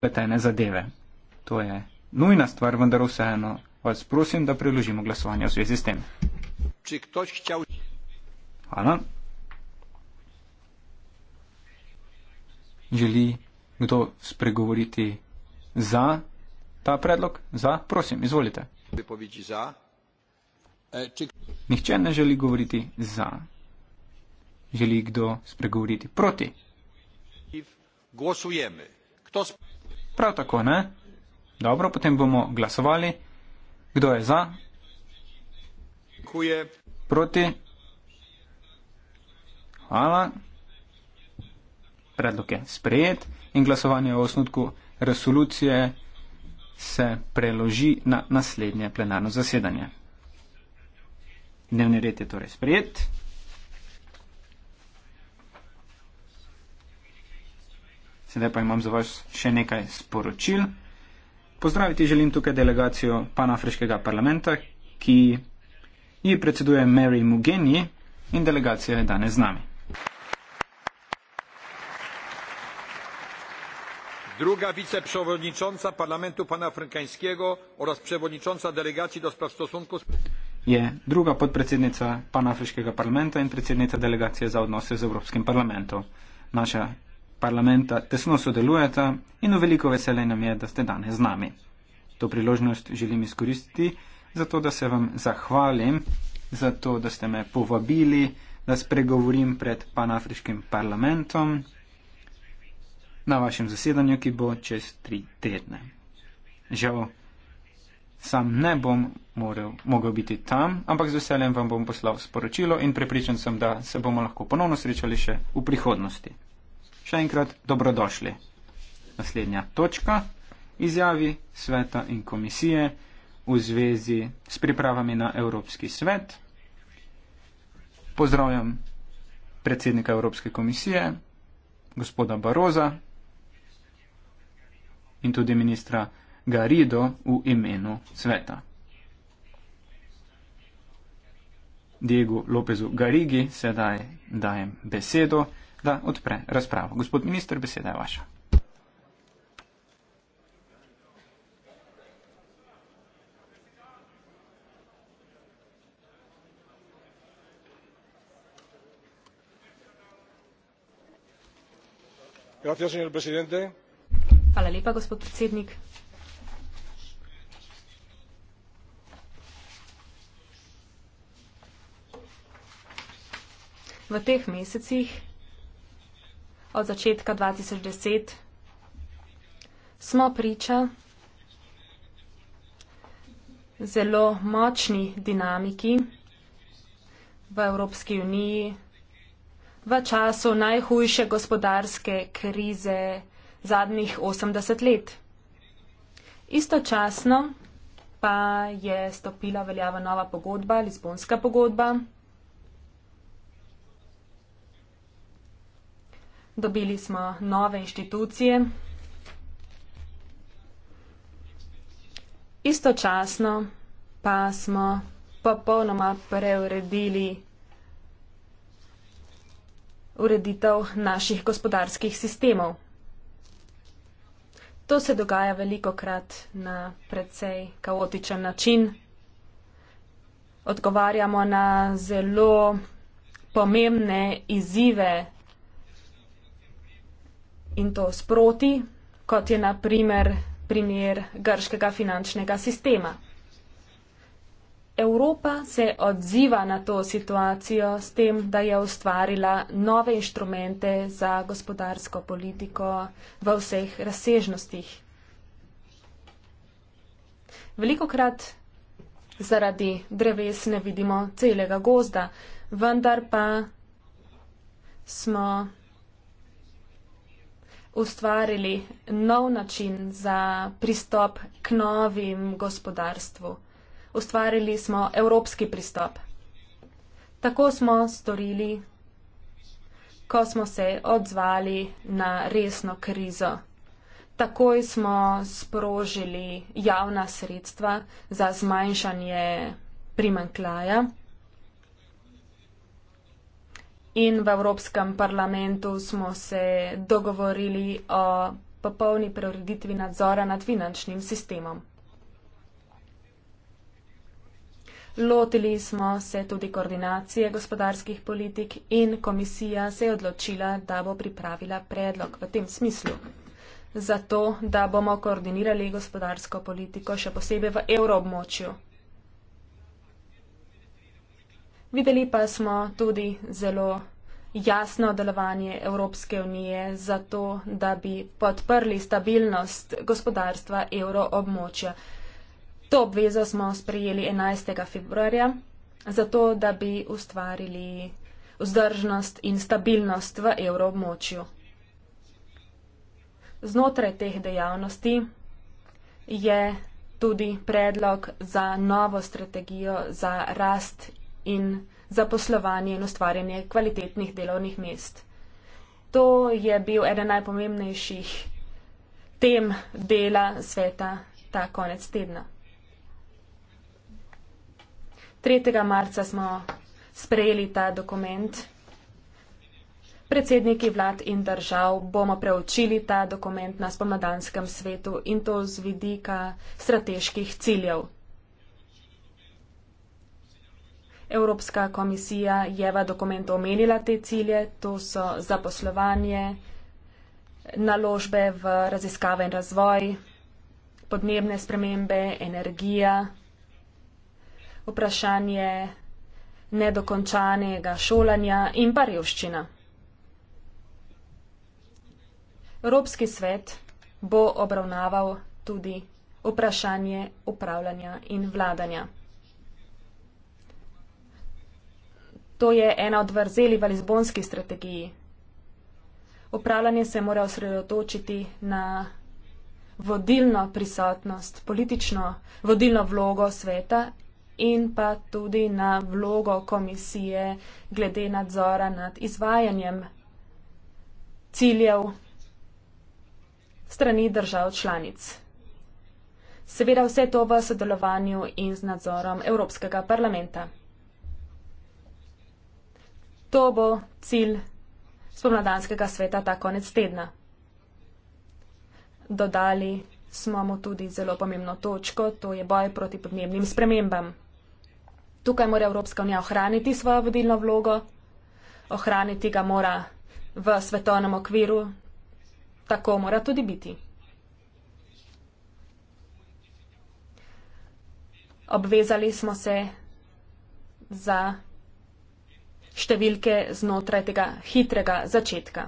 upletene zadeve. To je nujna stvar, vendar vseeno vas prosim, da priložimo glasovanje v zvezi s tem. Hvala. Želi kdo spregovoriti za ta predlog? Za, prosim, izvolite. E, Nihče ne želi govoriti za. Želi kdo spregovoriti proti? Glasujemo. Kdo spregovoriti? Prav tako ne. Dobro, potem bomo glasovali. Kdo je za? Kuje. Proti. Hvala. Predlog je sprejet in glasovanje o osnutku resolucije se preloži na naslednje plenarno zasedanje. Dnevni red je torej sprejet. Sedaj pa imam za vas še nekaj sporočil. Pozdraviti želim tukaj delegacijo panafriškega parlamenta, ki ji predseduje Mary Mugeni in delegacija je danes z nami. Druga viceprzewodnicząca parlamentu panafrykańskiego oraz przewodnicząca delegacji do spraw stosunków. Je druga podpredsednica panafryjskiego parlamentu i predsednica delegacji za odnosy z Europejskim Parlamentem. Nasza parlamenta tesno sodelujeta in v veliko veselje nam je, da ste danes z nami. To priložnost želim izkoristiti, zato da se vam zahvalim za to, da ste me povabili, da spregovorim pred panafriškim parlamentom na vašem zasedanju, ki bo čez tri tedne. Žal, sam ne bom morel, mogel biti tam, ampak z veseljem vam bom poslal sporočilo in prepričan sem, da se bomo lahko ponovno srečali še v prihodnosti. Še enkrat dobrodošli. Naslednja točka izjavi sveta in komisije v zvezi s pripravami na Evropski svet. Pozdravljam predsednika Evropske komisije, gospoda Baroza in tudi ministra Garido v imenu sveta. Diego Lopezu Garigi sedaj dajem besedo da odpre razpravo. Gospod minister, beseda je vaša. Hvala lepa, gospod predsednik. V teh mesecih od začetka 2010, smo priča zelo močni dinamiki v Evropski uniji v času najhujše gospodarske krize zadnjih 80 let. Istočasno pa je stopila veljava nova pogodba, Lizbonska pogodba. Dobili smo nove inštitucije. Istočasno pa smo popolnoma preuredili ureditev naših gospodarskih sistemov. To se dogaja veliko krat na precej kaotičen način. Odgovarjamo na zelo pomembne izzive in to sproti, kot je naprimer primer grškega finančnega sistema. Evropa se odziva na to situacijo s tem, da je ustvarila nove inštrumente za gospodarsko politiko v vseh razsežnostih. Veliko krat zaradi dreves ne vidimo celega gozda, vendar pa smo ustvarili nov način za pristop k novim gospodarstvu. Ustvarili smo evropski pristop. Tako smo storili, ko smo se odzvali na resno krizo. Takoj smo sprožili javna sredstva za zmanjšanje primankljaja in v Evropskem parlamentu smo se dogovorili o popolni preureditvi nadzora nad finančnim sistemom. Lotili smo se tudi koordinacije gospodarskih politik in komisija se je odločila, da bo pripravila predlog v tem smislu. Zato, da bomo koordinirali gospodarsko politiko še posebej v evroobmočju. Videli pa smo tudi zelo jasno delovanje Evropske unije za to, da bi podprli stabilnost gospodarstva evroobmočja. To obvezo smo sprejeli 11. februarja, zato da bi ustvarili vzdržnost in stabilnost v evroobmočju. Znotraj teh dejavnosti je tudi predlog za novo strategijo za rast in zaposlovanje in ustvarjanje kvalitetnih delovnih mest. To je bil eden najpomembnejših tem dela sveta ta konec tedna. 3. marca smo sprejeli ta dokument. Predsedniki vlad in držav bomo preučili ta dokument na spomladanskem svetu in to z vidika strateških ciljev. Evropska komisija je v dokumentu omenila te cilje, to so zaposlovanje, naložbe v raziskave in razvoj, podnebne spremembe, energija, vprašanje nedokončanega šolanja in pa revščina. Evropski svet bo obravnaval tudi vprašanje upravljanja in vladanja. To je ena od vrzeli v Lizbonski strategiji. Upravljanje se mora osredotočiti na vodilno prisotnost, politično vodilno vlogo sveta in pa tudi na vlogo komisije glede nadzora nad izvajanjem ciljev strani držav članic. Seveda vse to v sodelovanju in z nadzorom Evropskega parlamenta. To bo cilj spomladanskega sveta ta konec tedna. Dodali smo mu tudi zelo pomembno točko, to je boj proti podnebnim spremembam. Tukaj mora Evropska unija ohraniti svojo vodilno vlogo, ohraniti ga mora v svetovnem okviru, tako mora tudi biti. Obvezali smo se za številke znotraj tega hitrega začetka.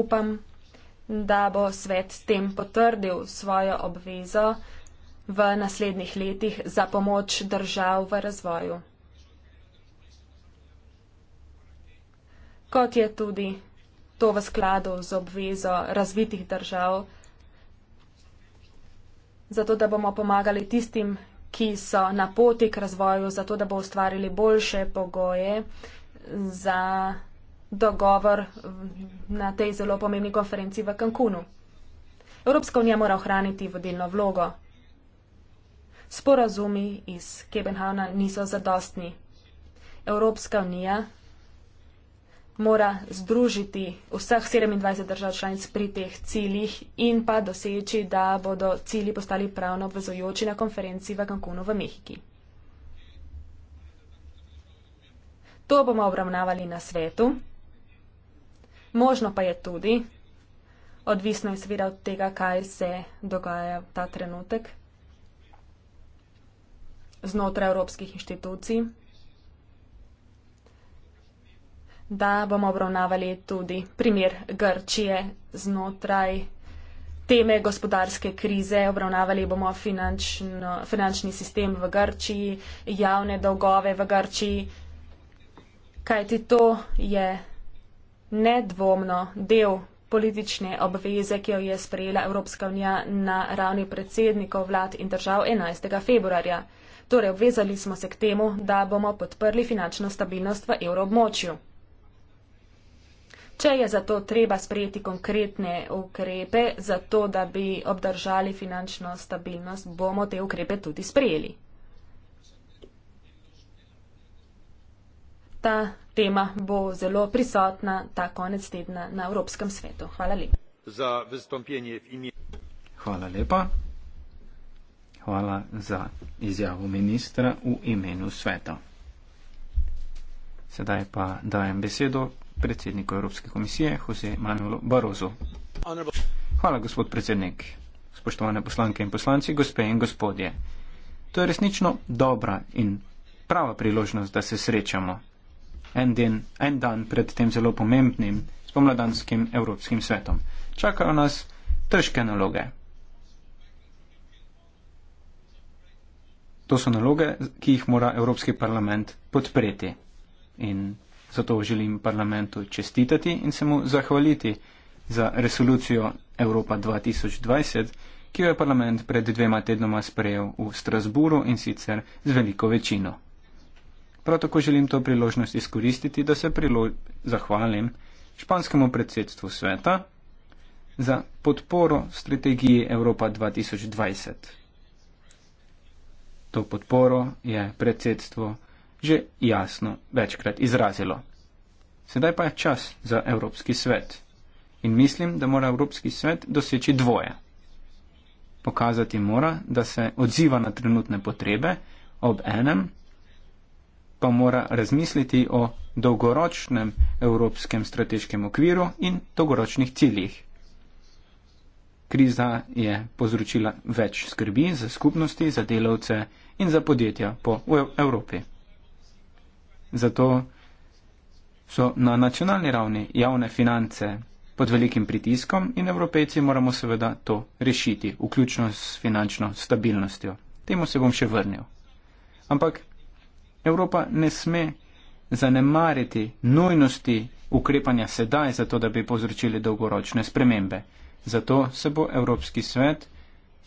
Upam, da bo svet s tem potrdil svojo obvezo v naslednjih letih za pomoč držav v razvoju. Kot je tudi to v skladu z obvezo razvitih držav, zato da bomo pomagali tistim, ki so na poti k razvoju, zato da bo ustvarili boljše pogoje za dogovor na tej zelo pomembni konferenci v Cancunu. Evropska unija mora ohraniti vodilno vlogo. Sporazumi iz Kebenhavna niso zadostni. Evropska unija mora združiti vseh 27 držav članic pri teh ciljih in pa doseči, da bodo cilji postali pravno obvezujoči na konferenci v Cancunu v Mehiki. To bomo obravnavali na svetu. Možno pa je tudi, odvisno je seveda od tega, kaj se dogaja v ta trenutek znotraj evropskih inštitucij da bomo obravnavali tudi primer Grčije znotraj teme gospodarske krize. Obravnavali bomo finančno, finančni sistem v Grčiji, javne dolgove v Grčiji, kajti to je nedvomno del politične obveze, ki jo je sprejela Evropska unija na ravni predsednikov vlad in držav 11. februarja. Torej, obvezali smo se k temu, da bomo podprli finančno stabilnost v evroobmočju. Če je zato treba sprejeti konkretne ukrepe, zato da bi obdržali finančno stabilnost, bomo te ukrepe tudi sprejeli. Ta tema bo zelo prisotna ta konec tedna na Evropskem svetu. Hvala lepa. Za vstopljenje v imenu. Hvala lepa. Hvala za izjavo ministra v imenu sveta. Sedaj pa dajem besedo predsedniku Evropske komisije Jose Manuelu Barozu. Hvala, gospod predsednik. Spoštovane poslanke in poslanci, gospe in gospodje. To je resnično dobra in prava priložnost, da se srečamo en, den, en dan pred tem zelo pomembnim spomladanskim Evropskim svetom. Čakajo nas težke naloge. To so naloge, ki jih mora Evropski parlament podpreti. In Zato želim parlamentu čestitati in se mu zahvaliti za resolucijo Evropa 2020, ki jo je parlament pred dvema tednoma sprejel v Strasburu in sicer z veliko večino. Prav tako želim to priložnost izkoristiti, da se zahvalim španskemu predsedstvu sveta za podporo strategiji Evropa 2020. To podporo je predsedstvo že jasno večkrat izrazilo. Sedaj pa je čas za Evropski svet in mislim, da mora Evropski svet doseči dvoje. Pokazati mora, da se odziva na trenutne potrebe, ob enem pa mora razmisliti o dolgoročnem evropskem strateškem okviru in dolgoročnih ciljih. Kriza je povzročila več skrbi za skupnosti, za delavce in za podjetja po Evropi. Zato so na nacionalni ravni javne finance pod velikim pritiskom in evropejci moramo seveda to rešiti, vključno s finančno stabilnostjo. Temu se bom še vrnil. Ampak Evropa ne sme zanemariti nujnosti ukrepanja sedaj, zato da bi povzročili dolgoročne spremembe. Zato se bo Evropski svet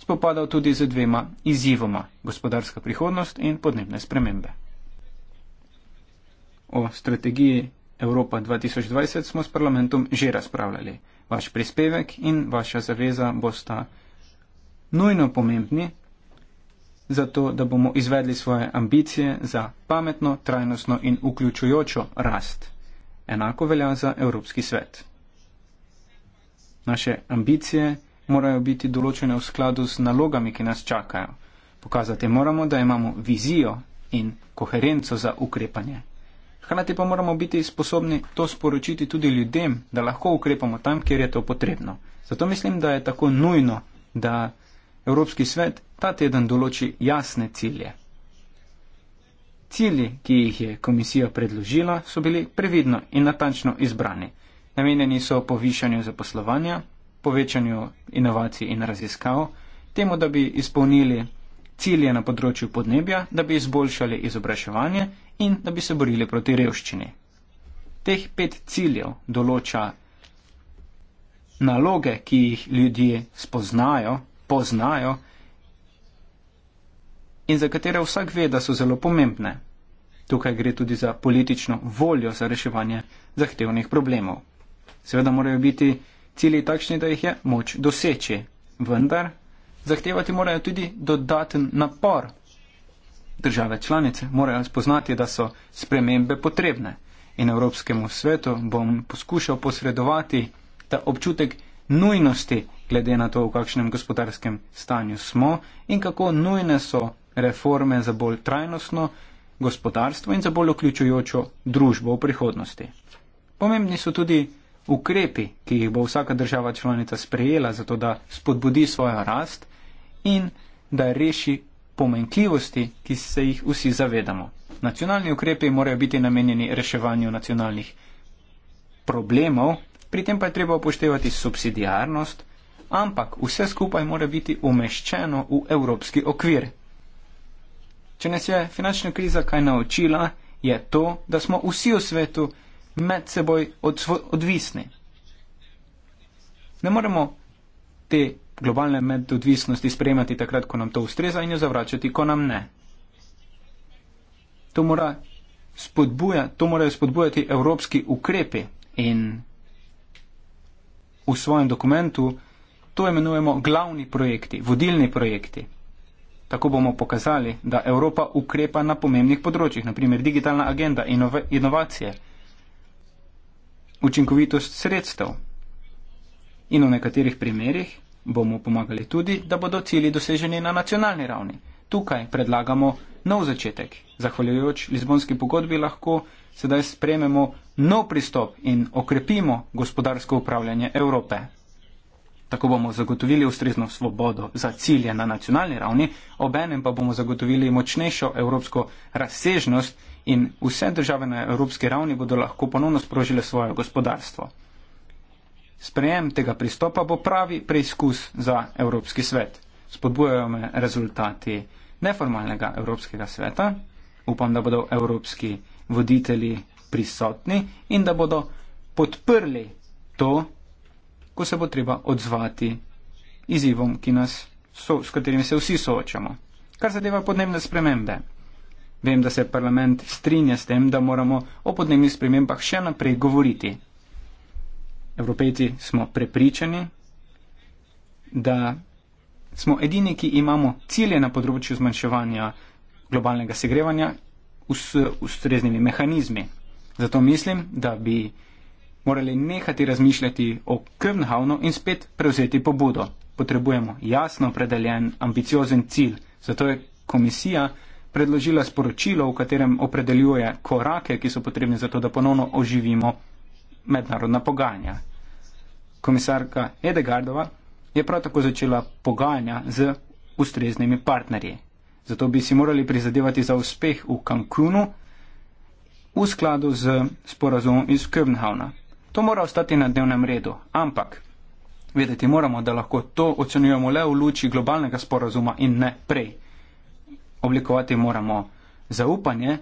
spopadal tudi z dvema izzivoma, gospodarska prihodnost in podnebne spremembe. O strategiji Evropa 2020 smo s parlamentom že razpravljali. Vaš prispevek in vaša zaveza bosta nujno pomembni, zato da bomo izvedli svoje ambicije za pametno, trajnostno in vključujočo rast. Enako velja za Evropski svet. Naše ambicije morajo biti določene v skladu z nalogami, ki nas čakajo. Pokazati moramo, da imamo vizijo in koherenco za ukrepanje. Hkrati pa moramo biti sposobni to sporočiti tudi ljudem, da lahko ukrepamo tam, kjer je to potrebno. Zato mislim, da je tako nujno, da Evropski svet ta teden določi jasne cilje. Cilji, ki jih je komisija predložila, so bili previdno in natančno izbrani. Namenjeni so povišanju zaposlovanja, povečanju inovacij in raziskav, temu, da bi izpolnili cilje na področju podnebja, da bi izboljšali izobraževanje in da bi se borili proti revščini. Teh pet ciljev določa naloge, ki jih ljudje spoznajo, poznajo in za katere vsak ve, da so zelo pomembne. Tukaj gre tudi za politično voljo za reševanje zahtevnih problemov. Seveda morajo biti cilji takšni, da jih je moč doseči, vendar zahtevati morajo tudi dodaten napor. Države članice morajo spoznati, da so spremembe potrebne in Evropskemu svetu bom poskušal posredovati ta občutek nujnosti glede na to, v kakšnem gospodarskem stanju smo in kako nujne so reforme za bolj trajnostno gospodarstvo in za bolj vključujočo družbo v prihodnosti. Pomembni so tudi ukrepi, ki jih bo vsaka država članica sprejela, zato da spodbudi svojo rast in da reši pomenkljivosti, ki se jih vsi zavedamo. Nacionalni ukrepi morajo biti namenjeni reševanju nacionalnih problemov, pri tem pa je treba upoštevati subsidijarnost, ampak vse skupaj mora biti umeščeno v evropski okvir. Če nas je finančna kriza kaj naučila, je to, da smo vsi v svetu med seboj odvisni. Ne moremo te globalne medodvisnosti sprejemati takrat, ko nam to ustreza in jo zavračati, ko nam ne. To, mora spodbuja, to morajo spodbujati evropski ukrepi in v svojem dokumentu to imenujemo glavni projekti, vodilni projekti. Tako bomo pokazali, da Evropa ukrepa na pomembnih področjih, naprimer digitalna agenda, inova, inovacije učinkovitost sredstev. In v nekaterih primerjih bomo pomagali tudi, da bodo cili doseženi na nacionalni ravni. Tukaj predlagamo nov začetek. Zahvaljujoč Lizbonski pogodbi lahko sedaj sprememo nov pristop in okrepimo gospodarsko upravljanje Evrope. Tako bomo zagotovili ustrezno svobodo za cilje na nacionalni ravni, obenem pa bomo zagotovili močnejšo evropsko razsežnost in vse države na evropski ravni bodo lahko ponovno sprožile svoje gospodarstvo. Sprejem tega pristopa bo pravi preizkus za Evropski svet. Spodbujajo me rezultati neformalnega Evropskega sveta. Upam, da bodo evropski voditelji prisotni in da bodo podprli to, ko se bo treba odzvati izzivom, s katerimi se vsi soočamo. Kar zadeva podnebne spremembe. Vem, da se parlament strinja s tem, da moramo o podnebnih spremembah še naprej govoriti. Evropejci smo prepričani, da smo edini, ki imamo cilje na področju zmanjševanja globalnega segrevanja s ustreznimi mehanizmi. Zato mislim, da bi morali nehati razmišljati o Kemnhavnu in spet prevzeti pobudo. Potrebujemo jasno opredeljen, ambiciozen cilj. Zato je komisija predložila sporočilo, v katerem opredeljuje korake, ki so potrebni za to, da ponovno oživimo mednarodna pogajanja. Komisarka Edegardova je prav tako začela pogajanja z ustreznimi partnerji. Zato bi si morali prizadevati za uspeh v Cancunu v skladu z sporazumom iz Köbenhavna. To mora ostati na dnevnem redu, ampak vedeti moramo, da lahko to ocenjujemo le v luči globalnega sporazuma in ne prej oblikovati moramo zaupanje,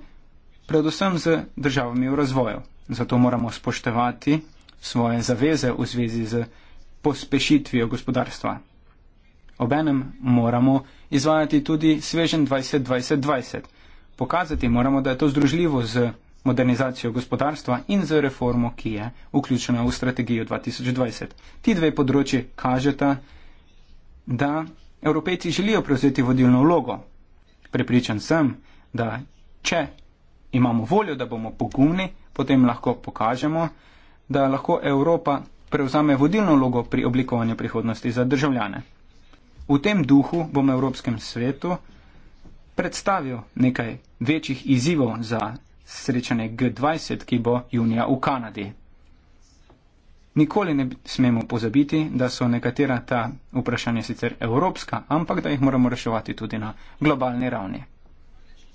predvsem z državami v razvoju. Zato moramo spoštevati svoje zaveze v zvezi z pospešitvijo gospodarstva. Obenem moramo izvajati tudi svežen 2020. Pokazati moramo, da je to združljivo z modernizacijo gospodarstva in z reformo, ki je vključena v strategijo 2020. Ti dve področji kažeta, da Evropejci želijo prevzeti vodilno vlogo Prepričan sem, da če imamo voljo, da bomo pogumni, potem lahko pokažemo, da lahko Evropa prevzame vodilno logo pri oblikovanju prihodnosti za državljane. V tem duhu bom Evropskem svetu predstavil nekaj večjih izzivov za srečanje G20, ki bo junija v Kanadi. Nikoli ne smemo pozabiti, da so nekatera ta vprašanja sicer evropska, ampak da jih moramo reševati tudi na globalni ravni.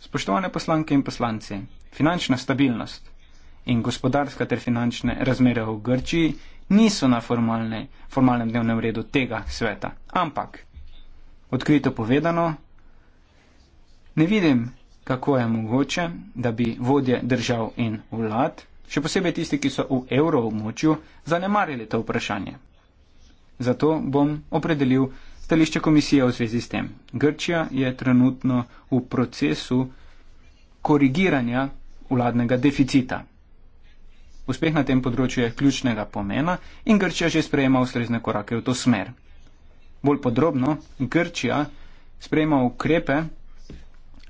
Spoštovane poslanke in poslanci, finančna stabilnost in gospodarska ter finančne razmere v Grčiji niso na formalne, formalnem dnevnem redu tega sveta. Ampak, odkrito povedano, ne vidim, kako je mogoče, da bi vodje držav in vlad še posebej tisti, ki so v evroobmočju, zanemarili to vprašanje. Zato bom opredelil stališče komisije v zvezi s tem. Grčija je trenutno v procesu korigiranja vladnega deficita. Uspeh na tem področju je ključnega pomena in Grčija že sprejema ustrezne korake v to smer. Bolj podrobno, Grčija sprejema ukrepe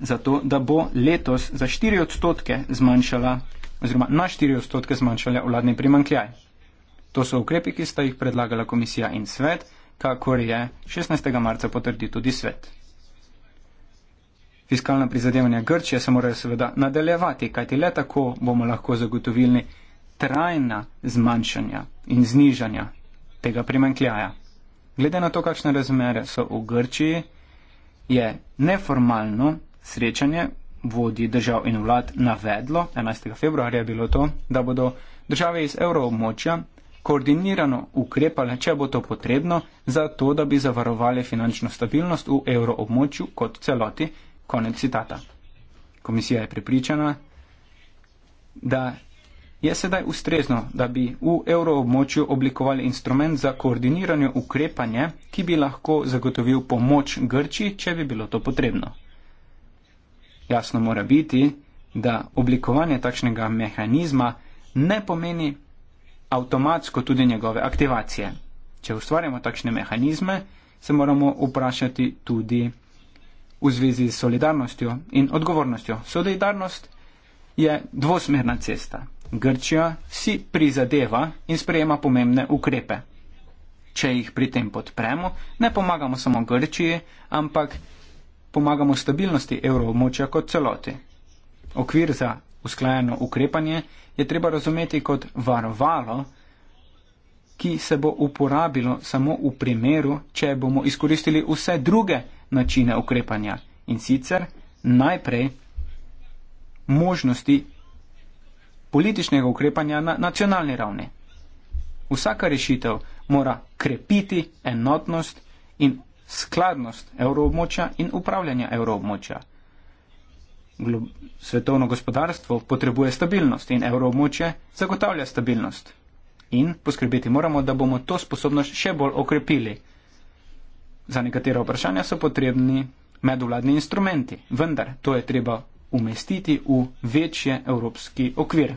za to, da bo letos za 4 odstotke zmanjšala oziroma na 4 odstotke zmanjšala vladni primankljaj. To so ukrepi, ki sta jih predlagala komisija in svet, kakor je 16. marca potrdil tudi svet. Fiskalna prizadevanja Grčije se morajo seveda nadaljevati, kajti le tako bomo lahko zagotovili trajna zmanjšanja in znižanja tega primankljaja. Glede na to, kakšne razmere so v Grčiji, je neformalno srečanje vodji držav in vlad navedlo, 11. februarja je bilo to, da bodo države iz evroobmočja koordinirano ukrepale, če bo to potrebno, za to, da bi zavarovali finančno stabilnost v evroobmočju kot celoti. Konec citata. Komisija je pripričana, da je sedaj ustrezno, da bi v evroobmočju oblikovali instrument za koordinirano ukrepanje, ki bi lahko zagotovil pomoč Grči, če bi bilo to potrebno jasno mora biti, da oblikovanje takšnega mehanizma ne pomeni avtomatsko tudi njegove aktivacije. Če ustvarjamo takšne mehanizme, se moramo vprašati tudi v zvezi s solidarnostjo in odgovornostjo. Solidarnost je dvosmerna cesta. Grčija si prizadeva in sprejema pomembne ukrepe. Če jih pri tem podpremo, ne pomagamo samo Grčiji, ampak pomagamo stabilnosti evroobmočja kot celoti. Okvir za usklajeno ukrepanje je treba razumeti kot varovalo, ki se bo uporabilo samo v primeru, če bomo izkoristili vse druge načine ukrepanja in sicer najprej možnosti političnega ukrepanja na nacionalni ravni. Vsaka rešitev mora krepiti enotnost in skladnost evroobmoča in upravljanja evroobmoča. Svetovno gospodarstvo potrebuje stabilnost in evroobmoče zagotavlja stabilnost. In poskrbeti moramo, da bomo to sposobnost še bolj okrepili. Za nekatera vprašanja so potrebni medvladni instrumenti, vendar to je treba umestiti v večje evropski okvir.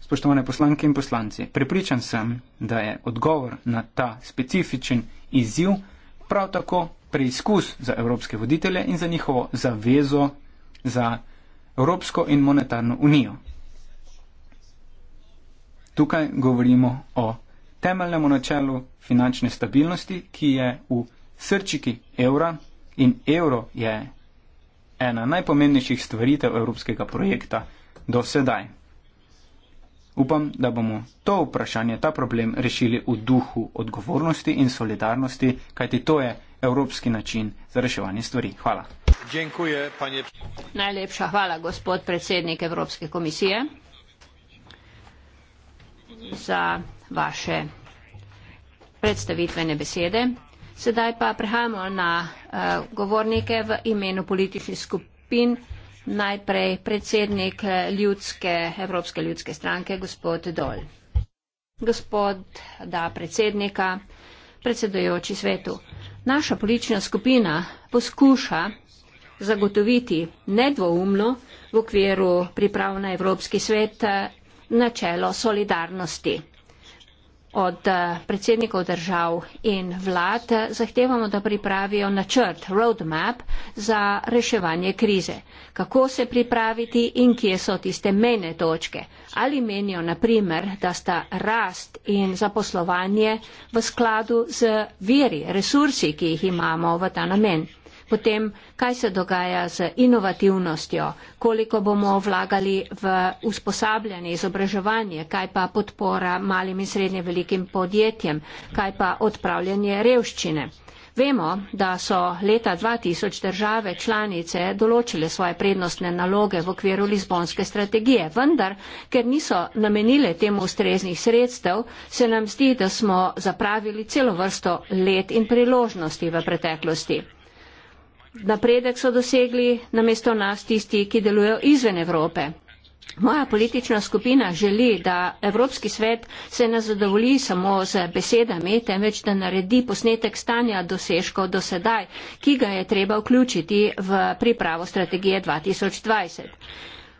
Spoštovane poslanke in poslanci, prepričan sem, da je odgovor na ta specifičen izziv, prav tako preizkus za evropske voditelje in za njihovo zavezo za Evropsko in monetarno unijo. Tukaj govorimo o temeljnemu načelu finančne stabilnosti, ki je v srčiki evra in evro je ena najpomembnejših stvaritev evropskega projekta do sedaj. Upam, da bomo to vprašanje, ta problem rešili v duhu odgovornosti in solidarnosti, kajti to je evropski način za reševanje stvari. Hvala. Dziękuję, panie... Najlepša hvala, gospod predsednik Evropske komisije, za vaše predstavitvene besede. Sedaj pa prehajamo na uh, govornike v imenu političnih skupin. Najprej predsednik ljudske, Evropske ljudske stranke, gospod Dol. Gospod, da, predsednika, predsedujoči svetu. Naša politična skupina poskuša zagotoviti nedvoumno v okviru priprav na Evropski svet eh, načelo solidarnosti od eh, predsednikov držav in vlad eh, zahtevamo, da pripravijo načrt, roadmap za reševanje krize. Kako se pripraviti in kje so tiste mejne točke? Ali menijo, na primer, da sta rast in zaposlovanje v skladu z veri, resursi, ki jih imamo v ta namen? potem kaj se dogaja z inovativnostjo, koliko bomo vlagali v usposabljanje, izobraževanje, kaj pa podpora malim in srednje velikim podjetjem, kaj pa odpravljanje revščine. Vemo, da so leta 2000 države članice določile svoje prednostne naloge v okviru Lizbonske strategije, vendar, ker niso namenile temu ustreznih sredstev, se nam zdi, da smo zapravili celo vrsto let in priložnosti v preteklosti napredek so dosegli namesto nas tisti, ki delujejo izven Evrope. Moja politična skupina želi, da Evropski svet se ne zadovolji samo z besedami, temveč da naredi posnetek stanja dosežkov do sedaj, ki ga je treba vključiti v pripravo strategije 2020.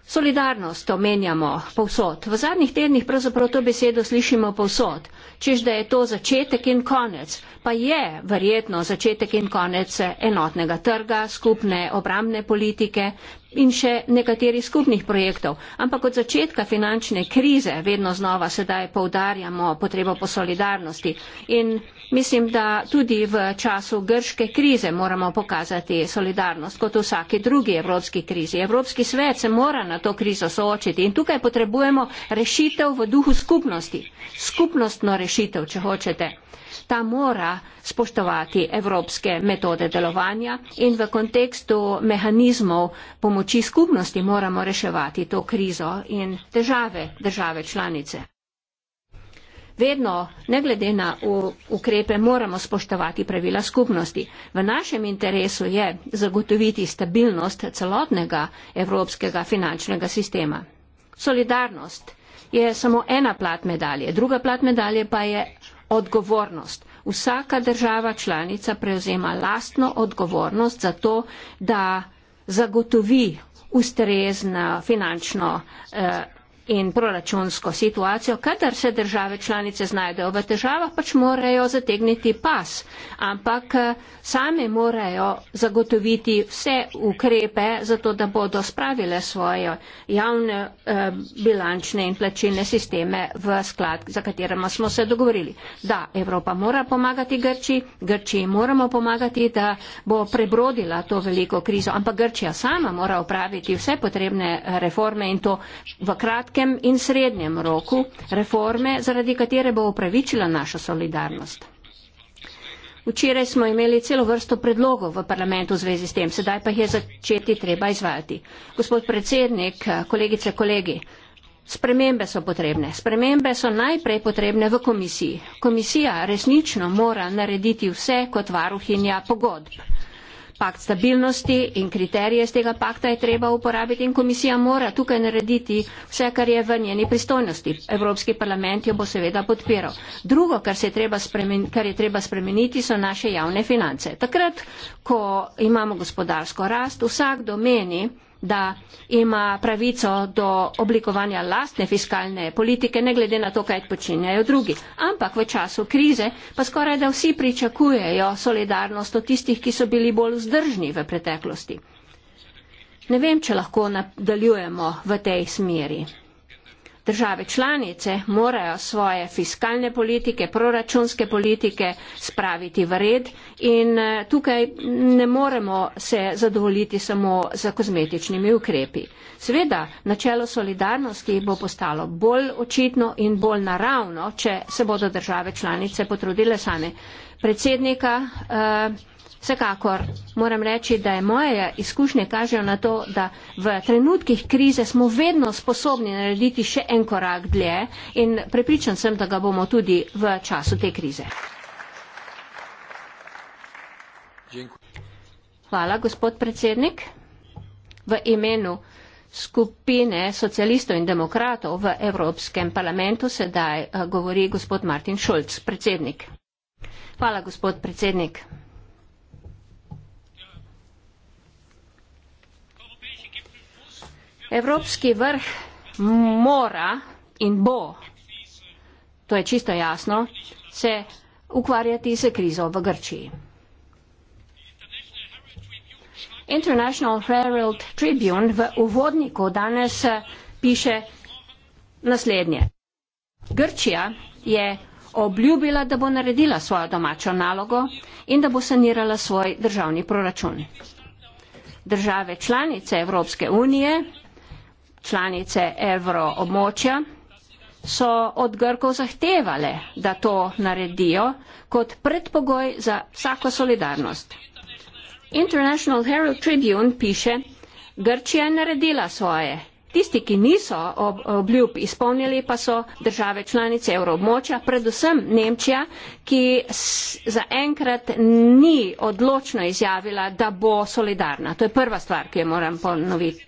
Solidarnost omenjamo povsod. V zadnjih tednih pravzaprav to besedo slišimo povsod. Čež da je to začetek in konec, pa je verjetno začetek in konec enotnega trga, skupne obramne politike, in še nekaterih skupnih projektov. Ampak od začetka finančne krize vedno znova sedaj poudarjamo potrebo po solidarnosti in mislim, da tudi v času grške krize moramo pokazati solidarnost kot v vsaki drugi evropski krizi. Evropski svet se mora na to krizo soočiti in tukaj potrebujemo rešitev v duhu skupnosti, skupnostno rešitev, če hočete ta mora spoštovati evropske metode delovanja in v kontekstu mehanizmov pomoči skupnosti moramo reševati to krizo in težave države članice. Vedno, ne glede na ukrepe, moramo spoštovati pravila skupnosti. V našem interesu je zagotoviti stabilnost celotnega evropskega finančnega sistema. Solidarnost je samo ena plat medalje, druga plat medalje pa je odgovornost. Vsaka država članica prevzema lastno odgovornost za to, da zagotovi ustrezno finančno eh, in proračunsko situacijo, kadar se države članice znajdejo v težavah, pač morajo zategniti pas, ampak eh, same morajo zagotoviti vse ukrepe, zato da bodo spravile svoje javne eh, bilančne in plačilne sisteme v sklad, za katerima smo se dogovorili. Da, Evropa mora pomagati Grči, Grči moramo pomagati, da bo prebrodila to veliko krizo, ampak Grčija sama mora upraviti vse potrebne reforme in to v kratkem kratkem in srednjem roku reforme, zaradi katere bo upravičila naša solidarnost. Včeraj smo imeli celo vrsto predlogov v parlamentu v zvezi s tem, sedaj pa jih je začeti treba izvajati. Gospod predsednik, kolegice, kolegi, spremembe so potrebne. Spremembe so najprej potrebne v komisiji. Komisija resnično mora narediti vse kot varuhinja pogodb pakt stabilnosti in kriterije iz tega pakta je treba uporabiti in komisija mora tukaj narediti vse, kar je v njeni pristojnosti. Evropski parlament jo bo seveda podpiral. Drugo, kar, je treba, kar je treba spremeniti, so naše javne finance. Takrat, ko imamo gospodarsko rast, vsakdo meni, da ima pravico do oblikovanja lastne fiskalne politike, ne glede na to, kaj počinjajo drugi. Ampak v času krize pa skoraj da vsi pričakujejo solidarnost od tistih, ki so bili bolj vzdržni v preteklosti. Ne vem, če lahko nadaljujemo v tej smeri. Države članice morajo svoje fiskalne politike, proračunske politike spraviti v red in eh, tukaj ne moremo se zadovoljiti samo za kozmetičnimi ukrepi. Sveda, načelo solidarnosti bo postalo bolj očitno in bolj naravno, če se bodo države članice potrudile same. Predsednika. Uh, Vsekakor moram reči, da je moje izkušnje kažejo na to, da v trenutkih krize smo vedno sposobni narediti še en korak dlje in prepričan sem, da ga bomo tudi v času te krize. Hvala, gospod predsednik. V imenu skupine socialistov in demokratov v Evropskem parlamentu sedaj eh, govori gospod Martin Šulc, predsednik. Hvala, gospod predsednik. Evropski vrh mora in bo, to je čisto jasno, se ukvarjati z krizo v Grčiji. International Herald Tribune v uvodniku danes eh, piše naslednje. Grčija je obljubila, da bo naredila svojo domačo nalogo in da bo sanirala svoj državni proračun. Države članice Evropske unije članice evroobmočja, so od Grkov zahtevale, da to naredijo kot predpogoj za vsako solidarnost. International Herald Tribune piše, Grčija je naredila svoje. Tisti, ki niso ob, obljub izpolnili, pa so države članice evroobmočja, predvsem Nemčija, ki zaenkrat ni odločno izjavila, da bo solidarna. To je prva stvar, ki jo moram ponoviti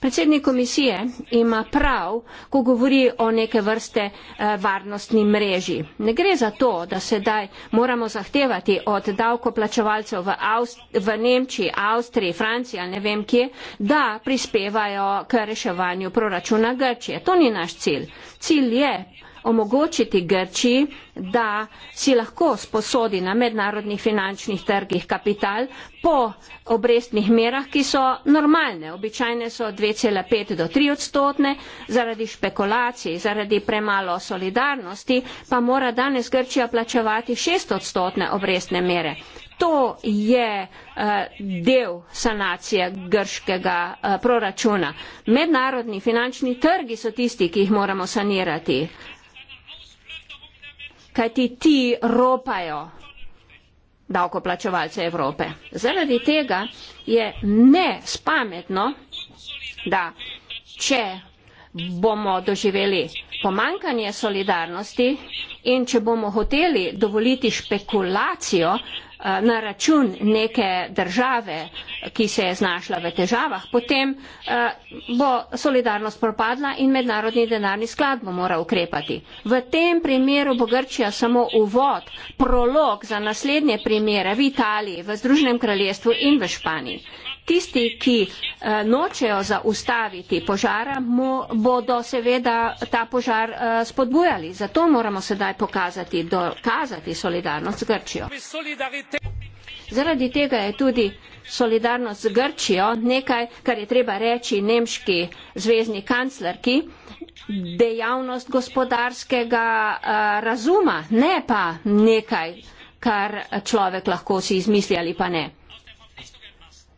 predsednik komisije ima prav ko govori o neke vrste eh, varnostni mreži ne gre za to da sedaj moramo zahtevati od davkoplačevalcev v, Avst v nemčiji avstriji franciji ali ne vem kje da prispevajo k reševanju proračuna grčije to ni naš cilj cilj je omogočiti Grčiji, da si lahko sposodi na mednarodnih finančnih trgih kapital po obrestnih merah, ki so normalne. Običajne so 2,5 do 3 odstotne, zaradi špekulacij, zaradi premalo solidarnosti pa mora danes Grčija plačevati 6 odstotne obrestne mere. To je uh, del sanacije grškega uh, proračuna. Mednarodni finančni trgi so tisti, ki jih moramo sanirati kajti ti ropajo davkoplačevalce Evrope. Zaradi tega je nespametno, da če bomo doživeli pomankanje solidarnosti in če bomo hoteli dovoliti špekulacijo, Eh, na račun neke države, ki se je znašla v težavah, potem eh, bo solidarnost propadla in mednarodni denarni sklad bo moral ukrepati. V tem primeru bo Grčija samo uvod, prolog za naslednje primere v Italiji, v Združenem kraljestvu in v Španiji. Tisti, ki eh, nočejo zaustaviti požara, mu bodo seveda ta požar eh, spodbujali. Zato moramo sedaj pokazati, dokazati solidarnost z Grčijo. Zaradi tega je tudi solidarnost z Grčijo nekaj, kar je treba reči nemški zvezdni kanclerki, dejavnost gospodarskega eh, razuma, ne pa nekaj, kar človek lahko si izmisli ali pa ne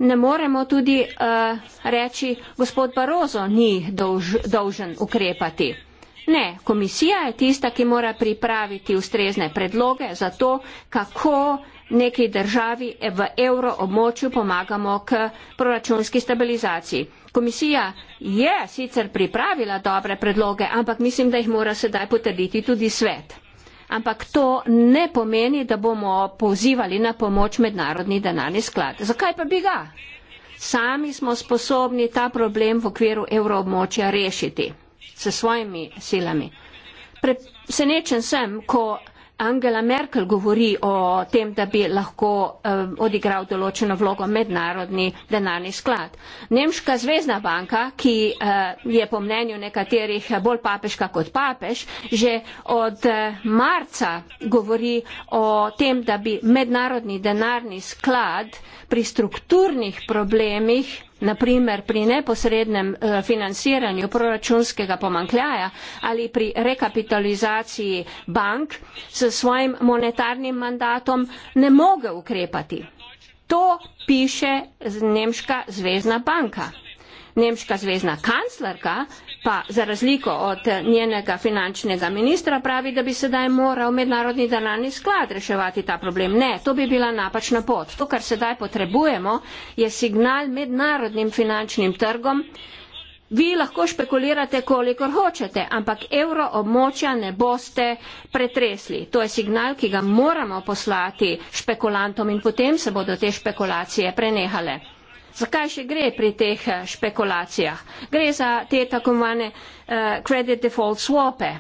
ne moremo tudi uh, reči, gospod Barozo ni dolž, dolžen ukrepati. Ne, komisija je tista, ki mora pripraviti ustrezne predloge za to, kako neki državi v euroobmočju pomagamo k proračunski stabilizaciji. Komisija je sicer pripravila dobre predloge, ampak mislim, da jih mora sedaj potrditi tudi svet ampak to ne pomeni, da bomo pozivali na pomoč mednarodni denarni sklad. Zakaj pa bi ga? Sami smo sposobni ta problem v okviru evroobmočja rešiti s svojimi silami. Presenečen sem, ko Angela Merkel govori o tem, da bi lahko um, odigral določeno vlogo mednarodni denarni sklad. Nemška zvezdna banka, ki uh, je po mnenju nekaterih bolj papeška kot papež, že od uh, marca govori o tem, da bi mednarodni denarni sklad pri strukturnih problemih naprimer pri neposrednem eh, financiranju proračunskega pomankljaja ali pri rekapitalizaciji bank s svojim monetarnim mandatom, ne moge ukrepati. To piše Nemška zvezdna banka nemška zvezna kanclerka pa za razliko od njenega finančnega ministra pravi, da bi sedaj moral mednarodni denarni sklad reševati ta problem. Ne, to bi bila napačna pot. To, kar sedaj potrebujemo, je signal mednarodnim finančnim trgom. Vi lahko špekulirate, koliko hočete, ampak evro območja ne boste pretresli. To je signal, ki ga moramo poslati špekulantom in potem se bodo te špekulacije prenehale. Zakaj še gre pri teh eh, špekulacijah? Gre za te tako imenovane uh, eh, credit default swape,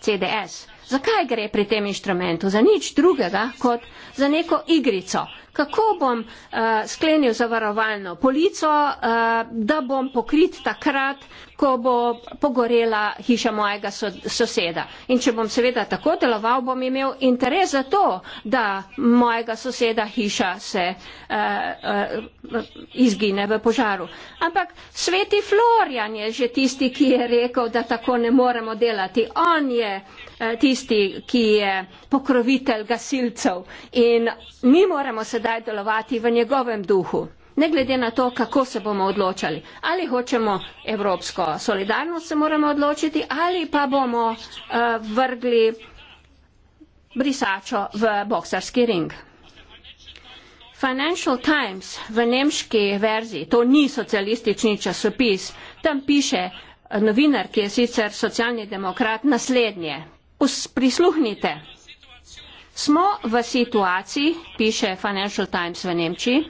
CDS. Zakaj gre pri tem inštrumentu? Za nič drugega kot za neko igrico, kako bom uh, sklenil zavarovalno polico, uh, da bom pokrit takrat, ko bo pogorela hiša mojega so, soseda. In če bom seveda tako deloval, bom imel interes za to, da mojega soseda hiša se uh, uh, izgine v požaru. Ampak sveti Florjan je že tisti, ki je rekel, da tako ne moremo delati. On je uh, tisti, ki je pokrovitelj gasilcev in mi moramo se sedaj delovati v njegovem duhu. Ne glede na to, kako se bomo odločali, ali hočemo evropsko solidarnost se moramo odločiti, ali pa bomo uh, vrgli brisačo v boksarski ring. Financial Times v nemški verziji, to ni socialistični časopis, tam piše eh, novinar, ki je sicer socialni demokrat, naslednje. Us, prisluhnite smo v situaciji, piše Financial Times v Nemčiji,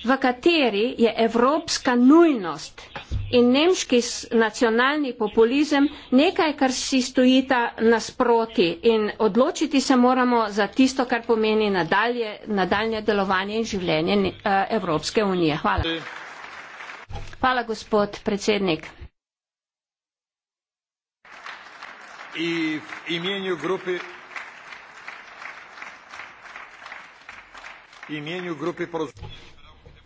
v kateri je evropska nujnost in nemški nacionalni populizem nekaj, kar si stojita nasproti in odločiti se moramo za tisto, kar pomeni nadalje, nadaljne delovanje in življenje eh, Evropske unije. Hvala. Hvala, gospod predsednik. In v imenu grupe. imenu grupi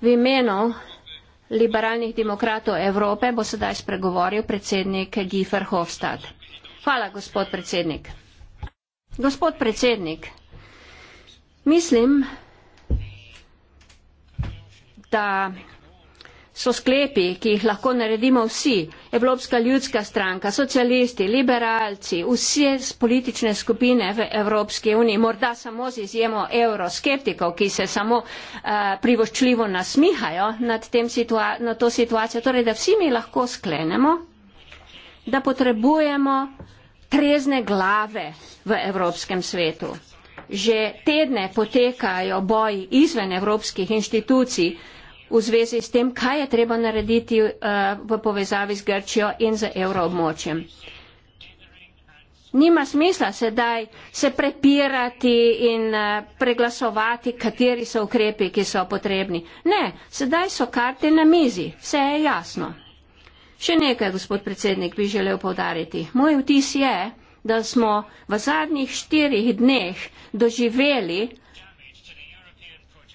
v imenu liberalnih demokratov Evrope bo sedaj spregovoril predsednik Giefer Hofstad. Hvala, gospod predsednik. Gospod predsednik, mislim, da so sklepi, ki jih lahko naredimo vsi, Evropska ljudska stranka, socialisti, liberalci, vse politične skupine v Evropski uniji, morda samo z izjemo euroskeptikov, ki se samo uh, privoščljivo nasmihajo nad, situa nad to situacijo, torej da vsi mi lahko sklenemo, da potrebujemo trezne glave v Evropskem svetu. Že tedne potekajo boji izven evropskih inštitucij, v zvezi s tem, kaj je treba narediti eh, v povezavi z Grčijo in z evroobmočjem. Nima smisla sedaj se prepirati in eh, preglasovati, kateri so ukrepi, ki so potrebni. Ne, sedaj so karte na mizi, vse je jasno. Še nekaj, gospod predsednik, bi želel povdariti. Moj vtis je, da smo v zadnjih štirih dneh doživeli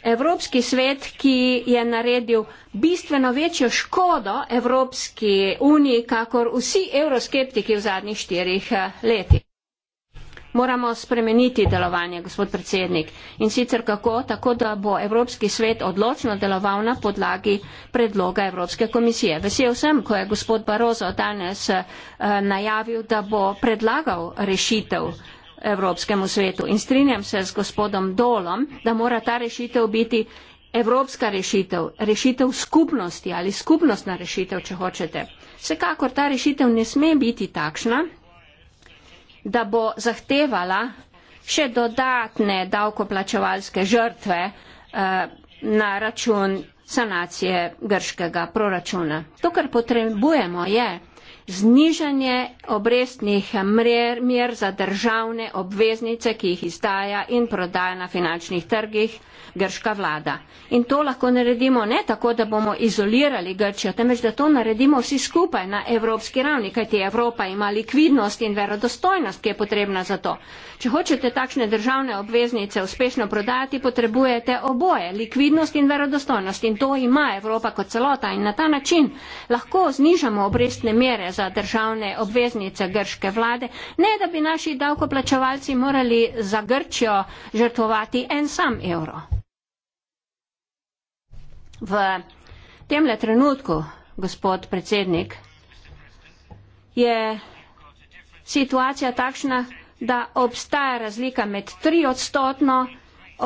Evropski svet, ki je naredil bistveno večjo škodo Evropski uniji, kakor vsi euroskeptiki v zadnjih štirih eh, letih. Moramo spremeniti delovanje, gospod predsednik, in sicer kako, tako da bo Evropski svet odločno deloval na podlagi predloga Evropske komisije. Vesel sem, ko je gospod Barozo danes eh, najavil, da bo predlagal rešitev evropskemu svetu. In strinjam se z gospodom Dolom, da mora ta rešitev biti evropska rešitev, rešitev skupnosti ali skupnostna rešitev, če hočete. Vsekakor ta rešitev ne sme biti takšna, da bo zahtevala še dodatne davkoplačevalske žrtve eh, na račun sanacije grškega proračuna. To, kar potrebujemo, je znižanje obrestnih mer, mer za državne obveznice, ki jih izdaja in prodaja na finančnih trgih grška vlada. In to lahko naredimo ne tako, da bomo izolirali Grčijo, temveč da to naredimo vsi skupaj na evropski ravni, kajti Evropa ima likvidnost in verodostojnost, ki je potrebna za to. Če hočete takšne državne obveznice uspešno prodajati, potrebujete oboje, likvidnost in verodostojnost. In to ima Evropa kot celota in na ta način lahko znižamo obrestne mere za državne obveznice grške vlade, ne da bi naši davkoplačevalci morali za Grčijo žrtvovati en sam evro. V temle trenutku, gospod predsednik, je situacija takšna, da obstaja razlika med 3 odstotno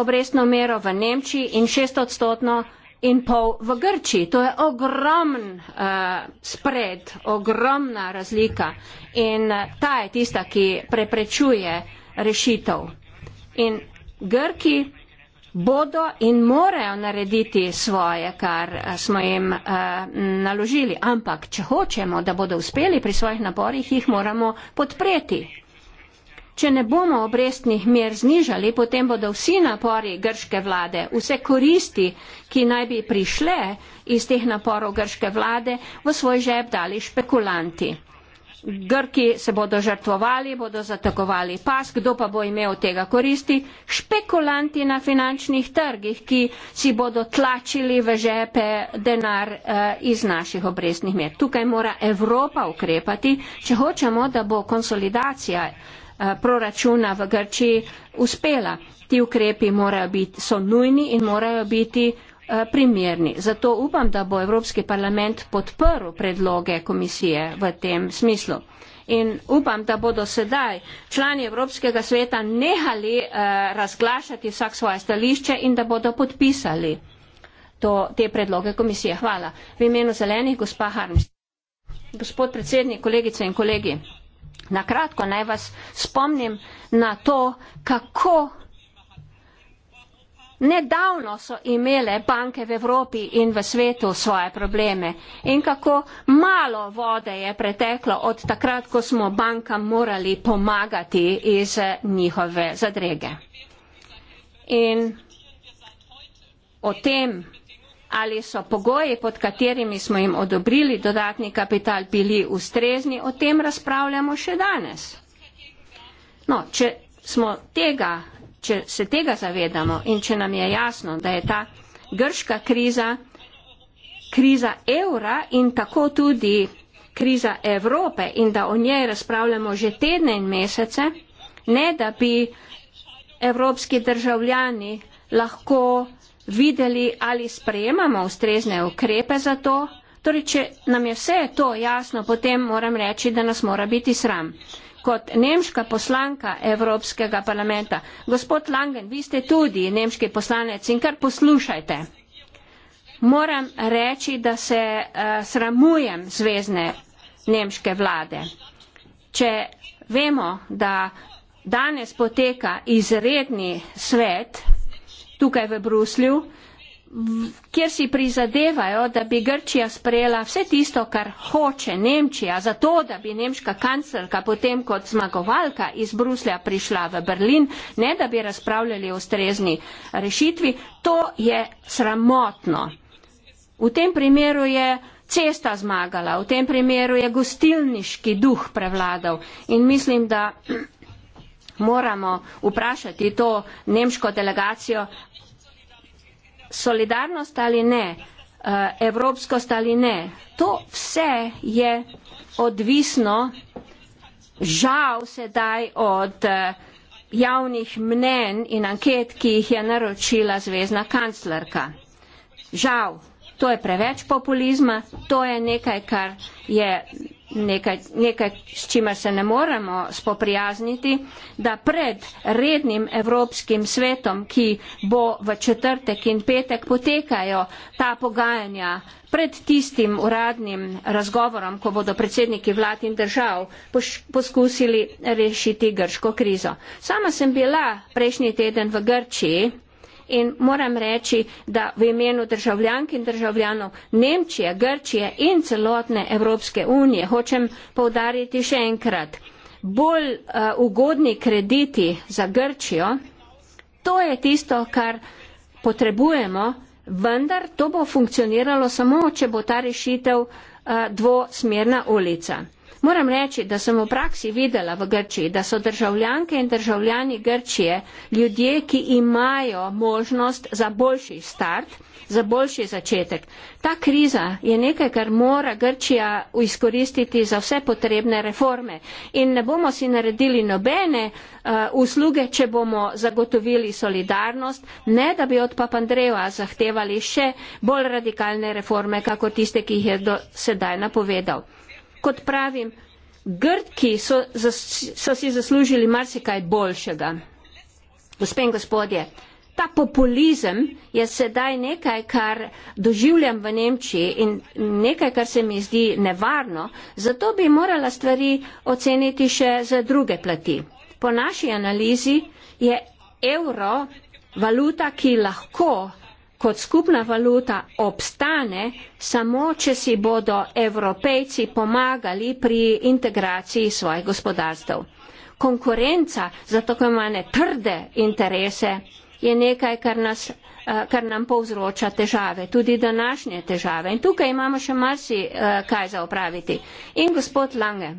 obrestno mero v Nemčiji in 6 odstotno in pol v Grčiji. To je ogromen uh, eh, spred, ogromna razlika in uh, ta je tista, ki preprečuje rešitev. In Grki bodo in morejo narediti svoje, kar eh, smo jim uh, naložili, ampak če hočemo, da bodo uspeli pri svojih naporih, jih moramo podpreti. Če ne bomo obrestnih mer znižali, potem bodo vsi napori grške vlade, vse koristi, ki naj bi prišle iz teh naporov grške vlade, v svoj žep dali špekulanti. Grki se bodo žrtvovali, bodo zategovali pas, kdo pa bo imel tega koristi? Špekulanti na finančnih trgih, ki si bodo tlačili v žepe denar eh, iz naših obrestnih mer. Tukaj mora Evropa ukrepati, če hočemo, da bo konsolidacija Eh, proračuna v Grčiji uspela. Ti ukrepi biti, so nujni in morajo biti eh, primerni. Zato upam, da bo Evropski parlament podprl predloge komisije v tem smislu. In upam, da bodo sedaj člani Evropskega sveta nehali eh, razglašati vsak svoje stališče in da bodo podpisali to, te predloge komisije. Hvala. V imenu zelenih, gospa Harms. Gospod predsednik, kolegice in kolegi. Na kratko naj vas spomnim na to, kako nedavno so imele banke v Evropi in v svetu svoje probleme in kako malo vode je preteklo od takrat, ko smo bankam morali pomagati iz njihove zadrege. In o tem ali so pogoji, pod katerimi smo jim odobrili dodatni kapital, bili ustrezni, o tem razpravljamo še danes. No, če, tega, če se tega zavedamo in če nam je jasno, da je ta grška kriza kriza evra in tako tudi kriza Evrope in da o njej razpravljamo že tedne in mesece, ne da bi evropski državljani lahko videli, ali sprejemamo ustrezne ukrepe za to. Torej, če nam je vse to jasno, potem moram reči, da nas mora biti sram. Kot nemška poslanka Evropskega parlamenta, gospod Langen, vi ste tudi nemški poslanec in kar poslušajte. Moram reči, da se uh, sramujem zvezne nemške vlade. Če vemo, da danes poteka izredni svet tukaj v Bruslju, kjer si prizadevajo, da bi Grčija sprejela vse tisto, kar hoče Nemčija, zato da bi nemška kanclerka potem kot zmagovalka iz Bruslja prišla v Berlin, ne da bi razpravljali o strezni rešitvi. To je sramotno. V tem primeru je cesta zmagala, v tem primeru je gostilniški duh prevladal in mislim, da moramo vprašati to nemško delegacijo, solidarnost ali ne, eh, evropskost ali ne. To vse je odvisno, žal sedaj, od eh, javnih mnen in anket, ki jih je naročila zvezdna kanclerka. Žal, to je preveč populizma, to je nekaj, kar je nekaj, nekaj, s čimer se ne moremo spoprijazniti, da pred rednim Evropskim svetom, ki bo v četrtek in petek potekajo ta pogajanja, pred tistim uradnim razgovorom, ko bodo predsedniki vlad in držav poš, poskusili rešiti grško krizo. Sama sem bila prejšnji teden v Grčiji, in moram reči, da v imenu državljank in državljanov Nemčije, Grčije in celotne Evropske unije hočem povdariti še enkrat. Bolj uh, ugodni krediti za Grčijo, to je tisto, kar potrebujemo, vendar to bo funkcioniralo samo, če bo ta rešitev uh, dvosmerna ulica. Moram reči, da sem v praksi videla v Grčiji, da so državljanke in državljani Grčije ljudje, ki imajo možnost za boljši start, za boljši začetek. Ta kriza je nekaj, kar mora Grčija izkoristiti za vse potrebne reforme in ne bomo si naredili nobene uh, usluge, če bomo zagotovili solidarnost, ne da bi od Papandreja zahtevali še bolj radikalne reforme, kako tiste, ki jih je do sedaj napovedal kot pravim, Grki so, zas, so si zaslužili marsikaj boljšega. Gospe in gospodje, ta populizem je sedaj nekaj, kar doživljam v Nemčiji in nekaj, kar se mi zdi nevarno, zato bi morala stvari oceniti še za druge plati. Po naši analizi je evro valuta, ki lahko kot skupna valuta obstane, samo če si bodo evropejci pomagali pri integraciji svojih gospodarstv. Konkurenca za tako imane trde interese je nekaj, kar, nas, eh, kar nam povzroča težave, tudi današnje težave. In tukaj imamo še marsi kaj za opraviti. In gospod Lange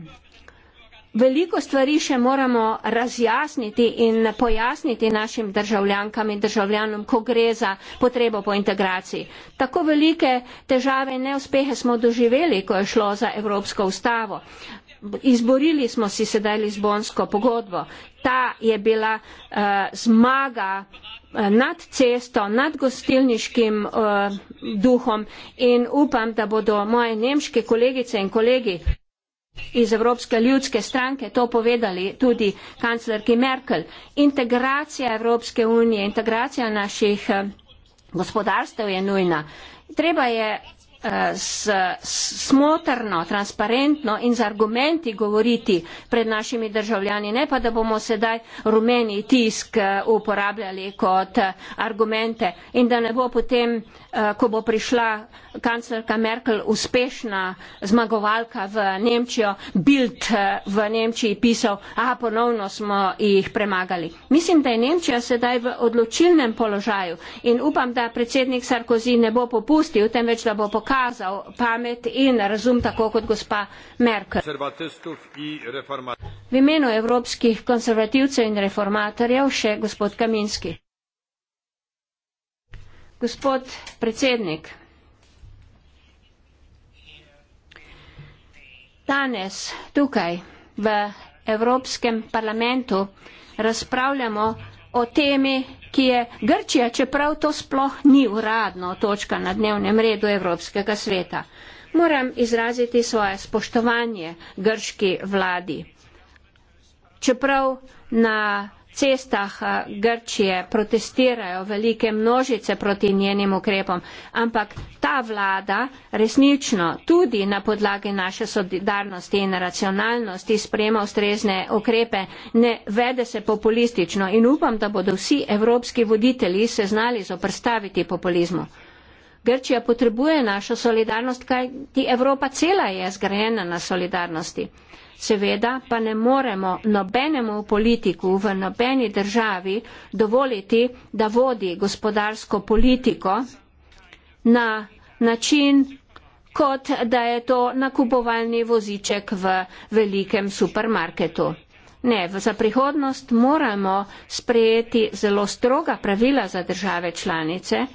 veliko stvari še moramo razjasniti in pojasniti našim državljankam in državljanom, ko gre za potrebo po integraciji. Tako velike težave in neuspehe smo doživeli, ko je šlo za Evropsko ustavo. Izborili smo si sedaj Lizbonsko pogodbo. Ta je bila uh, zmaga eh, nad cesto, nad gostilniškim uh, duhom in upam, da bodo moje nemške kolegice in kolegi iz Evropske ljudske stranke to povedali tudi kanclerki Merkel. Integracija Evropske unije, integracija naših eh, gospodarstev je nujna. Treba je s smotrno, transparentno in z argumenti govoriti pred našimi državljani, ne pa da bomo sedaj rumeni tisk eh, uporabljali kot eh, argumente in da ne bo potem, eh, ko bo prišla kanclerka Merkel uspešna zmagovalka v Nemčijo, Bild v Nemčiji pisal, a ponovno smo jih premagali. Mislim, da je Nemčija sedaj v odločilnem položaju in upam, da predsednik Sarkozy ne bo popustil, temveč da bo pokazal, pokazal pamet in razum tako kot gospa Merkel. V imenu evropskih konservativcev in reformatorjev še gospod Kaminski. Gospod predsednik, danes tukaj v Evropskem parlamentu razpravljamo o temi, ki je Grčija, čeprav to sploh ni uradno točka na dnevnem redu Evropskega sveta. Moram izraziti svoje spoštovanje grški vladi. Čeprav na cestah eh, Grčije protestirajo velike množice proti njenim ukrepom, ampak ta vlada resnično tudi na podlagi naše solidarnosti in racionalnosti sprema ustrezne ukrepe, ne vede se populistično in upam, da bodo vsi evropski voditelji se znali zoprstaviti populizmu. Grčija potrebuje našo solidarnost, kajti Evropa cela je zgrajena na solidarnosti. Seveda pa ne moremo nobenemu politiku v nobeni državi dovoliti, da vodi gospodarsko politiko na način, kot da je to nakupovalni voziček v velikem supermarketu. Ne, za prihodnost moramo sprejeti zelo stroga pravila za države članice,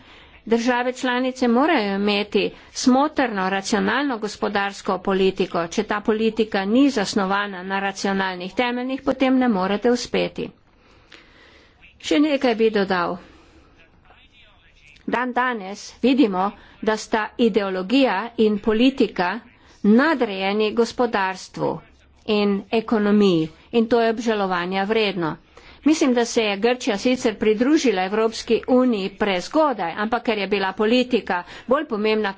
Države članice morajo imeti smotrno, racionalno gospodarsko politiko. Če ta politika ni zasnovana na racionalnih temeljih, potem ne morete uspeti. Še nekaj bi dodal. Dan danes vidimo, da sta ideologija in politika nadrejeni gospodarstvu in ekonomiji. In to je obžalovanja vredno. Mislim, da se je Grčija sicer pridružila Evropski uniji prezgodaj, ampak ker je bila politika bolj pomembna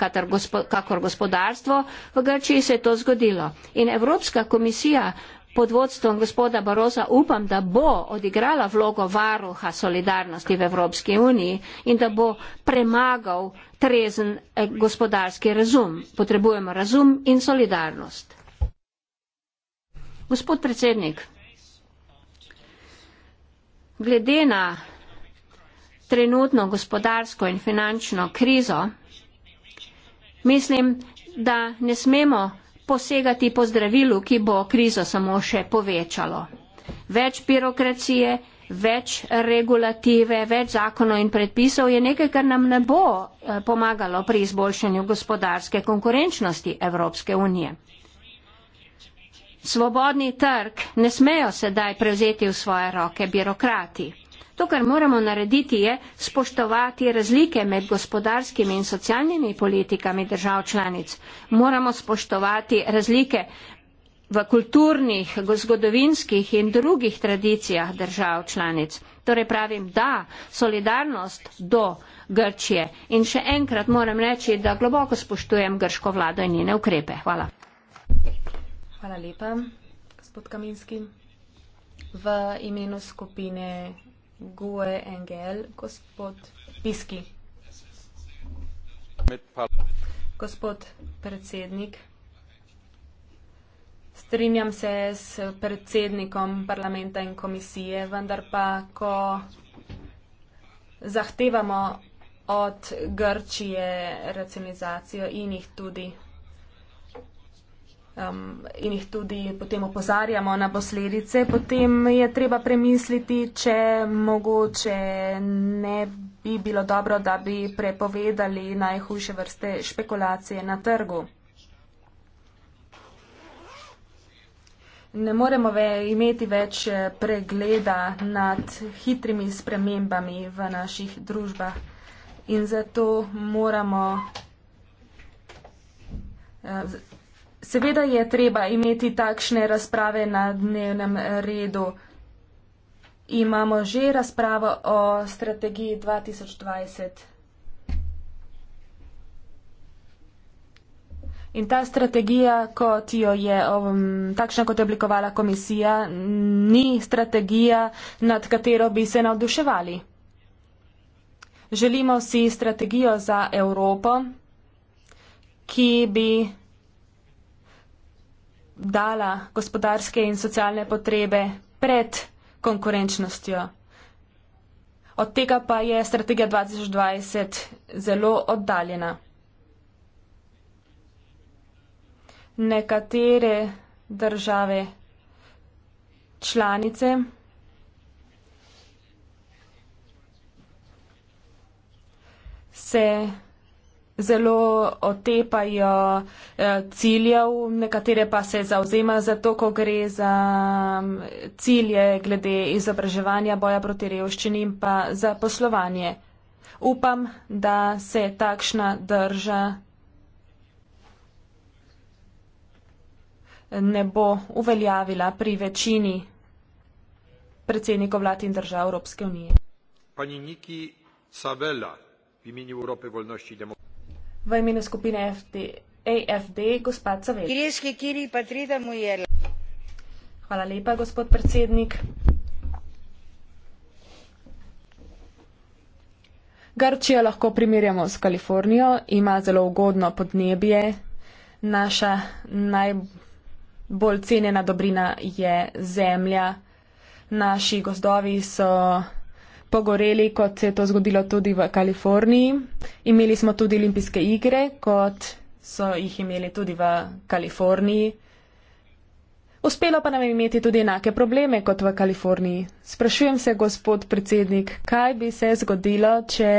kakor gospodarstvo, v Grčiji se je to zgodilo. In Evropska komisija pod vodstvom gospoda Baroza upam, da bo odigrala vlogo varuha solidarnosti v Evropski uniji in da bo premagal trezen eh, gospodarski razum. Potrebujemo razum in solidarnost. Gospod predsednik. Glede na trenutno gospodarsko in finančno krizo, mislim, da ne smemo posegati po zdravilu, ki bo krizo samo še povečalo. Več birokracije, več regulative, več zakonov in predpisov je nekaj, kar nam ne bo eh, pomagalo pri izboljšanju gospodarske konkurenčnosti Evropske unije. Svobodni trg ne smejo sedaj prevzeti v svoje roke birokrati. To, kar moramo narediti, je spoštovati razlike med gospodarskimi in socialnimi politikami držav članic. Moramo spoštovati razlike v kulturnih, zgodovinskih in drugih tradicijah držav članic. Torej pravim, da, solidarnost do Grčije. In še enkrat moram reči, da globoko spoštujem grško vlado in njene ukrepe. Hvala. Hvala lepa, gospod Kaminski. V imenu skupine GUE NGL, gospod Piski. Gospod predsednik, strinjam se s predsednikom parlamenta in komisije, vendar pa, ko zahtevamo od Grčije racionalizacijo in jih tudi um, in jih tudi potem opozarjamo na posledice, potem je treba premisliti, če mogoče ne bi bilo dobro, da bi prepovedali najhujše vrste špekulacije na trgu. Ne moremo ve, imeti več eh, pregleda nad hitrimi spremembami v naših družbah in zato moramo eh, Seveda je treba imeti takšne razprave na dnevnem redu. Imamo že razpravo o strategiji 2020. In ta strategija, kot jo je um, takšna, kot je oblikovala komisija, ni strategija, nad katero bi se navduševali. Želimo si strategijo za Evropo, ki bi dala gospodarske in socialne potrebe pred konkurenčnostjo. Od tega pa je strategija 2020 zelo oddaljena. Nekatere države članice se zelo otepajo eh, ciljev, nekatere pa se zauzema za to, ko gre za mm, cilje glede izobraževanja, boja proti revščini in pa za poslovanje. Upam, da se takšna drža ne bo uveljavila pri večini predsednikov vlad in držav Evropske unije. Pani Niki Savela, v imenu Evrope Volnosti in Demokracije v imenu skupine FD, AFD, gospod Cavel. Hvala lepa, gospod predsednik. Grčijo lahko primerjamo s Kalifornijo, ima zelo ugodno podnebje, naša najbolj cenjena dobrina je zemlja, naši gozdovi so pogoreli, kot se je to zgodilo tudi v Kaliforniji. Imeli smo tudi olimpijske igre, kot so jih imeli tudi v Kaliforniji. Uspelo pa nam je imeti tudi enake probleme kot v Kaliforniji. Sprašujem se, gospod predsednik, kaj bi se zgodilo, če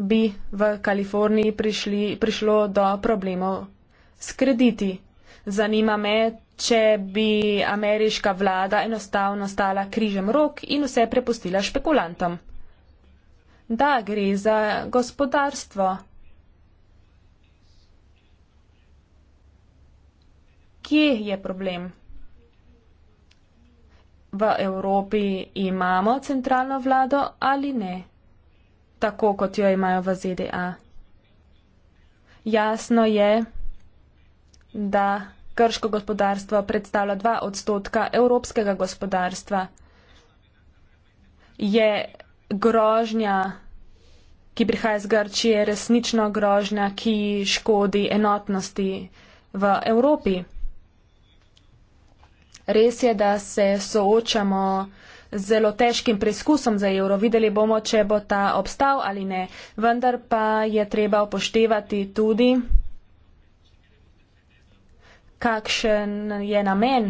bi v Kaliforniji prišli, prišlo do problemov s krediti. Zanima me, če bi ameriška vlada enostavno stala križem rok in vse prepustila špekulantom. Da, gre za gospodarstvo, kje je problem. V Evropi imamo centralno vlado ali ne, tako kot jo imajo v ZDA. Jasno je, da Krško gospodarstvo predstavlja 2 odstotka evropskega gospodarstva. Je grožnja, ki prihaja iz Grčije, resnično grožnja, ki škodi enotnosti v Evropi? Res je, da se soočamo z zelo težkim preizkusom za evro. Videli bomo, če bo ta obstal ali ne. Vendar pa je treba upoštevati tudi kakšen je namen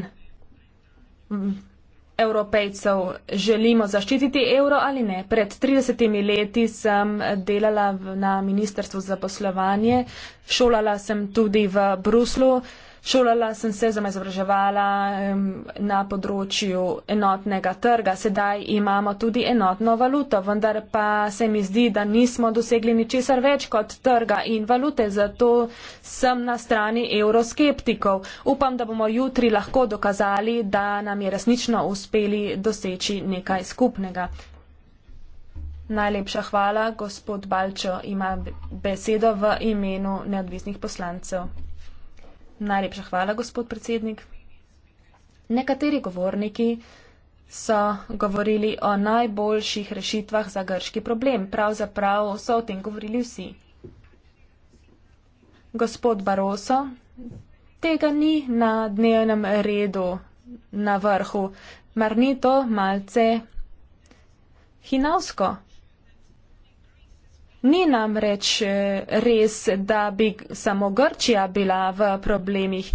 evropejcev, želimo zaščititi evro ali ne. Pred 30 leti sem delala na Ministrstvu za poslovanje, šolala sem tudi v Bruslu. Šolala sem se, zame izobraževala na področju enotnega trga. Sedaj imamo tudi enotno valuto, vendar pa se mi zdi, da nismo dosegli ničesar več kot trga in valute. Zato sem na strani euroskeptikov. Upam, da bomo jutri lahko dokazali, da nam je resnično uspeli doseči nekaj skupnega. Najlepša hvala, gospod Balčo ima besedo v imenu neodvisnih poslancev. Najlepša hvala, gospod predsednik. Nekateri govorniki so govorili o najboljših rešitvah za grški problem. Pravzaprav so o tem govorili vsi. Gospod Baroso, tega ni na dnevnem redu na vrhu. Mar ni to malce hinavsko? Ni namreč eh, res, da bi samo Grčija bila v problemih.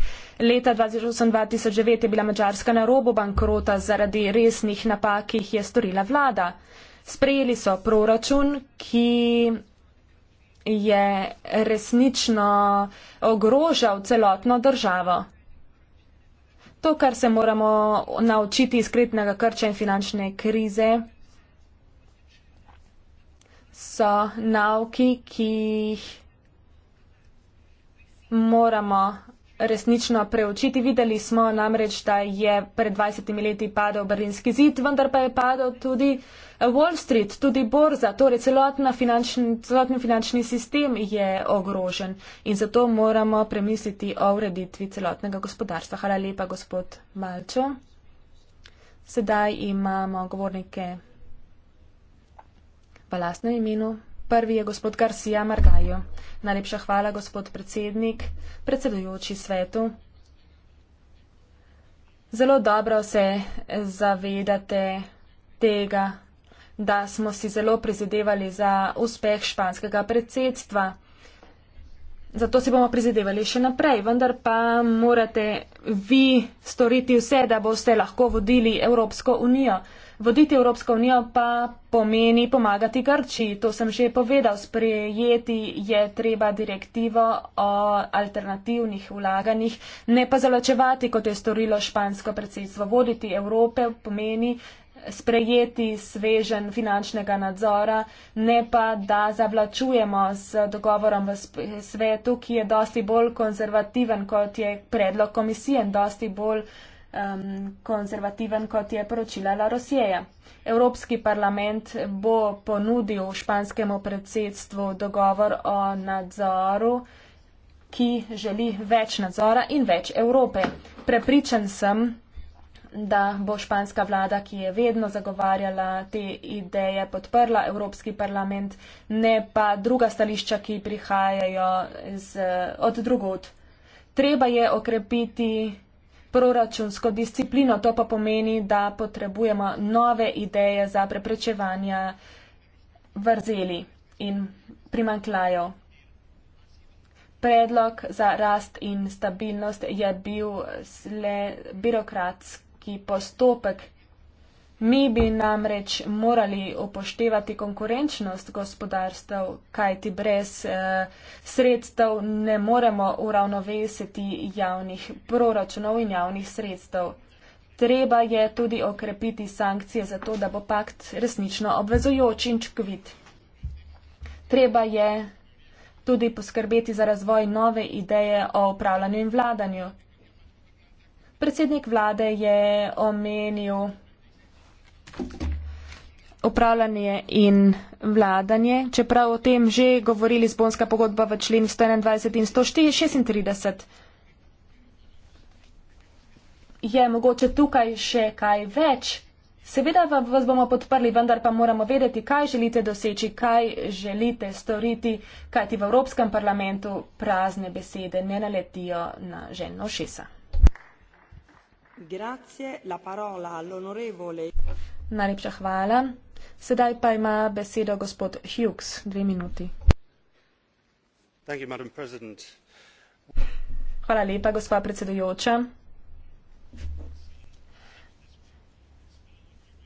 Leta 2008-2009 je bila Mačarska na robu bankrota zaradi resnih napak, ki jih je storila vlada. Sprejeli so proračun, ki je resnično ogrožal celotno državo. To, kar se moramo naučiti iz skritnega krča in finančne krize, so nauki, ki jih moramo resnično preučiti. Videli smo namreč, da je pred 20 leti padel Berlinski zid, vendar pa je padel tudi eh, Wall Street, tudi borza, torej celotna finančni, celotni finančni sistem je ogrožen in zato moramo premisliti o ureditvi celotnega gospodarstva. Hvala lepa, gospod Malčo. Sedaj imamo govornike pa lastnem imenu. Prvi je gospod Garcia Margajo. Najlepša hvala, gospod predsednik, predsedujoči svetu. Zelo dobro se zavedate tega, da smo si zelo prizadevali za uspeh španskega predsedstva. Zato si bomo prizadevali še naprej, vendar pa morate vi storiti vse, da boste lahko vodili Evropsko unijo. Voditi Evropsko unijo pa pomeni pomagati Grči, to sem že povedal. Sprejeti je treba direktivo o alternativnih vlaganjih, ne pa zaločevati, kot je storilo špansko predsedstvo. Voditi Evrope pomeni sprejeti svežen finančnega nadzora, ne pa da zavlačujemo z dogovorom v svetu, ki je dosti bolj konzervativen, kot je predlog komisije in dosti bolj um, konzervativen, kot je poročila La Rosieja. Evropski parlament bo ponudil španskemu predsedstvu dogovor o nadzoru, ki želi več nadzora in več Evrope. Prepričan sem, da bo španska vlada, ki je vedno zagovarjala te ideje, podprla Evropski parlament, ne pa druga stališča, ki prihajajo z, od drugot. Treba je okrepiti proračunsko disciplino. To pa pomeni, da potrebujemo nove ideje za preprečevanje vrzeli in primanklajev. Predlog za rast in stabilnost je bil le birokratski postopek, Mi bi namreč morali upoštevati konkurenčnost gospodarstv, kajti brez eh, sredstev ne moremo uravnovesiti javnih proračunov in javnih sredstev. Treba je tudi okrepiti sankcije za to, da bo pakt resnično obvezujoč in čkvit. Treba je tudi poskrbeti za razvoj nove ideje o upravljanju in vladanju. Predsednik vlade je omenil, upravljanje in vladanje, čeprav o tem že govori Lizbonska pogodba v členu 121 in 136. Je mogoče tukaj še kaj več? Seveda vas bomo podprli, vendar pa moramo vedeti, kaj želite doseči, kaj želite storiti, kaj ti v Evropskem parlamentu prazne besede ne naletijo na ženo šesa. Grazie, Najlepša hvala. Sedaj pa ima besedo gospod Hughes, dve minuti. Thank you, Madam President. Hvala lepa, gospa predsedujoča.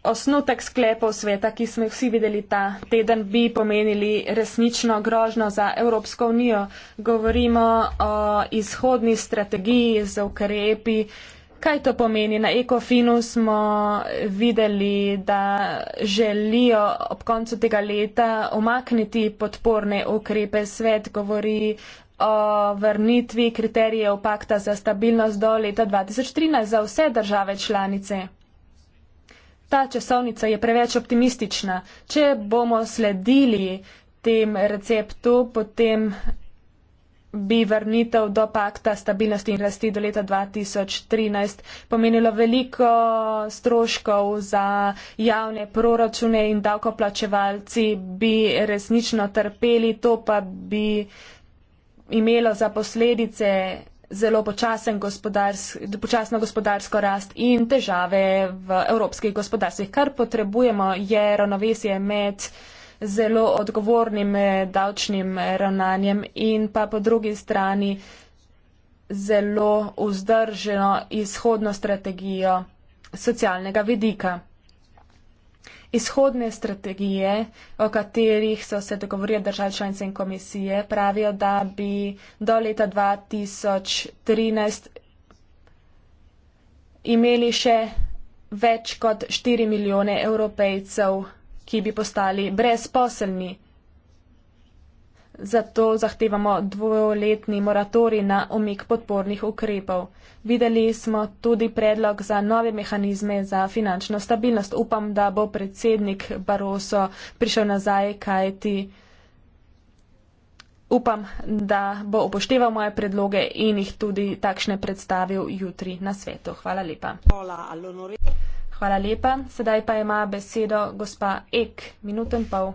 Osnutek sklepov sveta, ki smo jih vsi videli ta teden, bi pomenili resnično grožno za Evropsko unijo. Govorimo o izhodni strategiji z ukrepi, Kaj to pomeni? Na Ekofinu smo videli, da želijo ob koncu tega leta omakniti podporne ukrepe. Svet govori o vrnitvi kriterijev pakta za stabilnost do leta 2013 za vse države članice. Ta časovnica je preveč optimistična. Če bomo sledili tem receptu, potem bi vrnitev do pakta stabilnosti in rasti do leta 2013 pomenilo veliko stroškov za javne proračune in davkoplačevalci bi resnično trpeli, to pa bi imelo za posledice zelo počasen gospodarsk, počasno gospodarsko rast in težave v evropskih gospodarstvih. Kar potrebujemo je ravnovesje med zelo odgovornim eh, davčnim eh, ravnanjem in pa po drugi strani zelo vzdrženo izhodno strategijo socialnega vidika. Izhodne strategije, o katerih so se dogovorili države članice in komisije, pravijo, da bi do leta 2013 imeli še več kot 4 milijone evropejcev ki bi postali brezposelni. Zato zahtevamo dvoletni moratori na omik podpornih ukrepov. Videli smo tudi predlog za nove mehanizme za finančno stabilnost. Upam, da bo predsednik Baroso prišel nazaj, kaj ti. Upam, da bo upošteval moje predloge in jih tudi takšne predstavil jutri na svetu. Hvala lepa. Hola, Hvala lepa. Sedaj pa ima besedo gospa Ek, minuto in pol.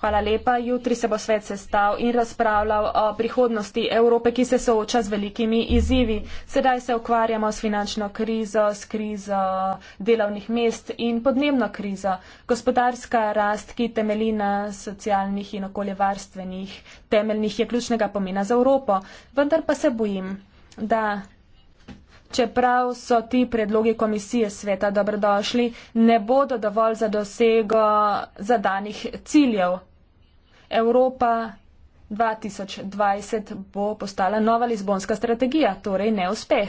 Hvala lepa. Jutri se bo svet sestav in razpravljal o prihodnosti Evrope, ki se sooča z velikimi izzivi. Sedaj se ukvarjamo s finančno krizo, s krizo delovnih mest in podnebno krizo. Gospodarska rast, ki temelji na socialnih in okoljevarstvenih temeljnih, je ključnega pomena za Evropo. Vendar pa se bojim, da Čeprav so ti predlogi komisije sveta dobrodošli, ne bodo dovolj za dosego zadanih ciljev. Evropa 2020 bo postala nova lizbonska strategija, torej neuspeh.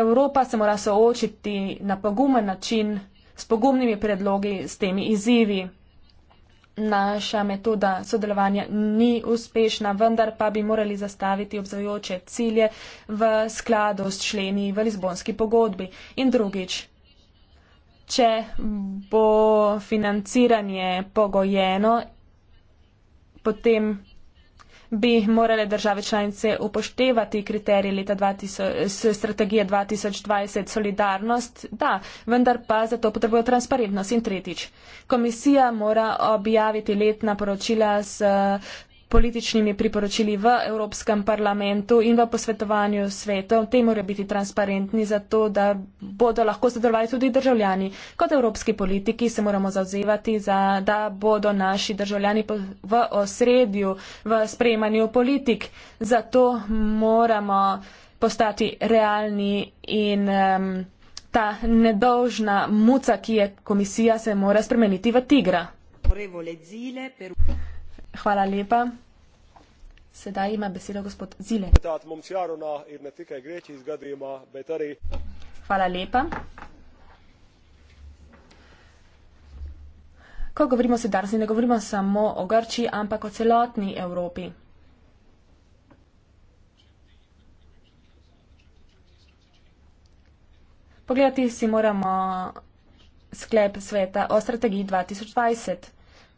Evropa se mora soočiti na pogumen način, s pogumnimi predlogi, s temi izzivi naša metoda sodelovanja ni uspešna, vendar pa bi morali zastaviti obzajoče cilje v skladu s členi v Lizbonski pogodbi. In drugič, če bo financiranje pogojeno, potem bi morale države članice upoštevati kriterije leta 2000, strategije 2020 solidarnost, da, vendar pa za to potrebujo transparentnost. In tretjič, komisija mora objaviti letna poročila s političnimi priporočili v Evropskem parlamentu in v posvetovanju svetov. Te morajo biti transparentni za to, da bodo lahko sodelovali tudi državljani. Kot evropski politiki se moramo zauzevati, za, da bodo naši državljani v osredju v sprejemanju politik. Zato moramo postati realni in um, ta nedolžna muca, ki je komisija, se mora spremeniti v tigra. Hvala lepa. Sedaj ima besedo gospod Zile. Hvala lepa. Ko govorimo o sedarsni, ne govorimo samo o Grči, ampak o celotni Evropi. Pogledati si moramo sklep sveta o strategiji 2020.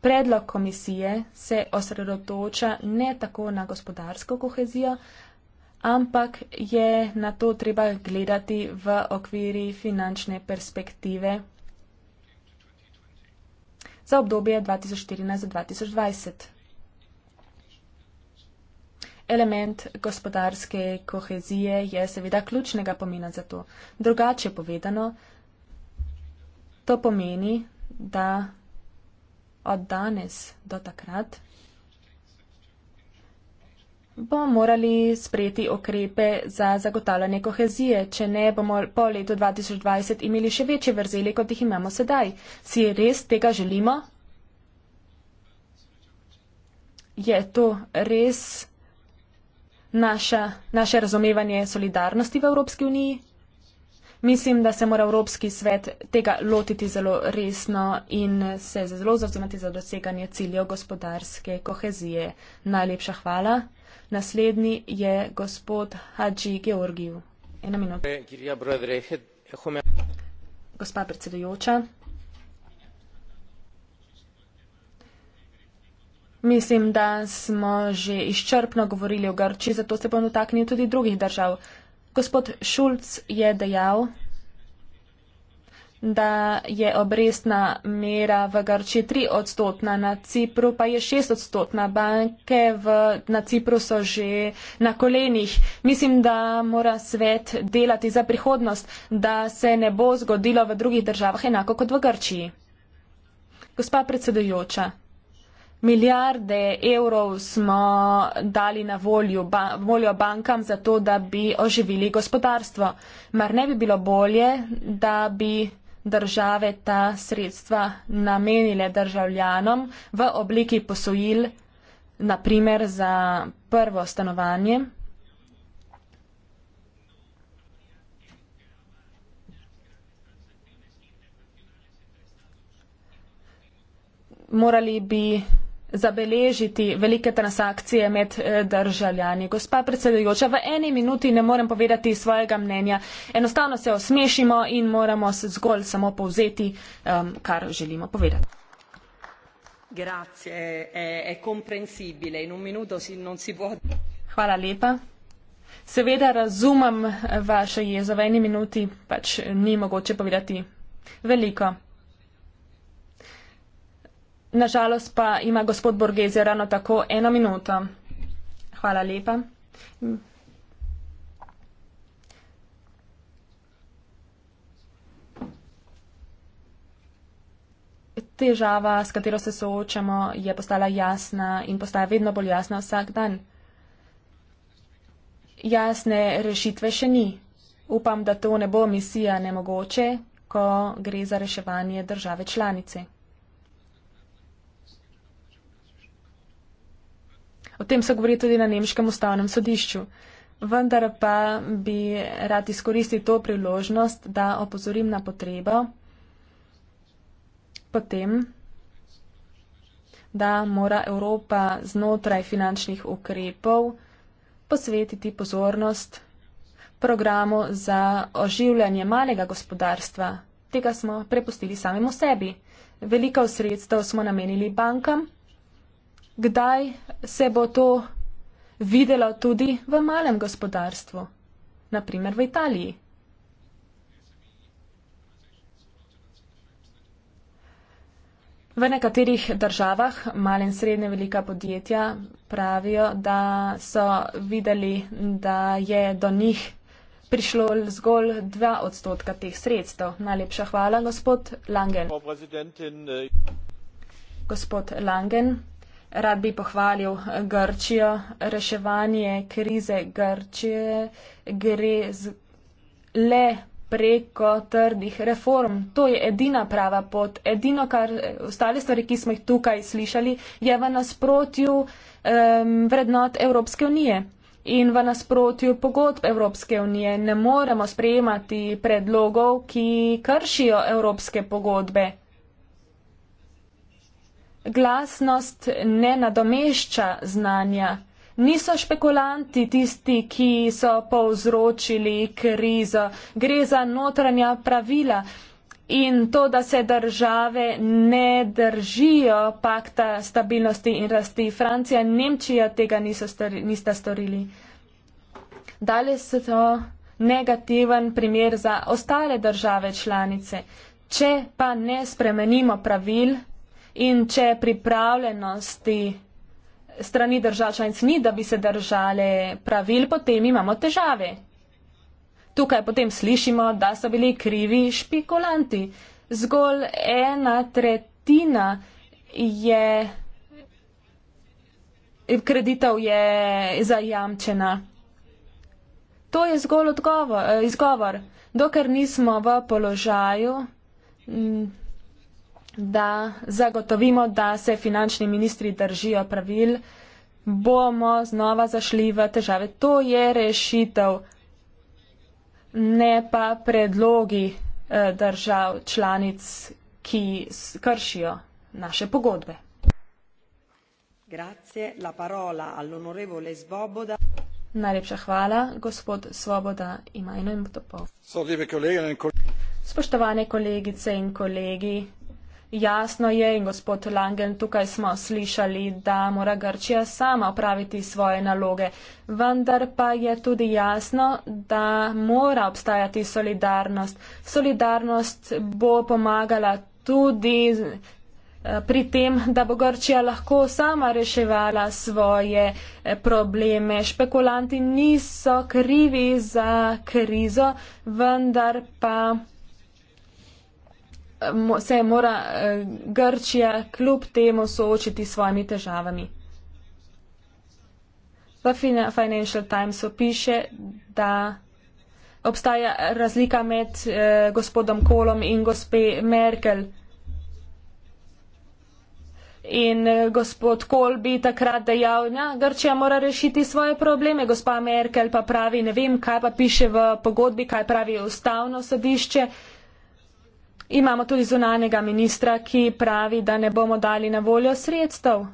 Predlog komisije se osredotoča ne tako na gospodarsko kohezijo, ampak je na to treba gledati v okviri finančne perspektive za obdobje 2014-2020. Element gospodarske kohezije je seveda ključnega pomena za to. Drugače povedano, to pomeni, da od danes do takrat bomo morali sprejeti okrepe za zagotavljanje kohezije, če ne bomo po letu 2020 imeli še večje vrzeli, kot jih imamo sedaj. Si res tega želimo? Je to res naša, naše razumevanje solidarnosti v Evropski uniji? mislim, da se mora Evropski svet tega lotiti zelo resno in se zelo zazumeti za doseganje ciljev gospodarske kohezije. Najlepša hvala. Naslednji je gospod Hadži Georgiju. Ena minuta. Gospa predsedujoča. Mislim, da smo že izčrpno govorili o Grči, zato se bom dotaknil tudi drugih držav. Gospod Šulc je dejal, da je obrestna mera v Grči 3 odstotna, na Cipru pa je 6 odstotna. Banke v, na Cipru so že na kolenih. Mislim, da mora svet delati za prihodnost, da se ne bo zgodilo v drugih državah enako kot v Grčiji. Gospa predsedujoča, Milijarde evrov smo dali na volju, ba, voljo bankam za to, da bi oživili gospodarstvo. Mar ne bi bilo bolje, da bi države ta sredstva namenile državljanom v obliki posojil, naprimer za prvo stanovanje? Morali bi zabeležiti velike transakcije med eh, državljani. Gospa predsedujoča, v eni minuti ne morem povedati svojega mnenja. Enostavno se osmešimo in moramo se zgolj samo povzeti, um, kar želimo povedati. Hvala lepa. Seveda razumem vašo jezo, v eni minuti pač ni mogoče povedati veliko. Nažalost pa ima gospod Borgezi ravno tako eno minuto. Hvala lepa. Težava, s katero se soočamo, je postala jasna in postaja vedno bolj jasna vsak dan. Jasne rešitve še ni. Upam, da to ne bo misija nemogoče, ko gre za reševanje države članice. O tem se govori tudi na nemškem ustavnem sodišču. Vendar pa bi rad izkoristil to priložnost, da opozorim na potrebo potem, da mora Evropa znotraj finančnih ukrepov posvetiti pozornost programu za oživljanje malega gospodarstva. Tega smo prepustili samemu sebi. Veliko sredstev smo namenili bankam kdaj se bo to videlo tudi v malem gospodarstvu, naprimer v Italiji. V nekaterih državah male in srednje velika podjetja pravijo, da so videli, da je do njih prišlo zgolj dva odstotka teh sredstev. Najlepša hvala, gospod Langen. Äh, gospod Langen rad bi pohvalil Grčijo. Reševanje krize Grčije gre le preko trdih reform. To je edina prava pot. Edino, kar ostale stvari, ki smo jih tukaj slišali, je v nasprotju um, vrednot Evropske unije. In v nasprotju pogodb Evropske unije ne moremo sprejemati predlogov, ki kršijo Evropske pogodbe glasnost ne nadomešča znanja. Niso špekulanti tisti, ki so povzročili krizo. Gre za notranja pravila. In to, da se države ne držijo pakta stabilnosti in rasti. Francija in Nemčija tega stori, nista storili. Dalje so to negativen primer za ostale države članice. Če pa ne spremenimo pravil, in če pripravljenosti strani držav članic ni, da bi se držale pravil, potem imamo težave. Tukaj potem slišimo, da so bili krivi špikulanti. Zgolj ena tretjina je kreditov je zajamčena. To je zgolj odgovor, eh, izgovor. Dokler nismo v položaju, da zagotovimo, da se finančni ministri držijo pravil, bomo znova zašli v težave. To je rešitev, ne pa predlogi eh, držav članic, ki kršijo naše pogodbe. Grazie, la parola all'onorevole Svoboda. Najlepša hvala, gospod Svoboda, ima eno in to po. Spoštovane kolegice in kolegi, Jasno je in gospod Langen, tukaj smo slišali, da mora Grčija sama opraviti svoje naloge, vendar pa je tudi jasno, da mora obstajati solidarnost. Solidarnost bo pomagala tudi eh, pri tem, da bo Grčija lahko sama reševala svoje eh, probleme. Špekulanti niso krivi za krizo, vendar pa se mora eh, Grčija kljub temu soočiti s svojimi težavami. V Financial Timesu piše, da obstaja razlika med eh, gospodom Kolom in gospe Merkel. In eh, gospod Kol bi takrat dejal, da ja, Grčija mora rešiti svoje probleme, gospa Merkel pa pravi, ne vem, kaj pa piše v pogodbi, kaj pravi ustavno sodišče. Eh, Imamo tudi zunanega ministra, ki pravi, da ne bomo dali na voljo sredstev.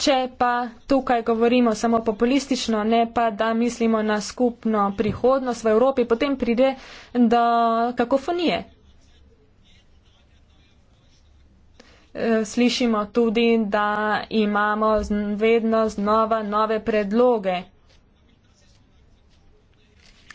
Če pa tukaj govorimo samo populistično, ne pa da mislimo na skupno prihodnost v Evropi, potem pride do kakofonije. E, slišimo tudi, da imamo vedno znova nove predloge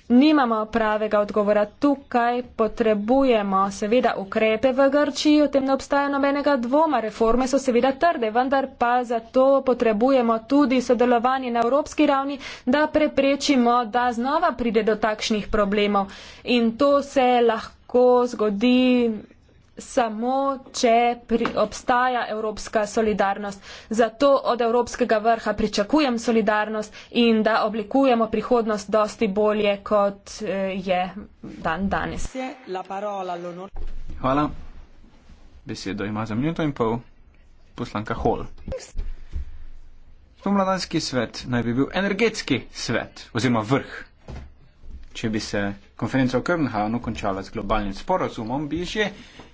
nimamo pravega odgovora tukaj, potrebujemo seveda ukrepe v Grčiji, o tem ne obstaja nobenega dvoma, reforme so seveda trde, vendar pa zato potrebujemo tudi sodelovanje na evropski ravni, da preprečimo, da znova pride do takšnih problemov. In to se lahko zgodi samo, če pri, obstaja evropska solidarnost. Zato od evropskega vrha pričakujem solidarnost in da oblikujemo prihodnost dosti bolje, kot eh, je dan danes. Hvala. Besedo ima za minuto in pol poslanka Hall. Spomladanski svet naj bi bil energetski svet oziroma vrh če bi se konferenca v Krnhavnu končala z globalnim sporozumom, bi že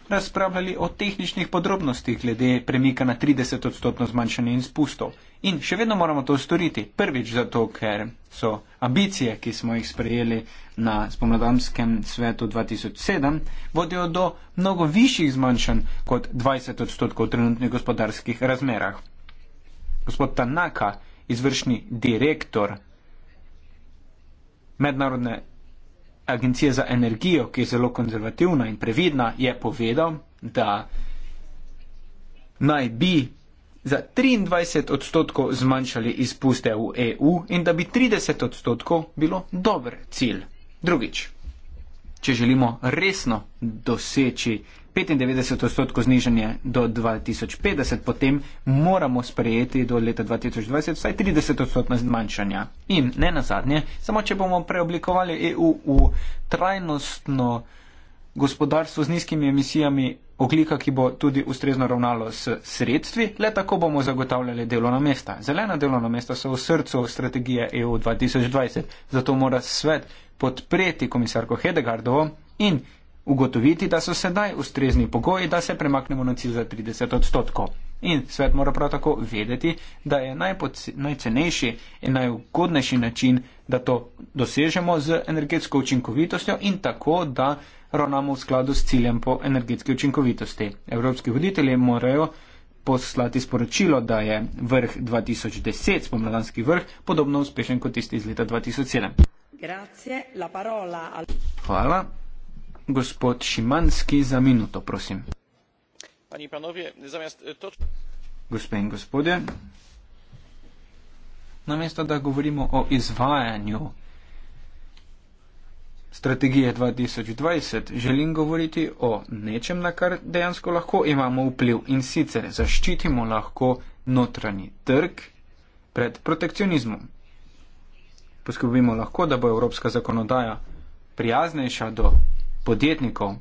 razpravljali o tehničnih podrobnostih glede premika na 30 odstotno zmanjšanje izpustov. In še vedno moramo to storiti. Prvič zato, ker so ambicije, ki smo jih sprejeli na spomladanskem svetu 2007, vodijo do mnogo višjih zmanjšanj kot 20 odstotkov v trenutnih gospodarskih razmerah. Gospod Tanaka, izvršni direktor mednarodne agencije za energijo, ki je zelo konzervativna in previdna, je povedal, da naj bi za 23 odstotkov zmanjšali izpuste v EU in da bi 30 odstotkov bilo dober cilj. Drugič, če želimo resno doseči 95 odstotkov znižanje do 2050, potem moramo sprejeti do leta 2020 vsaj 30 odstotna zmanjšanja. In ne nazadnje, samo če bomo preoblikovali EU v trajnostno gospodarstvo z nizkimi emisijami, oglika, ki bo tudi ustrezno ravnalo s sredstvi, le tako bomo zagotavljali delovna mesta. Zelena delovna mesta so v srcu strategije EU 2020, zato mora svet podpreti komisarko Hedegardovo in ugotoviti, da so sedaj ustrezni pogoji, da se premaknemo na cilj za 30 odstotkov. In svet mora prav tako vedeti, da je najcenejši in najugodnejši način, da to dosežemo z energetsko učinkovitostjo in tako, da ravnamo v skladu s ciljem po energetski učinkovitosti. Evropski voditelji morajo poslati sporočilo, da je vrh 2010, spomladanski vrh, podobno uspešen kot tisti iz leta 2007. Grazie, la parola. Hvala. Gospod Šimanski, za minuto, prosim. Pani panovje, zamest e, to... Gospe in gospodje, namesto da govorimo o izvajanju strategije 2020 želim govoriti o nečem, na kar dejansko lahko imamo vpliv in sicer zaščitimo lahko notranji trg pred protekcionizmom. Poskrbimo lahko, da bo evropska zakonodaja prijaznejša do podjetnikov.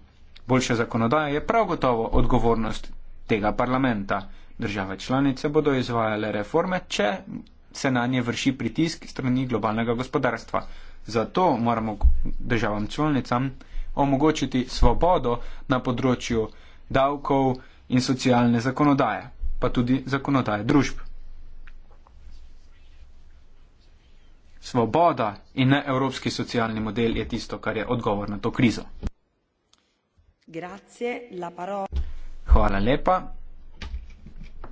Boljša zakonodaja je prav gotovo odgovornost tega parlamenta. Države članice bodo izvajale reforme, če se na nje vrši pritisk strani globalnega gospodarstva. Zato moramo državam članicam omogočiti svobodo na področju davkov in socialne zakonodaje, pa tudi zakonodaje družb. Svoboda in ne evropski socialni model je tisto, kar je odgovor na to krizo. Grazie, Hvala lepa.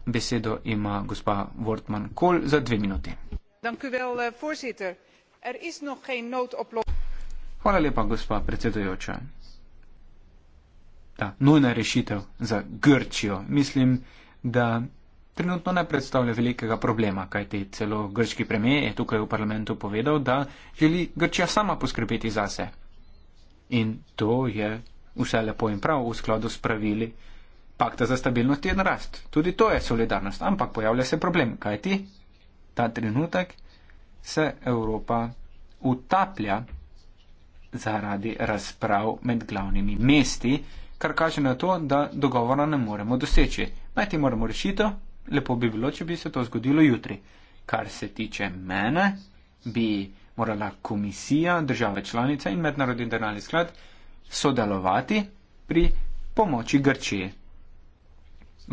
Besedo ima gospa Wortman Kohl za dve minuti. Dank u wel, eh, voorzitter er is nog geen noodoplossing. Hvala lepa, gospa predsedujoča. Ta nujna rešitev za Grčijo, mislim, da trenutno ne predstavlja velikega problema, kajti celo grški premijer je tukaj v parlamentu povedal, da želi Grčija sama poskrbeti zase. In to je vse lepo in prav v skladu s pravili Pakta za stabilnost in rast. Tudi to je solidarnost, ampak pojavlja se problem, kajti ta trenutek se Evropa utaplja zaradi razprav med glavnimi mesti, kar kaže na to, da dogovora ne moremo doseči. Najti moramo rešitev, lepo bi bilo, če bi se to zgodilo jutri. Kar se tiče mene, bi morala komisija, države članice in mednarodni denarni sklad sodelovati pri pomoči Grčiji.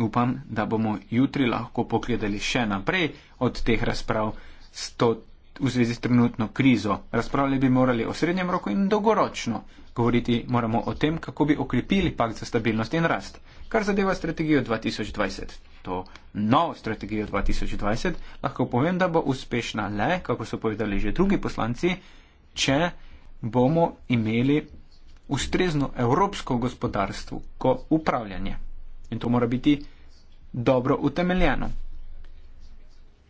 Upam, da bomo jutri lahko pogledali še naprej od teh razprav 100 v zvezi s trenutno krizo. Razpravljali bi morali o srednjem roku in dolgoročno. Govoriti moramo o tem, kako bi okrepili pakt za stabilnost in rast. Kar zadeva strategijo 2020, to novo strategijo 2020, lahko povem, da bo uspešna le, kako so povedali že drugi poslanci, če bomo imeli ustrezno evropsko gospodarstvo kot upravljanje. In to mora biti dobro utemeljeno.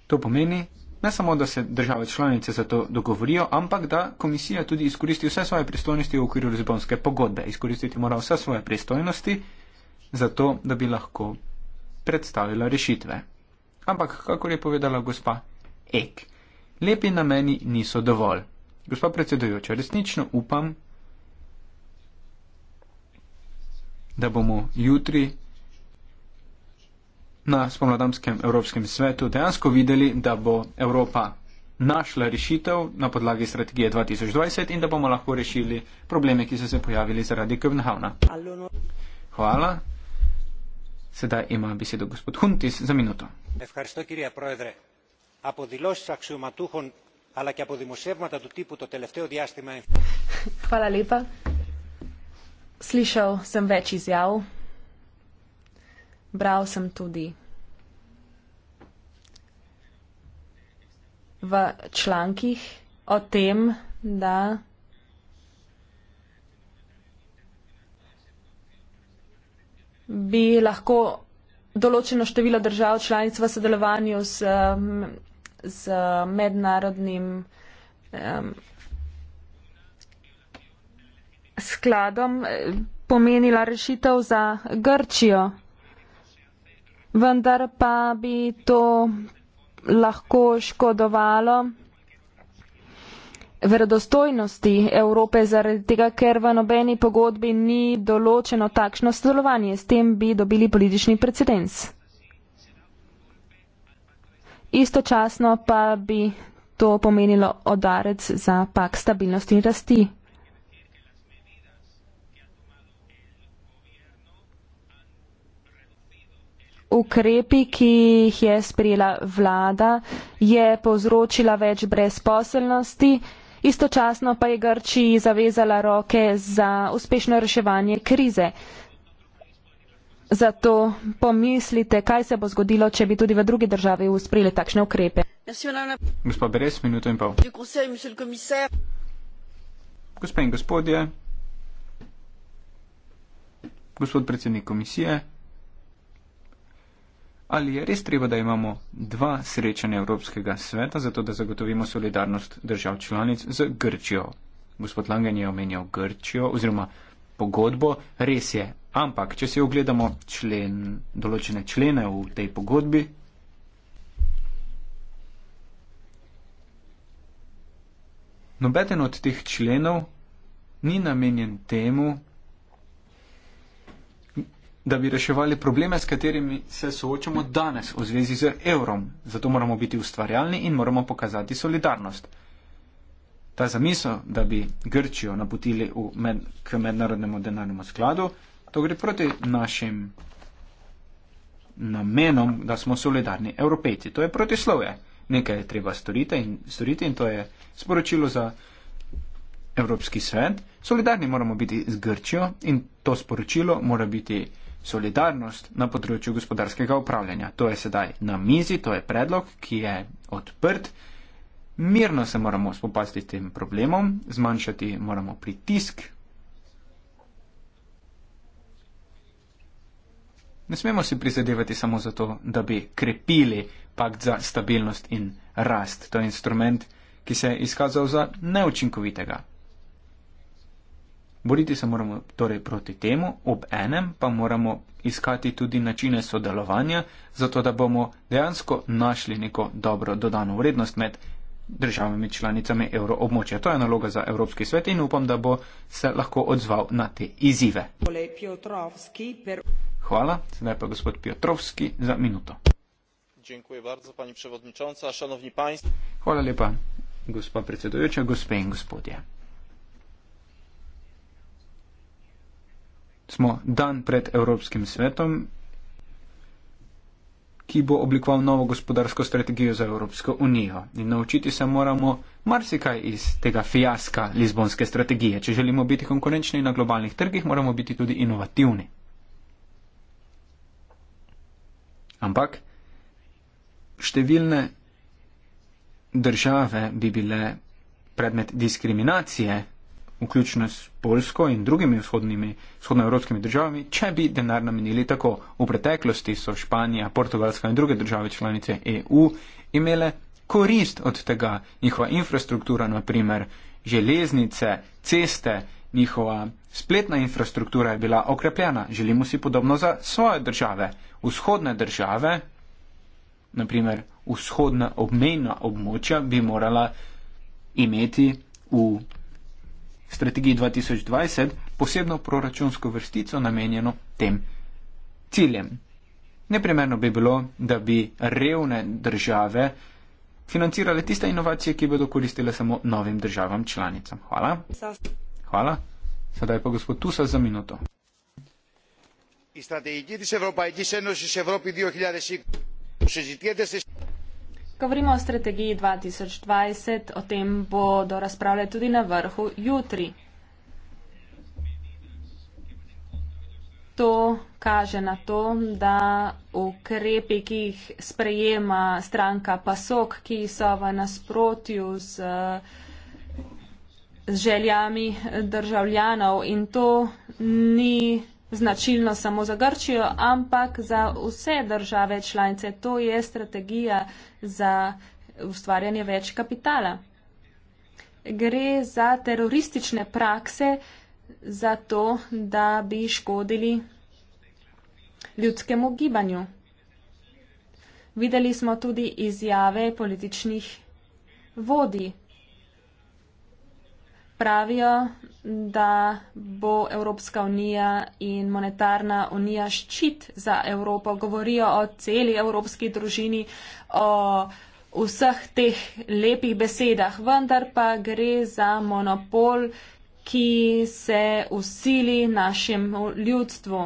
To pomeni, ne samo, da se države članice za to dogovorijo, ampak da komisija tudi izkoristi vse svoje pristojnosti v okviru Lizbonske pogodbe. Izkoristiti mora vse svoje pristojnosti za to, da bi lahko predstavila rešitve. Ampak, kako je povedala gospa Ek, lepi nameni niso dovolj. Gospa predsedujoča, resnično upam, da bomo jutri na spomladanskem Evropskem svetu dejansko videli, da bo Evropa našla rešitev na podlagi strategije 2020 in da bomo lahko rešili probleme, ki so se pojavili zaradi Kövnhavna. Hvala. Sedaj ima besedo gospod Huntis za minuto. Hvala lepa. Slišal sem več izjav bral sem tudi v člankih o tem, da bi lahko določeno število držav članic v sodelovanju z, um, z mednarodnim um, skladom eh, pomenila rešitev za Grčijo vendar pa bi to lahko škodovalo verodostojnosti Evrope, zaradi tega, ker v nobeni pogodbi ni določeno takšno sodelovanje. S tem bi dobili politični precedens. Istočasno pa bi to pomenilo odarec za pak stabilnosti in rasti. ukrepi, ki jih je sprejela vlada, je povzročila več brezposelnosti, istočasno pa je Grčiji zavezala roke za uspešno reševanje krize. Zato pomislite, kaj se bo zgodilo, če bi tudi v drugi državi usprili takšne ukrepe. Gospod Beres, minuto in pol. Gospod in gospodje, gospod predsednik komisije ali je res treba, da imamo dva srečanja Evropskega sveta, zato da zagotovimo solidarnost držav članic z Grčijo. Gospod Langen je omenjal Grčijo oziroma pogodbo, res je, ampak če si ogledamo člen, določene člene v tej pogodbi, nobeden od teh členov ni namenjen temu, da bi reševali probleme, s katerimi se soočamo danes v zvezi z evrom. Zato moramo biti ustvarjalni in moramo pokazati solidarnost. Ta zamisel, da bi Grčijo napotili med, k mednarodnemu denarnemu skladu, to gre proti našim namenom, da smo solidarni evropejci. To je protislovje. Nekaj je treba storiti in, storiti in to je sporočilo za Evropski svet. Solidarni moramo biti z Grčijo in to sporočilo mora biti solidarnost na področju gospodarskega upravljanja. To je sedaj na mizi, to je predlog, ki je odprt. Mirno se moramo spopasti s tem problemom, zmanjšati moramo pritisk. Ne smemo si prizadevati samo zato, da bi krepili pakt za stabilnost in rast. To je instrument, ki se je izkazal za neučinkovitega. Boriti se moramo torej proti temu, ob enem pa moramo iskati tudi načine sodelovanja, zato da bomo dejansko našli neko dobro dodano vrednost med državami članicami evroobmočja. To je naloga za Evropski svet in upam, da bo se lahko odzval na te izive. Hvala, sedaj pa gospod Piotrovski za minuto. Hvala lepa, gospod predsedujoča, gospe in gospodje. smo dan pred Evropskim svetom, ki bo oblikoval novo gospodarsko strategijo za Evropsko unijo. In naučiti se moramo marsikaj iz tega fijaska Lizbonske strategije. Če želimo biti konkurenčni na globalnih trgih, moramo biti tudi inovativni. Ampak številne države bi bile predmet diskriminacije vključno s Polsko in drugimi vzhodnoevropskimi državami, če bi denar namenili tako. V preteklosti so Španija, Portugalska in druge države članice EU imele korist od tega. Njihova infrastruktura, naprimer železnice, ceste, njihova spletna infrastruktura je bila okrepljena. Želimo si podobno za svoje države. Vzhodne države, naprimer vzhodna obmejna območja, bi morala imeti v v strategiji 2020 posebno proračunsko vrstico namenjeno tem ciljem. Neprimerno bi bilo, da bi revne države financirale tiste inovacije, ki bodo koristile samo novim državam članicam. Hvala. Hvala. Sedaj pa gospod Tusa za minuto. Η στρατηγική της Ευρωπαϊκής Ένωσης Ευρώπη 2020 που συζητιέται σε... Govorimo o strategiji 2020, o tem bodo razpravljali tudi na vrhu jutri. To kaže na to, da ukrepi, ki jih sprejema stranka PASOK, ki so v nasprotju z, z željami državljanov in to ni značilno samo za Grčijo, ampak za vse države članice. To je strategija za ustvarjanje več kapitala. Gre za teroristične prakse, za to, da bi škodili ljudskemu gibanju. Videli smo tudi izjave političnih vodij pravijo, da bo Evropska unija in monetarna unija ščit za Evropo. Govorijo o celi evropski družini, o vseh teh lepih besedah, vendar pa gre za monopol, ki se usili našemu ljudstvu.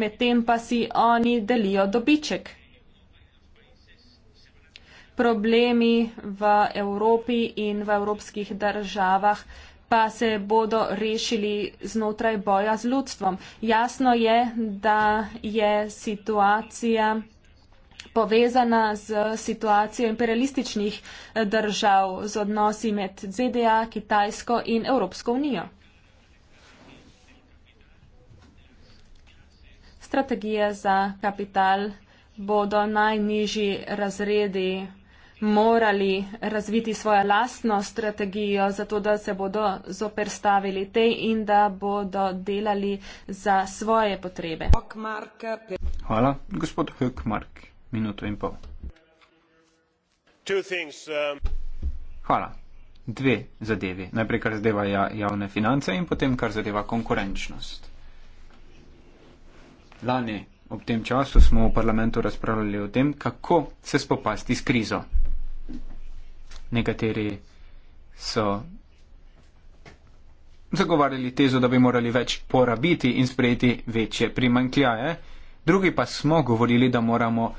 Medtem pa si oni delijo dobiček problemi v Evropi in v evropskih državah pa se bodo rešili znotraj boja z ljudstvom. Jasno je, da je situacija povezana z situacijo imperialističnih držav, z odnosi med ZDA, Kitajsko in Evropsko unijo. Strategije za kapital bodo najnižji razredi morali razviti svojo lastno strategijo, zato da se bodo zoperstavili tej in da bodo delali za svoje potrebe. Hvala, gospod Hökmark. Minuto in pol. Uh, Hvala. Dve zadevi. Najprej, kar zadeva ja, javne finance in potem, kar zadeva konkurenčnost. Lani ob tem času smo v parlamentu razpravljali o tem, kako se spopasti s krizo nekateri so zagovarjali tezo, da bi morali več porabiti in sprejeti večje primankljaje, drugi pa smo govorili, da moramo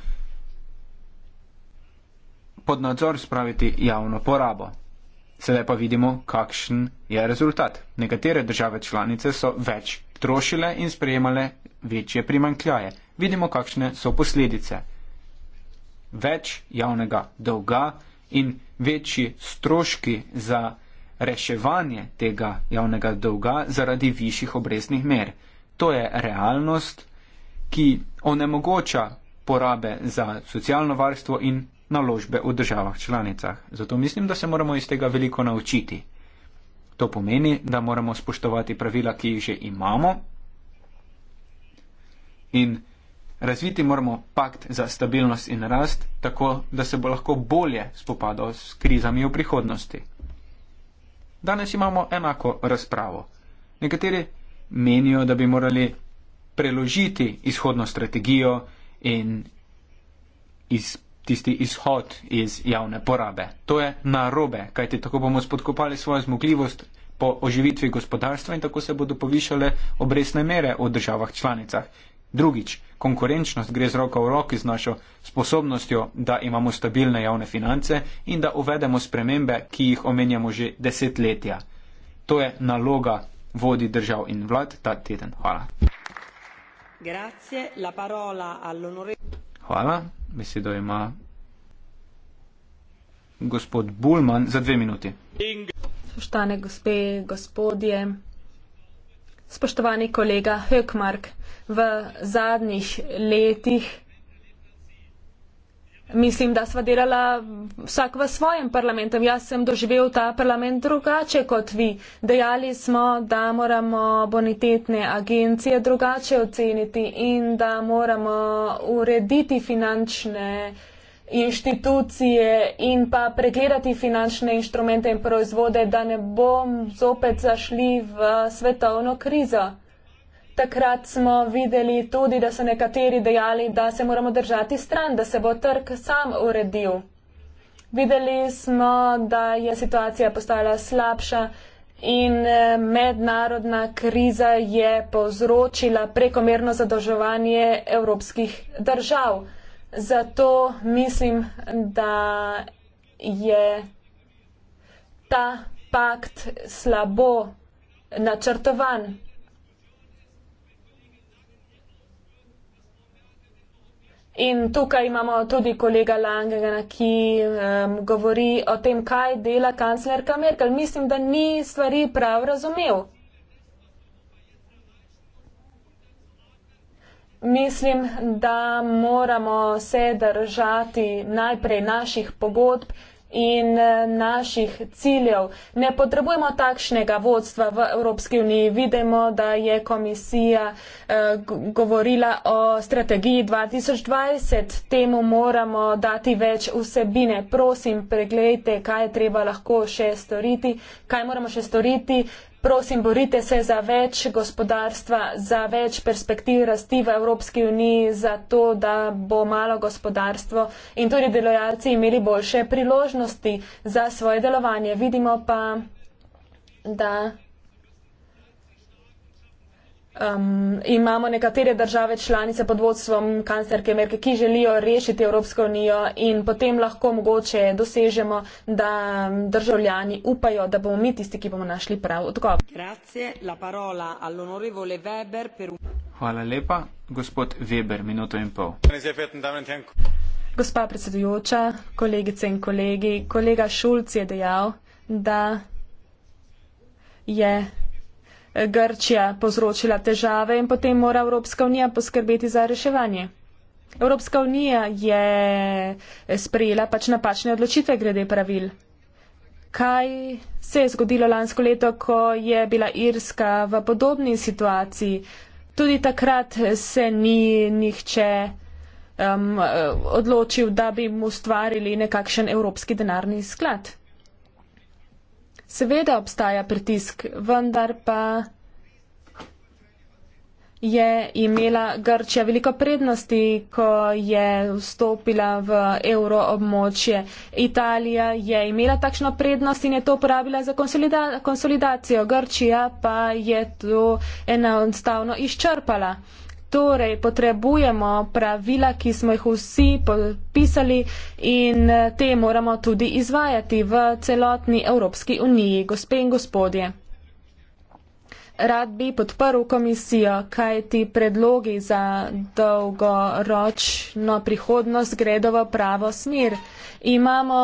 pod nadzor spraviti javno porabo. Sedaj pa vidimo, kakšen je rezultat. Nekatere države članice so več trošile in sprejemale večje primankljaje. Vidimo, kakšne so posledice. Več javnega dolga in večji stroški za reševanje tega javnega dolga zaradi višjih obrestnih mer. To je realnost, ki onemogoča porabe za socialno varstvo in naložbe v državah članicah. Zato mislim, da se moramo iz tega veliko naučiti. To pomeni, da moramo spoštovati pravila, ki jih že imamo in Razviti moramo pakt za stabilnost in rast, tako da se bo lahko bolje spopadal s krizami v prihodnosti. Danes imamo enako razpravo. Nekateri menijo, da bi morali preložiti izhodno strategijo in iz, tisti izhod iz javne porabe. To je narobe, kajti tako bomo spodkopali svojo zmogljivost po oživitvi gospodarstva in tako se bodo povišale obresne mere v državah članicah, Drugič, konkurenčnost gre z roko v roki z našo sposobnostjo, da imamo stabilne javne finance in da uvedemo spremembe, ki jih omenjamo že desetletja. To je naloga vodi držav in vlad ta teden. Hvala. Hvala. Besedo ima gospod Bulman za dve minuti. Spoštovane gospe, gospodje. Spoštovani kolega Hökmark, v zadnjih letih mislim, da sva delala vsak v svojem parlamentu. Jaz sem doživel ta parlament drugače kot vi. Dejali smo, da moramo bonitetne agencije drugače oceniti in da moramo urediti finančne inštitucije in pa pregledati finančne inštrumente in proizvode, da ne bom zopet zašli v svetovno krizo. Takrat smo videli tudi, da so nekateri dejali, da se moramo držati stran, da se bo trg sam uredil. Videli smo, da je situacija postala slabša in eh, mednarodna kriza je povzročila prekomerno zadolževanje evropskih držav. Zato mislim, da je ta pakt slabo načrtovan. In tukaj imamo tudi kolega Langena, ki um, govori o tem, kaj dela kanclerka Merkel. Mislim, da ni stvari prav razumev. Mislim, da moramo se držati najprej naših pogodb in eh, naših ciljev. Ne potrebujemo takšnega vodstva v Evropski uniji. Vidimo, da je komisija eh, govorila o strategiji 2020. Temu moramo dati več vsebine. Prosim, preglejte, kaj je treba lahko še storiti, kaj moramo še storiti prosim, borite se za več gospodarstva, za več perspektiv rasti v Evropski uniji, za to, da bo malo gospodarstvo in tudi delojalci imeli boljše priložnosti za svoje delovanje. Vidimo pa, da um, imamo nekatere države članice pod vodstvom kancelarke Merke, ki želijo rešiti Evropsko unijo in potem lahko mogoče dosežemo, da državljani upajo, da bomo mi tisti, ki bomo našli prav odgovor. Grazie, Weber per... Hvala lepa. Gospod Weber, minuto in pol. Gospa predsedujoča, kolegice in kolegi, kolega Šulc je dejal, da je Grčija povzročila težave in potem mora Evropska unija poskrbeti za reševanje. Evropska unija je sprejela pač napačne odločitve glede pravil. Kaj se je zgodilo lansko leto, ko je bila Irska v podobni situaciji? Tudi takrat se ni nihče um, odločil, da bi mu ustvarili nekakšen evropski denarni sklad. Seveda obstaja pritisk, vendar pa je imela Grčija veliko prednosti, ko je vstopila v evro območje. Italija je imela takšno prednost in je to uporabila za konsolida konsolidacijo. Grčija pa je to enostavno izčrpala. Torej, potrebujemo pravila, ki smo jih vsi podpisali in eh, te moramo tudi izvajati v celotni Evropski uniji, gospe in gospodje. Rad bi podprl komisijo, kaj ti predlogi za dolgoročno prihodnost gredo v pravo smer. Imamo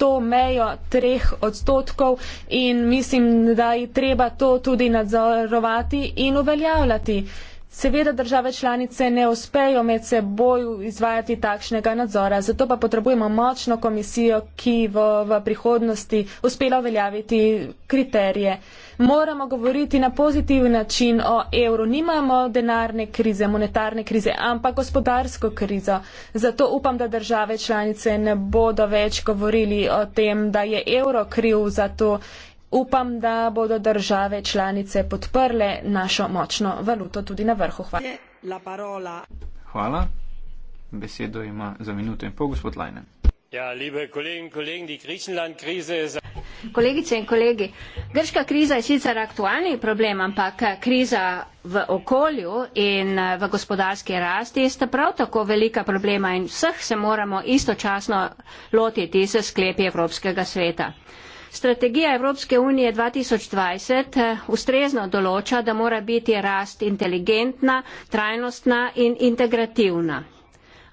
to mejo treh odstotkov in mislim, da je treba to tudi nadzorovati in uveljavljati. Seveda države članice ne uspejo med seboj izvajati takšnega nadzora, zato pa potrebujemo močno komisijo, ki v, v prihodnosti uspela uveljaviti kriterije. Moramo govoriti na pozitiv način o evru. Nimamo denarne krize, monetarne krize, ampak gospodarsko krizo. Zato upam, da države članice ne bodo več govorili o tem, da je evro kriv za to upam, da bodo države članice podprle našo močno valuto tudi na vrhu. Hvala. Hvala. Besedo ima za minuto in pol gospod Lajne. Ja, Kolegice in kolegi, grška kriza je sicer aktualni problem, ampak kriza v okolju in eh, v gospodarski rasti sta prav tako velika problema in vseh se moramo istočasno lotiti se sklepi Evropskega sveta. Strategija Evropske unije 2020 eh, ustrezno določa, da mora biti rast inteligentna, trajnostna in integrativna.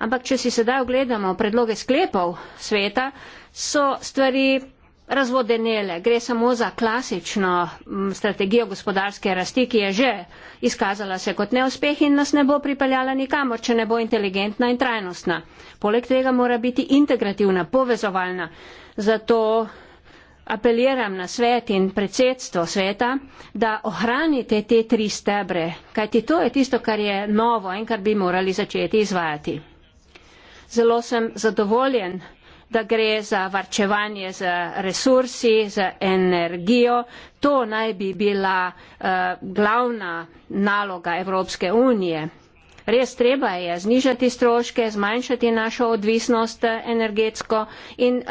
Ampak, če si sedaj ogledamo predloge sklepov sveta, so stvari razvodenele. Gre samo za klasično strategijo gospodarske rasti, ki je že izkazala se kot neuspeh in nas ne bo pripeljala nikamor, če ne bo inteligentna in trajnostna. Poleg tega mora biti integrativna, povezovalna. Zato apeliram na svet in predsedstvo sveta, da ohranite te tri stebre, kajti to je tisto, kar je novo in kar bi morali začeti izvajati. Zelo sem zadovoljen, da gre za varčevanje z resursi, z energijo. To naj bi bila uh, glavna naloga Evropske unije res treba je znižati stroške, zmanjšati našo odvisnost eh, energetsko in uh,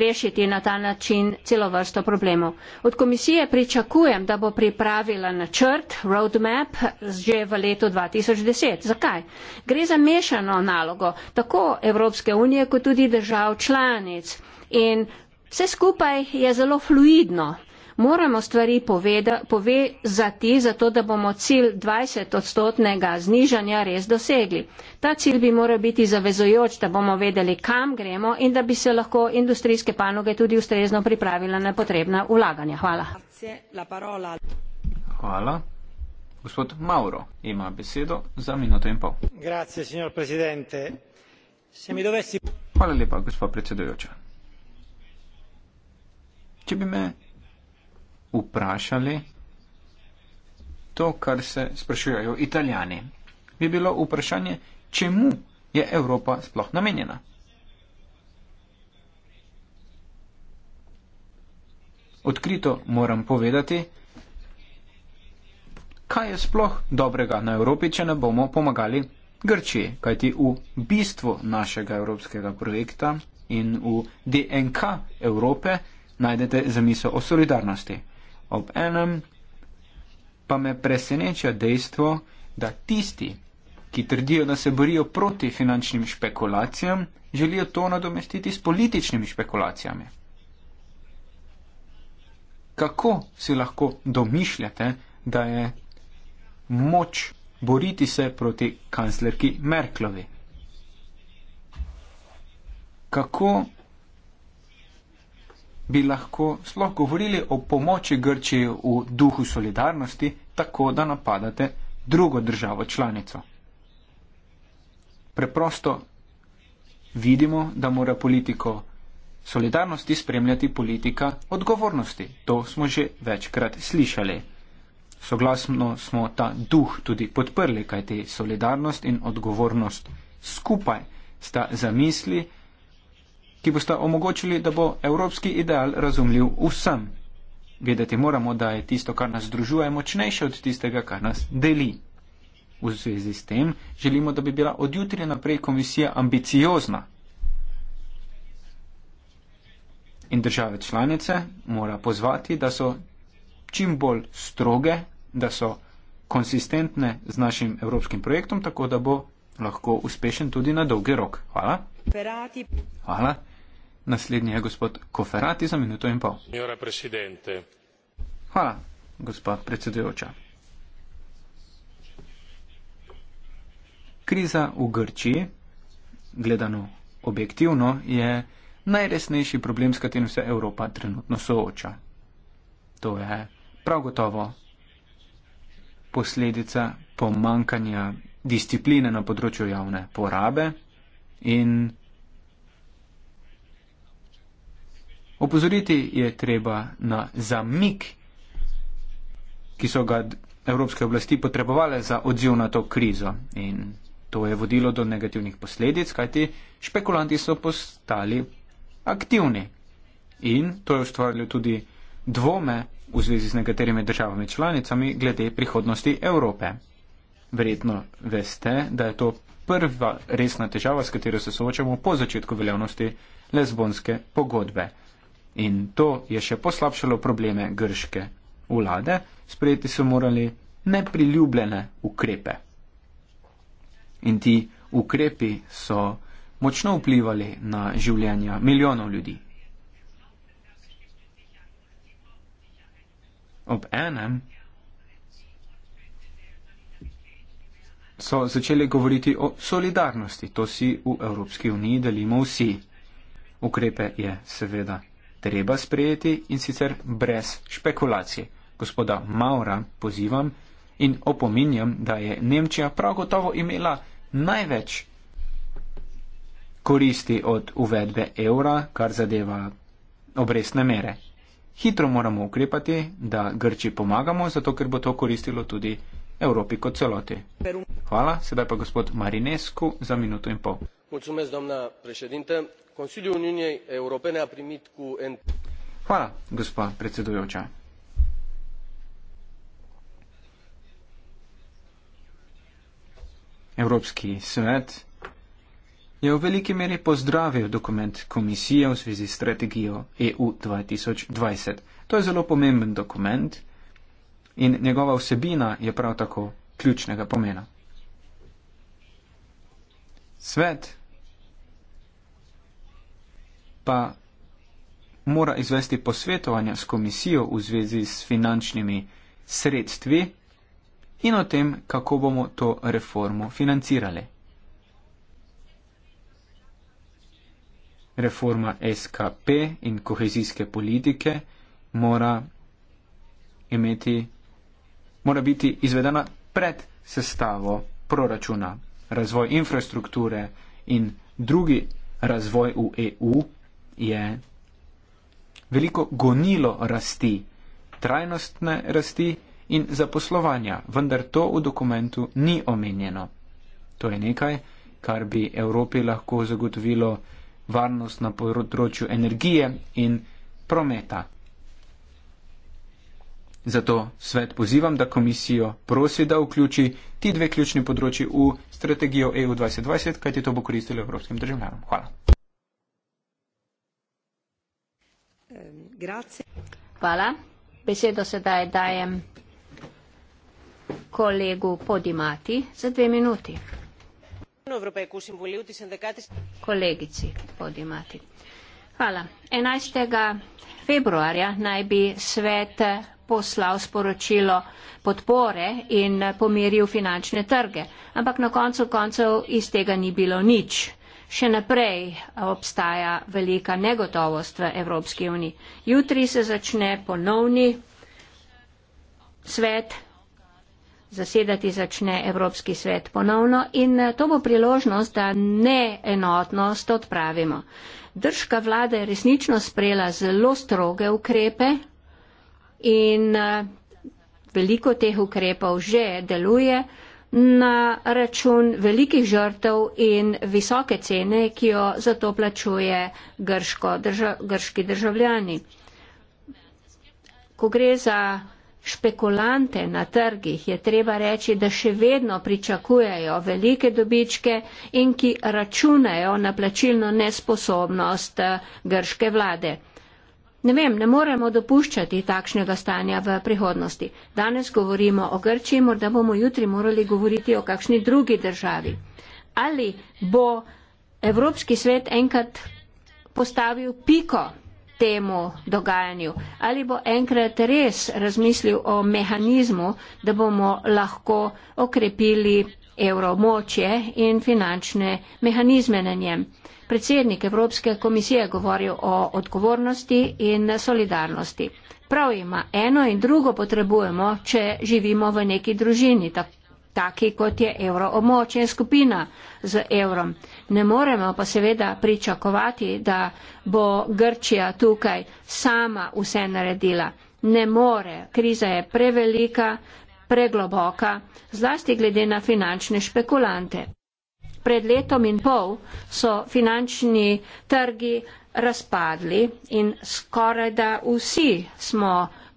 rešiti na ta način celo vrsto problemov. Od komisije pričakujem, da bo pripravila načrt, roadmap, že v letu 2010. Zakaj? Gre za mešano nalogo tako Evropske unije, kot tudi držav članic. In Vse skupaj je zelo fluidno, moramo stvari poveda, povezati, zato da bomo cilj 20 odstotnega znižanja res dosegli. Ta cilj bi moral biti zavezojoč, da bomo vedeli, kam gremo in da bi se lahko industrijske panoge tudi ustrezno pripravila na potrebna ulaganja. Hvala. Hvala. Gospod Mauro ima besedo za minuto in pol. Grazie, signor presidente. Se mi dovessi... Hvala lepa, gospod predsedujoča. Če bi me vprašali to, kar se sprašujejo italijani, bi bilo vprašanje, čemu je Evropa sploh namenjena. Odkrito moram povedati, kaj je sploh dobrega na Evropi, če ne bomo pomagali Grčiji, kajti v bistvu našega evropskega projekta in v DNK Evrope najdete zamisel o solidarnosti ob enem pa me preseneča dejstvo, da tisti, ki trdijo, da se borijo proti finančnim špekulacijam, želijo to nadomestiti s političnimi špekulacijami. Kako si lahko domišljate, da je moč boriti se proti kanclerki Merklovi? Kako bi lahko sploh govorili o pomoči Grčiji v duhu solidarnosti, tako da napadate drugo državo članico. Preprosto vidimo, da mora politiko solidarnosti spremljati politika odgovornosti. To smo že večkrat slišali. Soglasno smo ta duh tudi podprli, kajti solidarnost in odgovornost skupaj sta zamisli, ki boste omogočili, da bo evropski ideal razumljiv vsem. Vedeti moramo, da je tisto, kar nas združuje, močnejše od tistega, kar nas deli. V zvezi s tem želimo, da bi bila odjutraj naprej komisija ambiciozna. In države članice mora pozvati, da so čim bolj stroge, da so konsistentne z našim evropskim projektom, tako da bo lahko uspešen tudi na dolgi rok. Hvala. Hvala. Naslednji je gospod Koferati za minuto in pol. Hvala, gospod predsedujoča. Kriza v Grčiji, gledano objektivno, je najresnejši problem, s katerim se Evropa trenutno sooča. To je prav gotovo posledica pomankanja discipline na področju javne porabe in Opozoriti je treba na zamik, ki so ga evropske oblasti potrebovale za odziv na to krizo. In to je vodilo do negativnih posledic, kajti špekulanti so postali aktivni. In to je ustvarilo tudi dvome v zvezi z nekaterimi državami članicami glede prihodnosti Evrope. Verjetno veste, da je to prva resna težava, s katero se soočamo po začetku veljavnosti Lezbonske pogodbe. In to je še poslabšalo probleme grške vlade, sprejeti so morali nepriljubljene ukrepe. In ti ukrepi so močno vplivali na življenja milijonov ljudi. Ob enem so začeli govoriti o solidarnosti, to si v Evropski uniji delimo vsi. Ukrepe je seveda treba sprejeti in sicer brez špekulacije. Gospoda Maura pozivam in opominjam, da je Nemčija prav gotovo imela največ koristi od uvedbe evra, kar zadeva obrestne mere. Hitro moramo ukrepati, da Grči pomagamo, zato ker bo to koristilo tudi Evropi kot celoti. Hvala, sedaj pa gospod Marinescu za minuto in pol doamnă președintă consiliul uniunii europene a primit cu Evropský svet je v veliki meri pozdravil dokument komisije v zvezi s strategijo EU 2020. To je zelo pomemben dokument in njegova vsebina je prav tako ključnega pomena. Svet pa mora izvesti posvetovanja s komisijo v zvezi s finančnimi sredstvi in o tem, kako bomo to reformo financirali. Reforma SKP in kohezijske politike mora, imeti, mora biti izvedena pred sestavo proračuna. Razvoj infrastrukture in drugi razvoj v EU je veliko gonilo rasti, trajnostne rasti in zaposlovanja, vendar to v dokumentu ni omenjeno. To je nekaj, kar bi Evropi lahko zagotovilo varnost na področju energije in prometa. Zato svet pozivam, da komisijo prosi, da vključi ti dve ključni področji v strategijo EU 2020, kajti to bo koristilo evropskim državljanom. Hvala. Hvala. Besedo sedaj dajem kolegu Podimati za dve minuti. Kolegici Podimati. Hvala. 11. februarja naj bi svet poslal sporočilo podpore in pomiril finančne trge, ampak na koncu koncev iz tega ni bilo nič še naprej obstaja velika negotovost v Evropski uniji. Jutri se začne ponovni svet, zasedati začne Evropski svet ponovno in eh, to bo priložnost, da neenotnost odpravimo. Držka vlada je resnično sprejela zelo stroge ukrepe in eh, veliko teh ukrepov že deluje na račun velikih žrtev in visoke cene, ki jo zato plačuje grško, držav, grški državljani. Ko gre za špekulante na trgih, je treba reči, da še vedno pričakujejo velike dobičke in ki računajo na plačilno nesposobnost eh, grške vlade. Ne vem, ne moremo dopuščati takšnega stanja v prihodnosti. Danes govorimo o Grčiji, morda bomo jutri morali govoriti o kakšni drugi državi. Ali bo Evropski svet enkrat postavil piko temu dogajanju? Ali bo enkrat res razmislil o mehanizmu, da bomo lahko okrepili evromočje in finančne mehanizme na njem? predsednik Evropske komisije govoril o odgovornosti in solidarnosti. Prav ima, eno in drugo potrebujemo, če živimo v neki družini, taki kot je evroomočje in skupina z evrom. Ne moremo pa seveda pričakovati, da bo Grčija tukaj sama vse naredila. Ne more, kriza je prevelika, pregloboka, zlasti glede na finančne špekulante pred letom in pol so finančni trgi razpadli in skoraj da vsi smo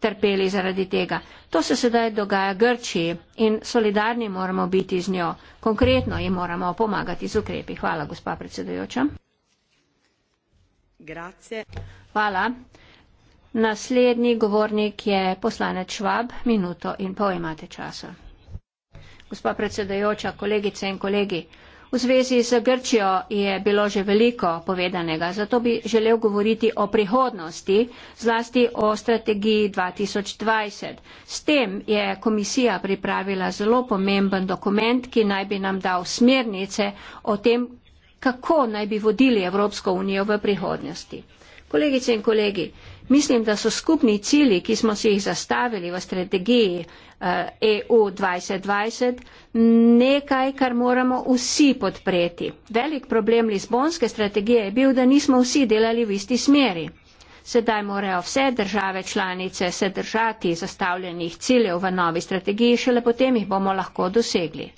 trpeli zaradi tega. To se sedaj dogaja Grčiji in solidarni moramo biti z njo. Konkretno ji moramo pomagati z ukrepi. Hvala, gospa predsedujoča. Grazie. Hvala. Naslednji govornik je poslanec Švab, minuto in pol imate časa. Gospa predsedajoča, kolegice in kolegi, V zvezi z Grčijo je bilo že veliko povedanega, zato bi želel govoriti o prihodnosti, zlasti o strategiji 2020. S tem je komisija pripravila zelo pomemben dokument, ki naj bi nam dal smernice o tem, kako naj bi vodili Evropsko unijo v prihodnosti. Kolegice in kolegi, mislim, da so skupni cilji, ki smo si jih zastavili v strategiji EU eh, e 2020, nekaj, kar moramo vsi podpreti. Velik problem Lizbonske strategije je bil, da nismo vsi delali v isti smeri. Sedaj morajo vse države članice se držati zastavljenih ciljev v novi strategiji, šele potem jih bomo lahko dosegli.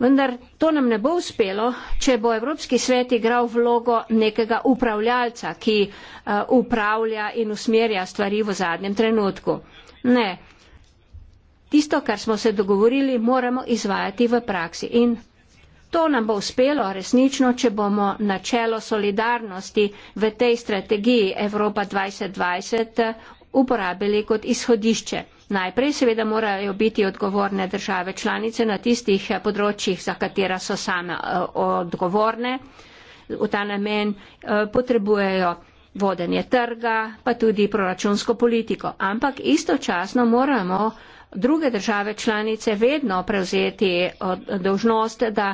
Vendar to nam ne bo uspelo, če bo Evropski svet igral vlogo nekega upravljalca, ki eh, upravlja in usmerja stvari v zadnjem trenutku. Ne. Tisto, kar smo se dogovorili, moramo izvajati v praksi. In to nam bo uspelo resnično, če bomo načelo solidarnosti v tej strategiji Evropa 2020 uporabili kot izhodišče. Najprej seveda morajo biti odgovorne države članice na tistih eh, področjih, za katera so same eh, odgovorne. V ta namen eh, potrebujejo vodenje trga, pa tudi proračunsko politiko. Ampak istočasno moramo druge države članice vedno prevzeti dožnost, da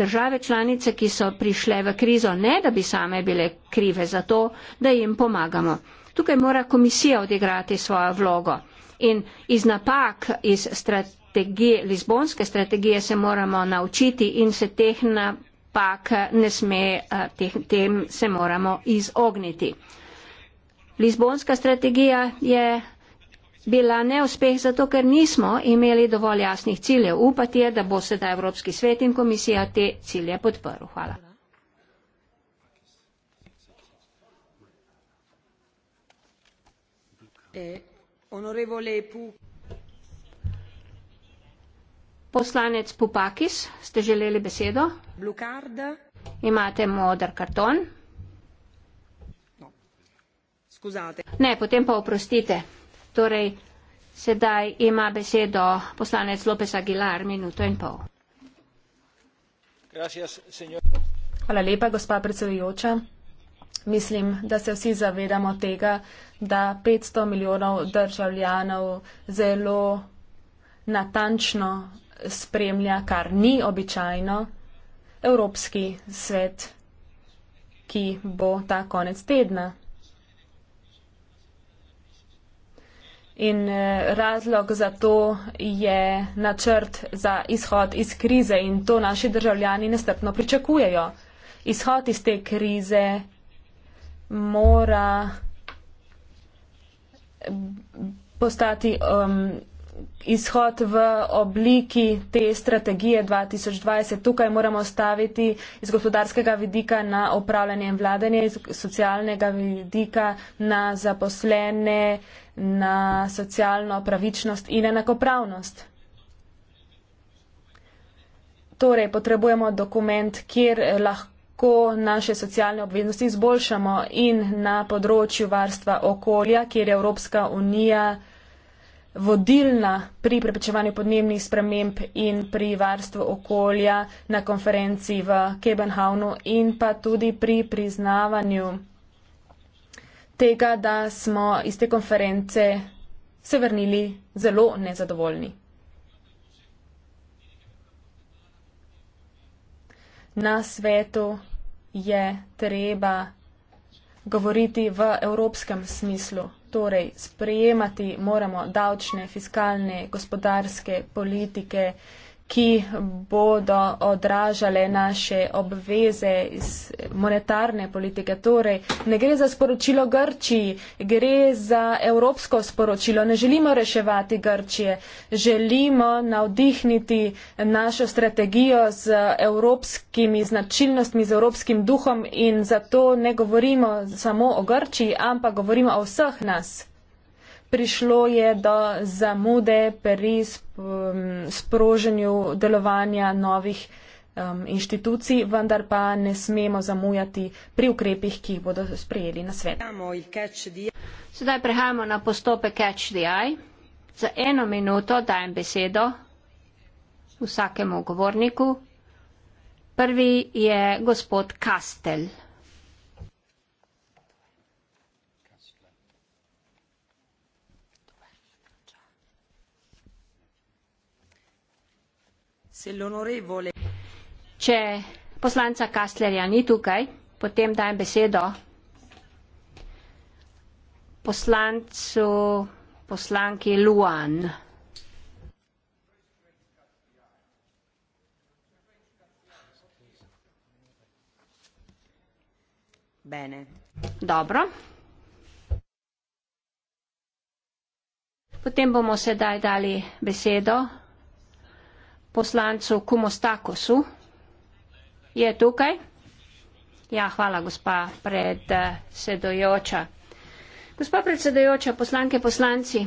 države članice, ki so prišle v krizo, ne da bi same bile krive za to, da jim pomagamo. Tukaj mora komisija odigrati svojo vlogo in iz napak, iz strategije, lizbonske strategije se moramo naučiti in se teh napak ne sme, eh, teh, tem se moramo izogniti. Lizbonska strategija je bila neuspeh zato, ker nismo imeli dovolj jasnih ciljev. Upati je, da bo sedaj Evropski svet in komisija te cilje podprl. Hvala. Eh, poslanec pupakis ste želeli besedo imate moder karton no. ne potem pa oprostite torej sedaj ima besedo poslanec lopez aguilar minuto in pol hvala lepa gospa predsedujoča Mislim, da se vsi zavedamo tega, da 500 milijonov državljanov zelo natančno spremlja, kar ni običajno, Evropski svet, ki bo ta konec tedna. In eh, razlog za to je načrt za izhod iz krize in to naši državljani nestrpno pričakujejo. Izhod iz te krize mora postati um, izhod v obliki te strategije 2020. Tukaj moramo staviti iz gospodarskega vidika na upravljanje in vladanje, iz socialnega vidika na zaposlene, na socialno pravičnost in enakopravnost. Torej, potrebujemo dokument, kjer lahko kako naše socialne obveznosti izboljšamo in na področju varstva okolja, kjer je Evropska unija vodilna pri preprečevanju podnebnih sprememb in pri varstvu okolja na konferenci v Kebenhavnu in pa tudi pri priznavanju tega, da smo iz te konference se vrnili zelo nezadovoljni. Na svetu je treba govoriti v evropskem smislu. Torej, sprejemati moramo davčne, fiskalne, gospodarske politike, ki bodo odražale naše obveze iz monetarne politike. Torej, ne gre za sporočilo Grčiji, gre za evropsko sporočilo. Ne želimo reševati Grčije, želimo navdihniti našo strategijo z evropskimi značilnostmi, z evropskim duhom in zato ne govorimo samo o Grčiji, ampak govorimo o vseh nas prišlo je do zamude pri um, sproženju delovanja novih um, inštitucij, vendar pa ne smemo zamujati pri ukrepih, ki jih bodo sprejeli na svet. Sedaj prehajamo na postopek Catch the Eye. Za eno minuto dajem besedo vsakemu govorniku. Prvi je gospod Kastel. Če poslanca Kastlerja ni tukaj, potem dajem besedo poslancu poslanki Luan. Bene. Dobro. Potem bomo sedaj dali besedo poslancu Kumostakosu. Je tukaj? Ja, hvala, gospa predsedojoča. Gospa predsedojoča, poslanke, poslanci,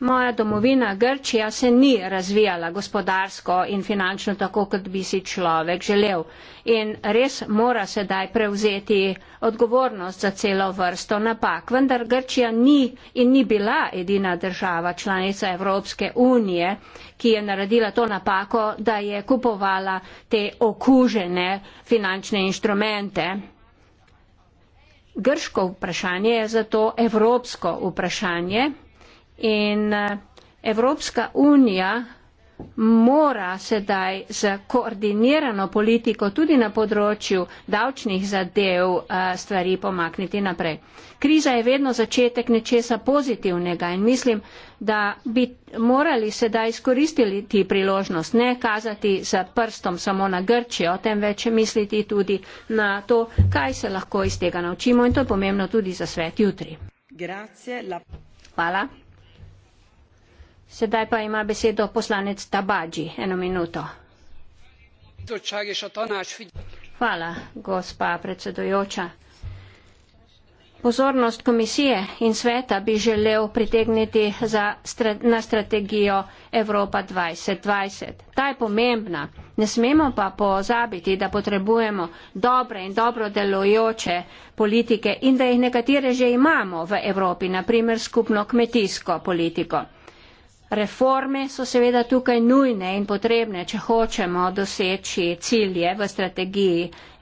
Moja domovina Grčija se ni razvijala gospodarsko in finančno tako, kot bi si človek želel. In res mora sedaj prevzeti odgovornost za celo vrsto napak. Vendar Grčija ni in ni bila edina država članica Evropske unije, ki je naredila to napako, da je kupovala te okužene finančne inštrumente. Grško vprašanje je zato evropsko vprašanje. In eh, Evropska unija mora sedaj z koordinirano politiko tudi na področju davčnih zadev eh, stvari pomakniti naprej. Kriza je vedno začetek nečesa pozitivnega in mislim, da bi morali sedaj izkoristiti priložnost, ne kazati s prstom samo na Grčijo, temveč misliti tudi na to, kaj se lahko iz tega naučimo in to je pomembno tudi za svet jutri. Hvala. Sedaj pa ima besedo poslanec Tabadži, eno minuto. Hvala, gospa predsedujoča. Pozornost komisije in sveta bi želel pritegniti za, na strategijo Evropa 2020. Ta je pomembna. Ne smemo pa pozabiti, da potrebujemo dobre in dobro delujoče politike in da jih nekatere že imamo v Evropi, naprimer skupno kmetijsko politiko. Reforme so seveda tukaj nujne in potrebne, če hočemo doseči cilje v strategiji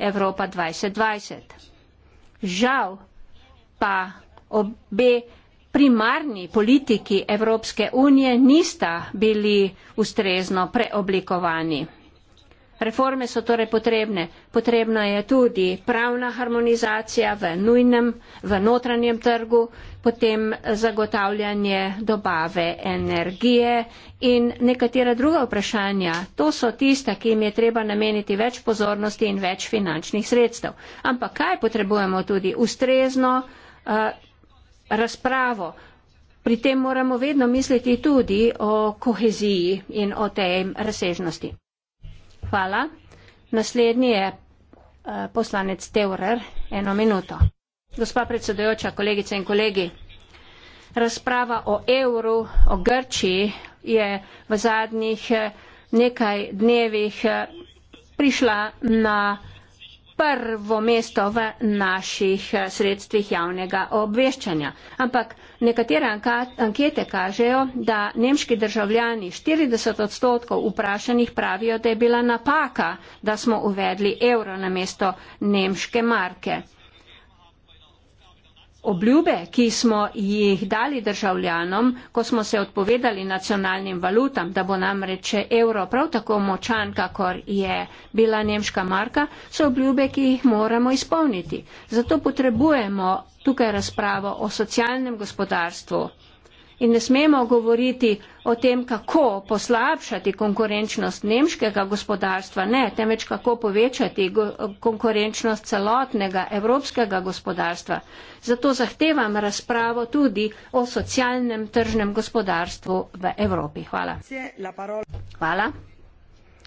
Evropa 2020. Žal pa obe primarni politiki Evropske unije nista bili ustrezno preoblikovani. Reforme so torej potrebne. Potrebna je tudi pravna harmonizacija v nujnem, v notranjem trgu, potem zagotavljanje dobave energije in nekatera druga vprašanja. To so tista, ki jim je treba nameniti več pozornosti in več finančnih sredstev. Ampak kaj potrebujemo tudi? Ustrezno uh, razpravo. Pri tem moramo vedno misliti tudi o koheziji in o tej razsežnosti. Hvala. Naslednji je eh, poslanec Teurer, eno minuto. Gospa predsedujoča, kolegice in kolegi, razprava o evru, o Grčiji je v zadnjih eh, nekaj dnevih eh, prišla na prvo mesto v naših sredstvih javnega obveščanja. Ampak Nekatere ankete kažejo, da nemški državljani 40 odstotkov vprašanih pravijo, da je bila napaka, da smo uvedli evro namesto nemške marke. Obljube, ki smo jih dali državljanom, ko smo se odpovedali nacionalnim valutam, da bo namreč evro prav tako močan, kakor je bila nemška marka, so obljube, ki jih moramo izpolniti. Zato potrebujemo tukaj razpravo o socialnem gospodarstvu, in ne smemo govoriti o tem, kako poslabšati konkurenčnost nemškega gospodarstva, ne, temveč kako povečati konkurenčnost celotnega evropskega gospodarstva. Zato zahtevam razpravo tudi o socialnem tržnem gospodarstvu v Evropi. Hvala. Hvala.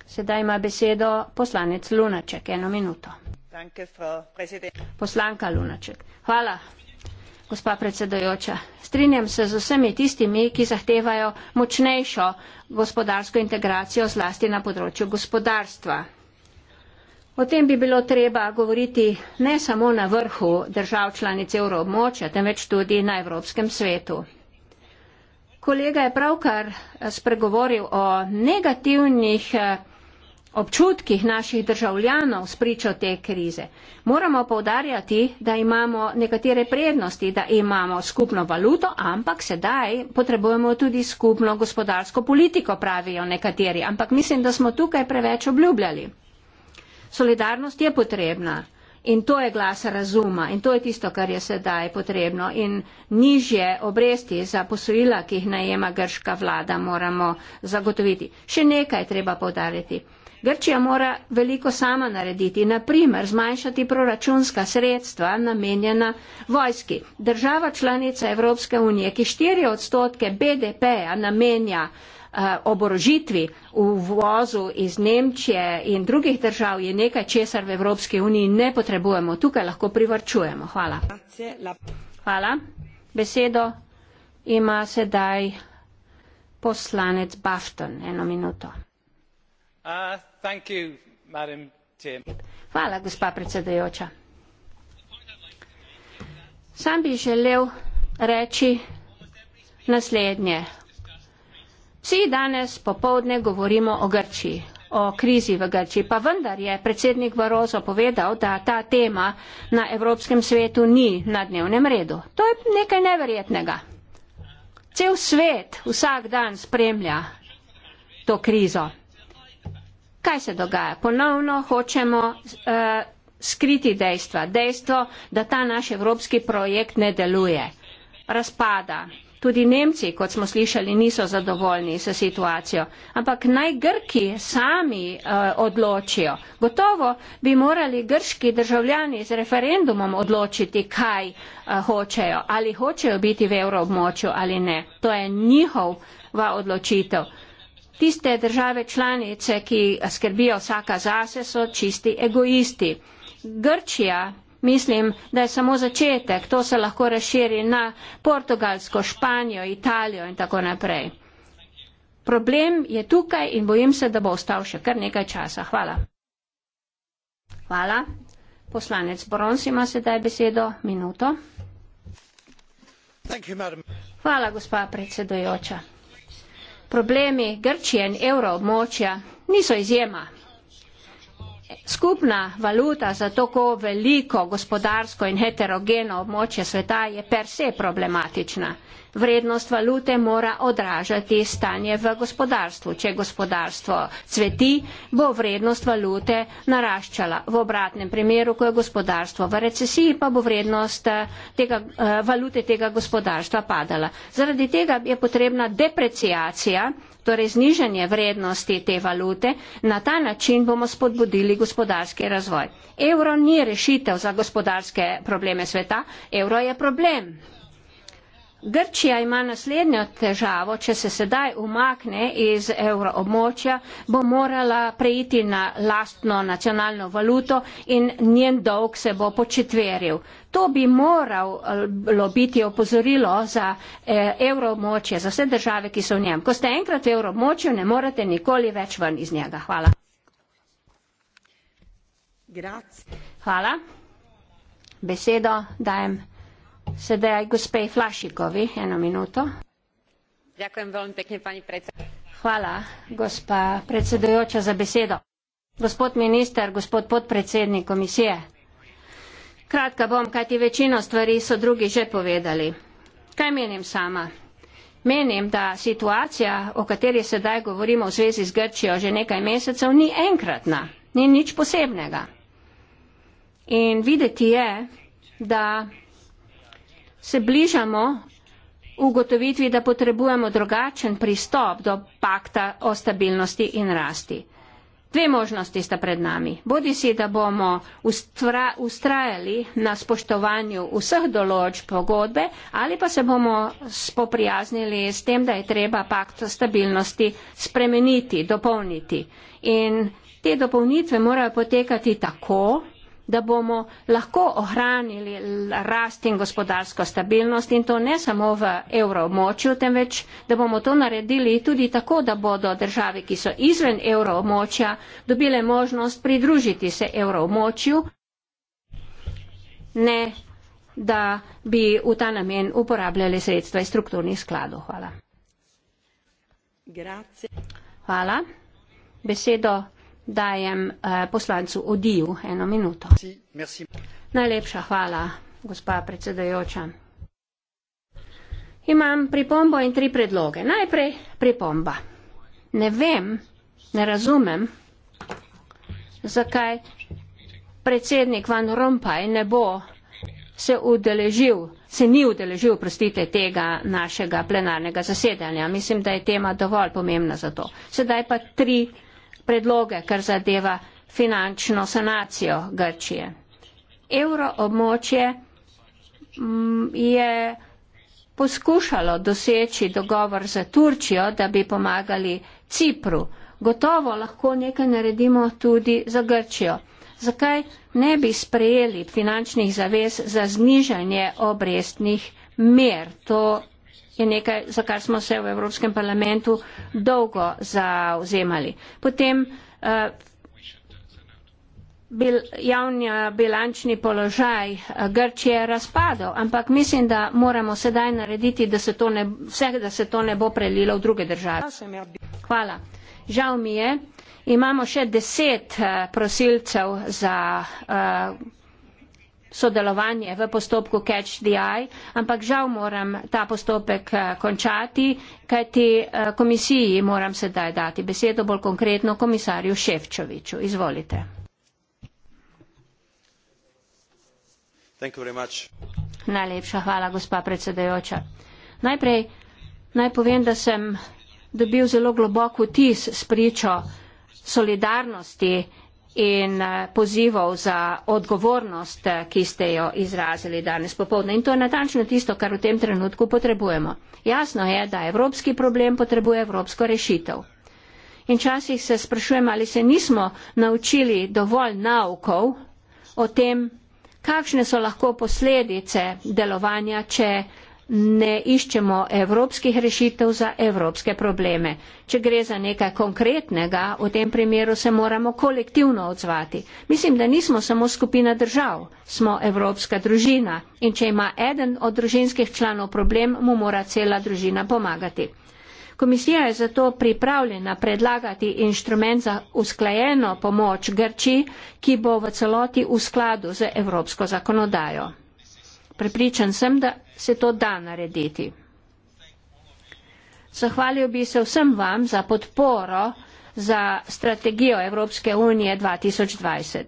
Sedaj ima besedo poslanec Lunaček. Eno minuto. Poslanka Lunaček. Hvala gospa predsedojoča. Strinjam se z vsemi tistimi, ki zahtevajo močnejšo gospodarsko integracijo zlasti na področju gospodarstva. O tem bi bilo treba govoriti ne samo na vrhu držav članic evroobmočja, temveč tudi na Evropskem svetu. Kolega je pravkar spregovoril o negativnih eh, občutkih naših državljanov spričo te krize. Moramo povdarjati, da imamo nekatere prednosti, da imamo skupno valuto, ampak sedaj potrebujemo tudi skupno gospodarsko politiko, pravijo nekateri. Ampak mislim, da smo tukaj preveč obljubljali. Solidarnost je potrebna. In to je glas razuma in to je tisto, kar je sedaj potrebno. In nižje obresti za posojila, ki jih najema grška vlada, moramo zagotoviti. Še nekaj treba povdariti. Grčija mora veliko sama narediti, naprimer zmanjšati proračunska sredstva namenjena vojski. Država članica Evropske unije, ki 4 odstotke BDP-a namenja eh, oborožitvi v vozu iz Nemčije in drugih držav je nekaj, česar v Evropski uniji ne potrebujemo. Tukaj lahko privrčujemo. Hvala. Hvala. Besedo ima sedaj poslanec Bafton. Eno minuto. Uh, sam bi želel reči naslednje. Vsi danes popovdne govorimo o Grčiji, o krizi v Grčiji, pa vendar je predsednik Varozo povedal, da ta tema na Evropskem svetu ni na dnevnem redu. To je nekaj neverjetnega. Cel svet vsak dan spremlja to krizo. Kaj se dogaja? Ponovno hočemo uh, skriti dejstva. Dejstvo, da ta naš evropski projekt ne deluje. Razpada. Tudi Nemci, kot smo slišali, niso zadovoljni s situacijo. Ampak naj Grki sami uh, odločijo. Gotovo bi morali grški državljani z referendumom odločiti, kaj uh, hočejo. Ali hočejo biti v evroobmočju ali ne. To je njihova odločitev. Tiste države članice, ki skrbijo vsaka zase, so čisti egoisti. Grčija, mislim, da je samo začetek, to se lahko razširi na Portugalsko, Španijo, Italijo in tako naprej. Problem je tukaj in bojim se, da bo ostal še kar nekaj časa. Hvala. Hvala. Poslanec Brons ima sedaj besedo. Minuto. Hvala, gospa predsedojoča problemi Grčije in evroobmočja niso izjema. Skupna valuta za tako veliko gospodarsko in heterogeno območje sveta je per se problematična vrednost valute mora odražati stanje v gospodarstvu. Če gospodarstvo cveti, bo vrednost valute naraščala. V obratnem primeru, ko je gospodarstvo v recesiji, pa bo vrednost eh, tega, eh, valute tega gospodarstva padala. Zaradi tega je potrebna deprecijacija, torej znižanje vrednosti te valute. Na ta način bomo spodbudili gospodarski razvoj. Evro ni rešitev za gospodarske probleme sveta, evro je problem. Grčija ima naslednjo težavo, če se sedaj umakne iz evroobmočja, bo morala preiti na lastno nacionalno valuto in njen dolg se bo početveril. To bi moralo biti opozorilo za eh, evroobmočje, za vse države, ki so v njem. Ko ste enkrat v evroobmočju, ne morete nikoli več ven iz njega. Hvala. Grazie. Hvala. Besedo dajem. Sedaj aj gospe Flašikovi eno minuto. Ďakujem veľmi pekne, pani predsedajúca. Hvala, gospa predsedajúca, za besedo. Gospod minister, gospod podpredsednik komisije. Kratka bom, kaj ti večino stvari so drugi že povedali. Kaj menim sama? Menim, da situacija, o kateri sedaj govorimo v zvezi z Grčijo že nekaj mesecev, ni enkratna, ni nič posebnega. In videti je, da se bližamo ugotovitvi, da potrebujemo drugačen pristop do pakta o stabilnosti in rasti. Dve možnosti sta pred nami. Bodi si, da bomo ustra, ustrajali na spoštovanju vseh določ pogodbe ali pa se bomo spoprijaznili s tem, da je treba pakt o stabilnosti spremeniti, dopolniti. In te dopolnitve morajo potekati tako, da bomo lahko ohranili rast in gospodarsko stabilnost in to ne samo v evroobmočju, temveč da bomo to naredili tudi tako, da bodo države, ki so izven evroobmočja, dobile možnost pridružiti se evroobmočju, ne da bi v ta namen uporabljali sredstva iz strukturnih skladov. Hvala. Grazie. Hvala. Besedo dajem eh, poslancu odiju eno minuto. Najlepša hvala, gospa predsedajoča. Imam pripombo in tri predloge. Najprej pripomba. Ne vem, ne razumem, zakaj predsednik Van Rompaj ne bo se udeležil, se ni udeležil, prostite, tega našega plenarnega zasedanja. Mislim, da je tema dovolj pomembna za to. Sedaj pa tri predloge, kar zadeva finančno sanacijo Grčije. Euroobmočje mm, je poskušalo doseči dogovor za Turčijo, da bi pomagali Cipru. Gotovo lahko nekaj naredimo tudi za Grčijo. Zakaj ne bi sprejeli finančnih zavez za znižanje obrestnih mer? To je nekaj, za kar smo se v Evropskem parlamentu dolgo zauzemali. Potem eh, bil, javni eh, bilančni položaj eh, Grčije razpadel, ampak mislim, da moramo sedaj narediti, da se to ne, vse, da se to ne bo prelilo v druge države. Hvala. Žal mi je. Imamo še deset prosilcev za uh, sodelovanje v postopku Catch the Eye, ampak žal moram ta postopek eh, končati, kajti eh, komisiji moram sedaj dati besedo bolj konkretno komisarju Ševčoviču. Izvolite. Najlepša hvala, gospa predsedajoča. Najprej naj povem, da sem dobil zelo globoko tis s pričo solidarnosti in eh, pozivov za odgovornost, eh, ki ste jo izrazili danes popovdne. In to je natančno tisto, kar v tem trenutku potrebujemo. Jasno je, da evropski problem potrebuje evropsko rešitev. In časih se sprašujem, ali se nismo naučili dovolj naukov o tem, kakšne so lahko posledice delovanja, če ne iščemo evropskih rešitev za evropske probleme. Če gre za nekaj konkretnega, v tem primeru se moramo kolektivno odzvati. Mislim, da nismo samo skupina držav, smo evropska družina in če ima eden od družinskih članov problem, mu mora cela družina pomagati. Komisija je zato pripravljena predlagati inštrument za usklajeno pomoč Grči, ki bo v celoti v skladu z evropsko zakonodajo. Prepričan sem, da se to da narediti. Zahvalil bi se vsem vam za podporo za strategijo Evropske unije 2020.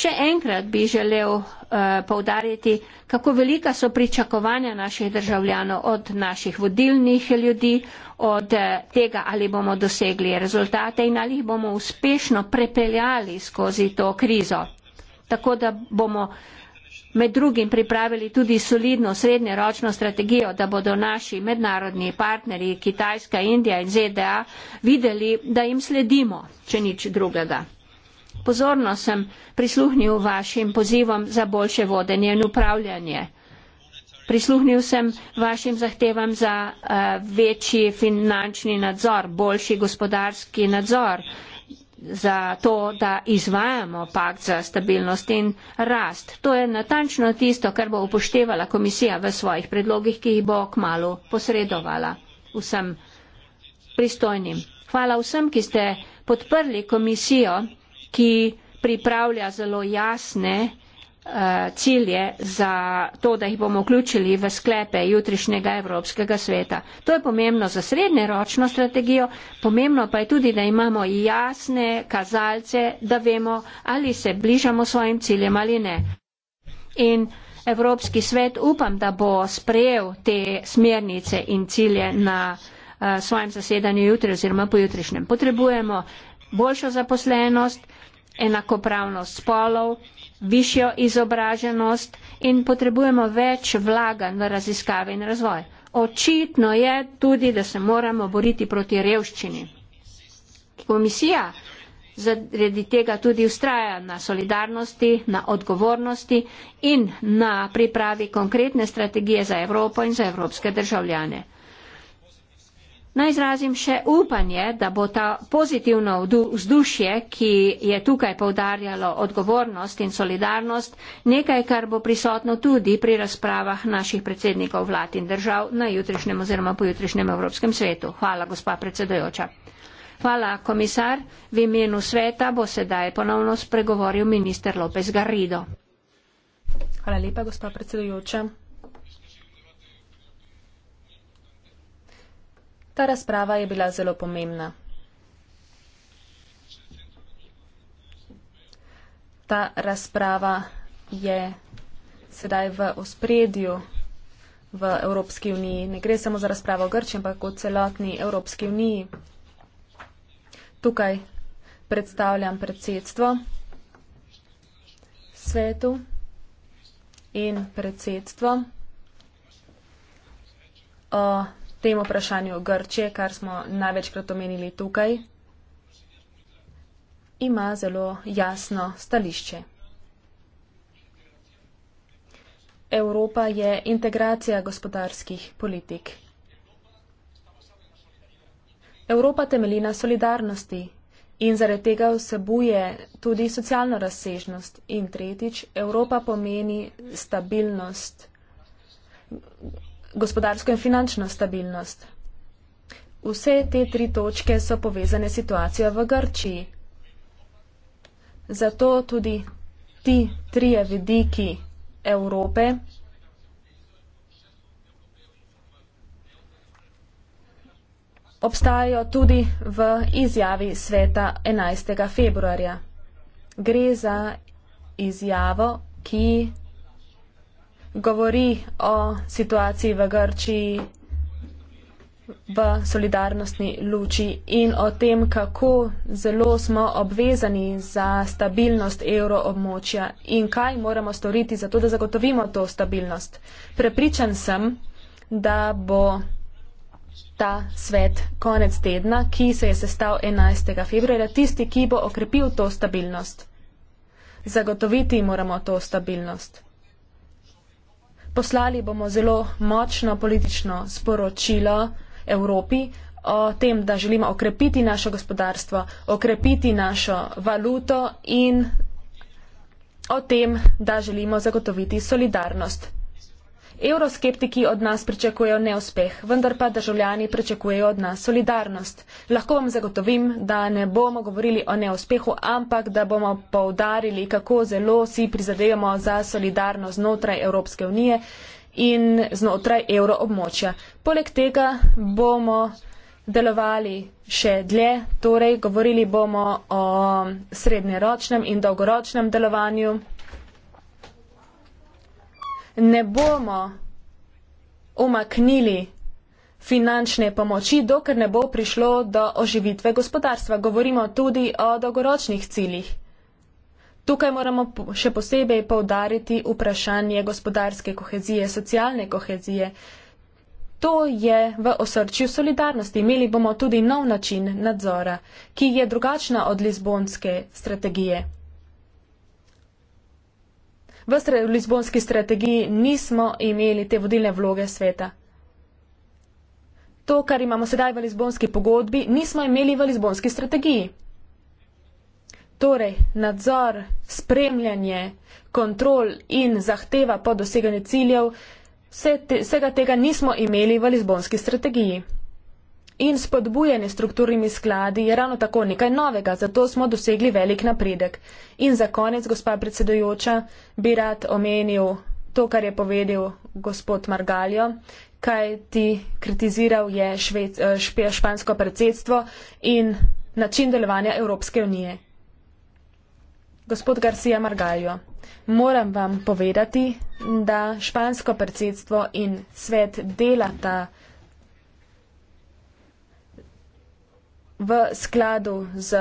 Še enkrat bi želel uh, eh, povdariti, kako velika so pričakovanja naših državljanov od naših vodilnih ljudi, od uh, tega, ali bomo dosegli rezultate in ali jih bomo uspešno prepeljali skozi to krizo. Tako da bomo uh, med drugim pripravili tudi solidno srednjeročno strategijo, da bodo naši mednarodni partnerji Kitajska, Indija in ZDA videli, da jim sledimo, če nič drugega. Pozorno sem prisluhnil vašim pozivom za boljše vodenje in upravljanje. Prisluhnil sem vašim zahtevam za uh, večji finančni nadzor, boljši gospodarski nadzor za to, da izvajamo pakt za stabilnost in rast. To je natančno tisto, kar bo upoštevala komisija v svojih predlogih, ki jih bo kmalo posredovala vsem pristojnim. Hvala vsem, ki ste podprli komisijo, ki pripravlja zelo jasne Eh, cilje za to, da jih bomo vključili v sklepe jutrišnjega Evropskega sveta. To je pomembno za srednjeročno strategijo, pomembno pa je tudi, da imamo jasne kazalce, da vemo, ali se bližamo svojim ciljem ali ne. In Evropski svet upam, da bo sprejel te smernice in cilje na uh, svojem zasedanju jutri oziroma pojutrišnjem. Potrebujemo boljšo zaposlenost, enakopravnost spolov, višjo izobraženost in potrebujemo več vlaganj v raziskave in razvoj. Očitno je tudi, da se moramo boriti proti revščini. Komisija zaradi tega tudi ustraja na solidarnosti, na odgovornosti in na pripravi konkretne strategije za Evropo in za evropske državljane. Naj izrazim še upanje, da bo ta pozitivno vzdušje, ki je tukaj povdarjalo odgovornost in solidarnost, nekaj, kar bo prisotno tudi pri razpravah naših predsednikov vlad in držav na jutrišnjem oziroma pojutrišnjem Evropskem svetu. Hvala, gospa predsedojoča. Hvala, komisar. V imenu sveta bo sedaj ponovno spregovoril minister López Garrido. Hvala lepa, gospa predsedujoča. Ta razprava je bila zelo pomembna. Ta razprava je sedaj v ospredju v Evropski uniji. Ne gre samo za razpravo o Grči, ampak o celotni Evropski uniji. Tukaj predstavljam predsedstvo svetu in predsedstvo o tem vprašanju Grče, kar smo največkrat omenili tukaj, ima zelo jasno stališče. Evropa je integracija gospodarskih politik. Evropa temelji na solidarnosti in zaradi tega vsebuje tudi socialno razsežnost. In tretjič, Evropa pomeni stabilnost gospodarsko in finančno stabilnost. Vse te tri točke so povezane s situacijo v Grčiji. Zato tudi ti trije vidiki Evrope obstajajo tudi v izjavi sveta 11. februarja. Gre za izjavo, ki govori o situaciji v Grčiji v solidarnostni luči in o tem, kako zelo smo obvezani za stabilnost evroobmočja in kaj moramo storiti za to, da zagotovimo to stabilnost. Prepričan sem, da bo ta svet konec tedna, ki se je sestal 11. februarja, tisti, ki bo okrepil to stabilnost. Zagotoviti moramo to stabilnost poslali bomo zelo močno politično sporočilo Evropi o tem, da želimo okrepiti naše gospodarstvo, okrepiti našo valuto in o tem, da želimo zagotoviti solidarnost Euroskeptiki od nas pričakujejo neuspeh, vendar pa državljani pričakujejo od nas solidarnost. Lahko vam zagotovim, da ne bomo govorili o neuspehu, ampak da bomo poudarili, kako zelo si prizadevamo za solidarnost znotraj Evropske unije in znotraj evroobmočja. Poleg tega bomo delovali še dlje, torej govorili bomo o srednjeročnem in dolgoročnem delovanju ne bomo umaknili finančne pomoči, dokler ne bo prišlo do oživitve gospodarstva. Govorimo tudi o dolgoročnih ciljih. Tukaj moramo še posebej povdariti vprašanje gospodarske kohezije, socialne kohezije. To je v osrčju solidarnosti. Imeli bomo tudi nov način nadzora, ki je drugačna od lizbonske strategije v Lizbonski strategiji nismo imeli te vodilne vloge sveta. To, kar imamo sedaj v Lizbonski pogodbi, nismo imeli v Lizbonski strategiji. Torej, nadzor, spremljanje, kontrol in zahteva po doseganju ciljev, vse te, vsega tega nismo imeli v Lizbonski strategiji in spodbujanje strukturnimi skladi je ravno tako nekaj novega, zato smo dosegli velik napredek. In za konec, gospa predsedujoča, bi rad omenil to, kar je povedal gospod Margaljo, kaj ti kritiziral je švec, eh, špe, špansko predsedstvo in način delovanja Evropske unije. Gospod Garcia Margaljo, moram vam povedati, da špansko predsedstvo in svet delata. v skladu z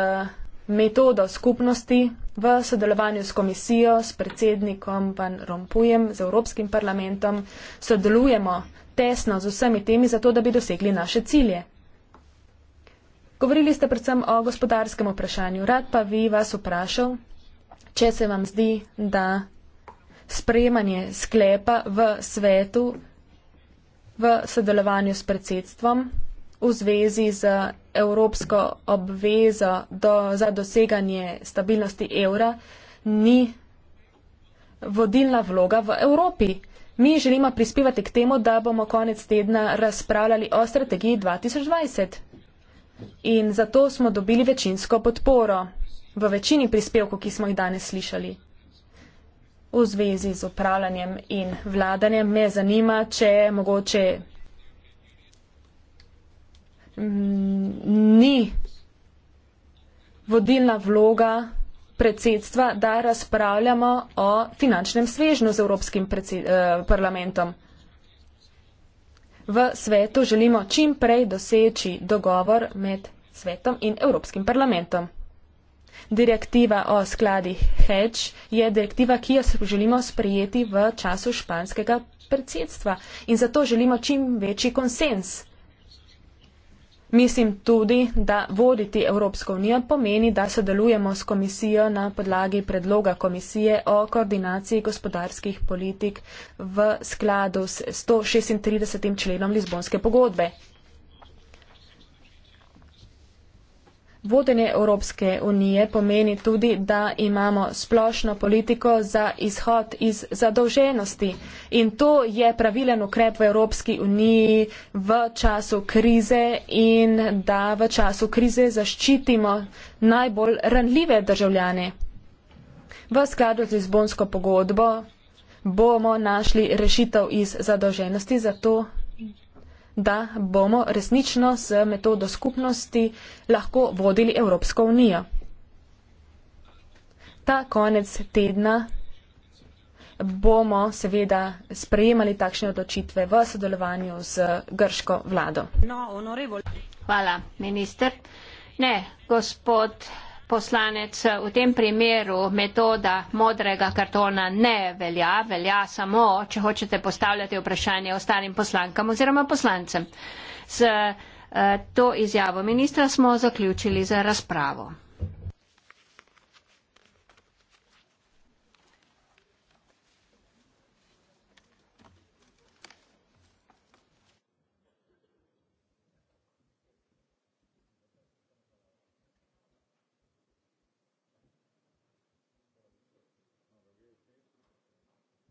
metodo skupnosti, v sodelovanju s komisijo, s predsednikom Van Rompujem, z Evropskim parlamentom, sodelujemo tesno z vsemi temi, zato da bi dosegli naše cilje. Govorili ste predvsem o gospodarskem vprašanju. Rad pa bi vas vprašal, če se vam zdi, da sprejemanje sklepa v svetu v sodelovanju s predsedstvom v zvezi z evropsko obvezo do, za doseganje stabilnosti evra ni vodilna vloga v Evropi. Mi želimo prispevati k temu, da bomo konec tedna razpravljali o strategiji 2020. In zato smo dobili večinsko podporo v večini prispevkov, ki smo jih danes slišali. V zvezi z upravljanjem in vladanjem me zanima, če mogoče Mm, ni vodilna vloga predsedstva, da razpravljamo o finančnem svežnju z Evropskim eh, parlamentom. V svetu želimo čim prej doseči dogovor med svetom in Evropskim parlamentom. Direktiva o skladih Hedge je direktiva, ki jo želimo sprejeti v času španskega predsedstva in zato želimo čim večji konsens. Mislim tudi, da voditi Evropsko unijo pomeni, da sodelujemo s komisijo na podlagi predloga komisije o koordinaciji gospodarskih politik v skladu s 136. členom Lizbonske pogodbe. Vodenje Evropske unije pomeni tudi, da imamo splošno politiko za izhod iz zadolženosti. In to je pravilen ukrep v Evropski uniji v času krize in da v času krize zaščitimo najbolj ranljive državljane. V skladu z izbonsko pogodbo bomo našli rešitev iz zadolženosti, zato da bomo resnično s metodo skupnosti lahko vodili Evropsko unijo. Ta konec tedna bomo seveda sprejemali takšne odločitve v sodelovanju z grško vlado. No, Hvala, minister. Ne, gospod poslanec, v tem primeru metoda modrega kartona ne velja, velja samo, če hočete postavljati vprašanje ostalim poslankam oziroma poslancem. Z uh, to izjavo ministra smo zaključili za razpravo.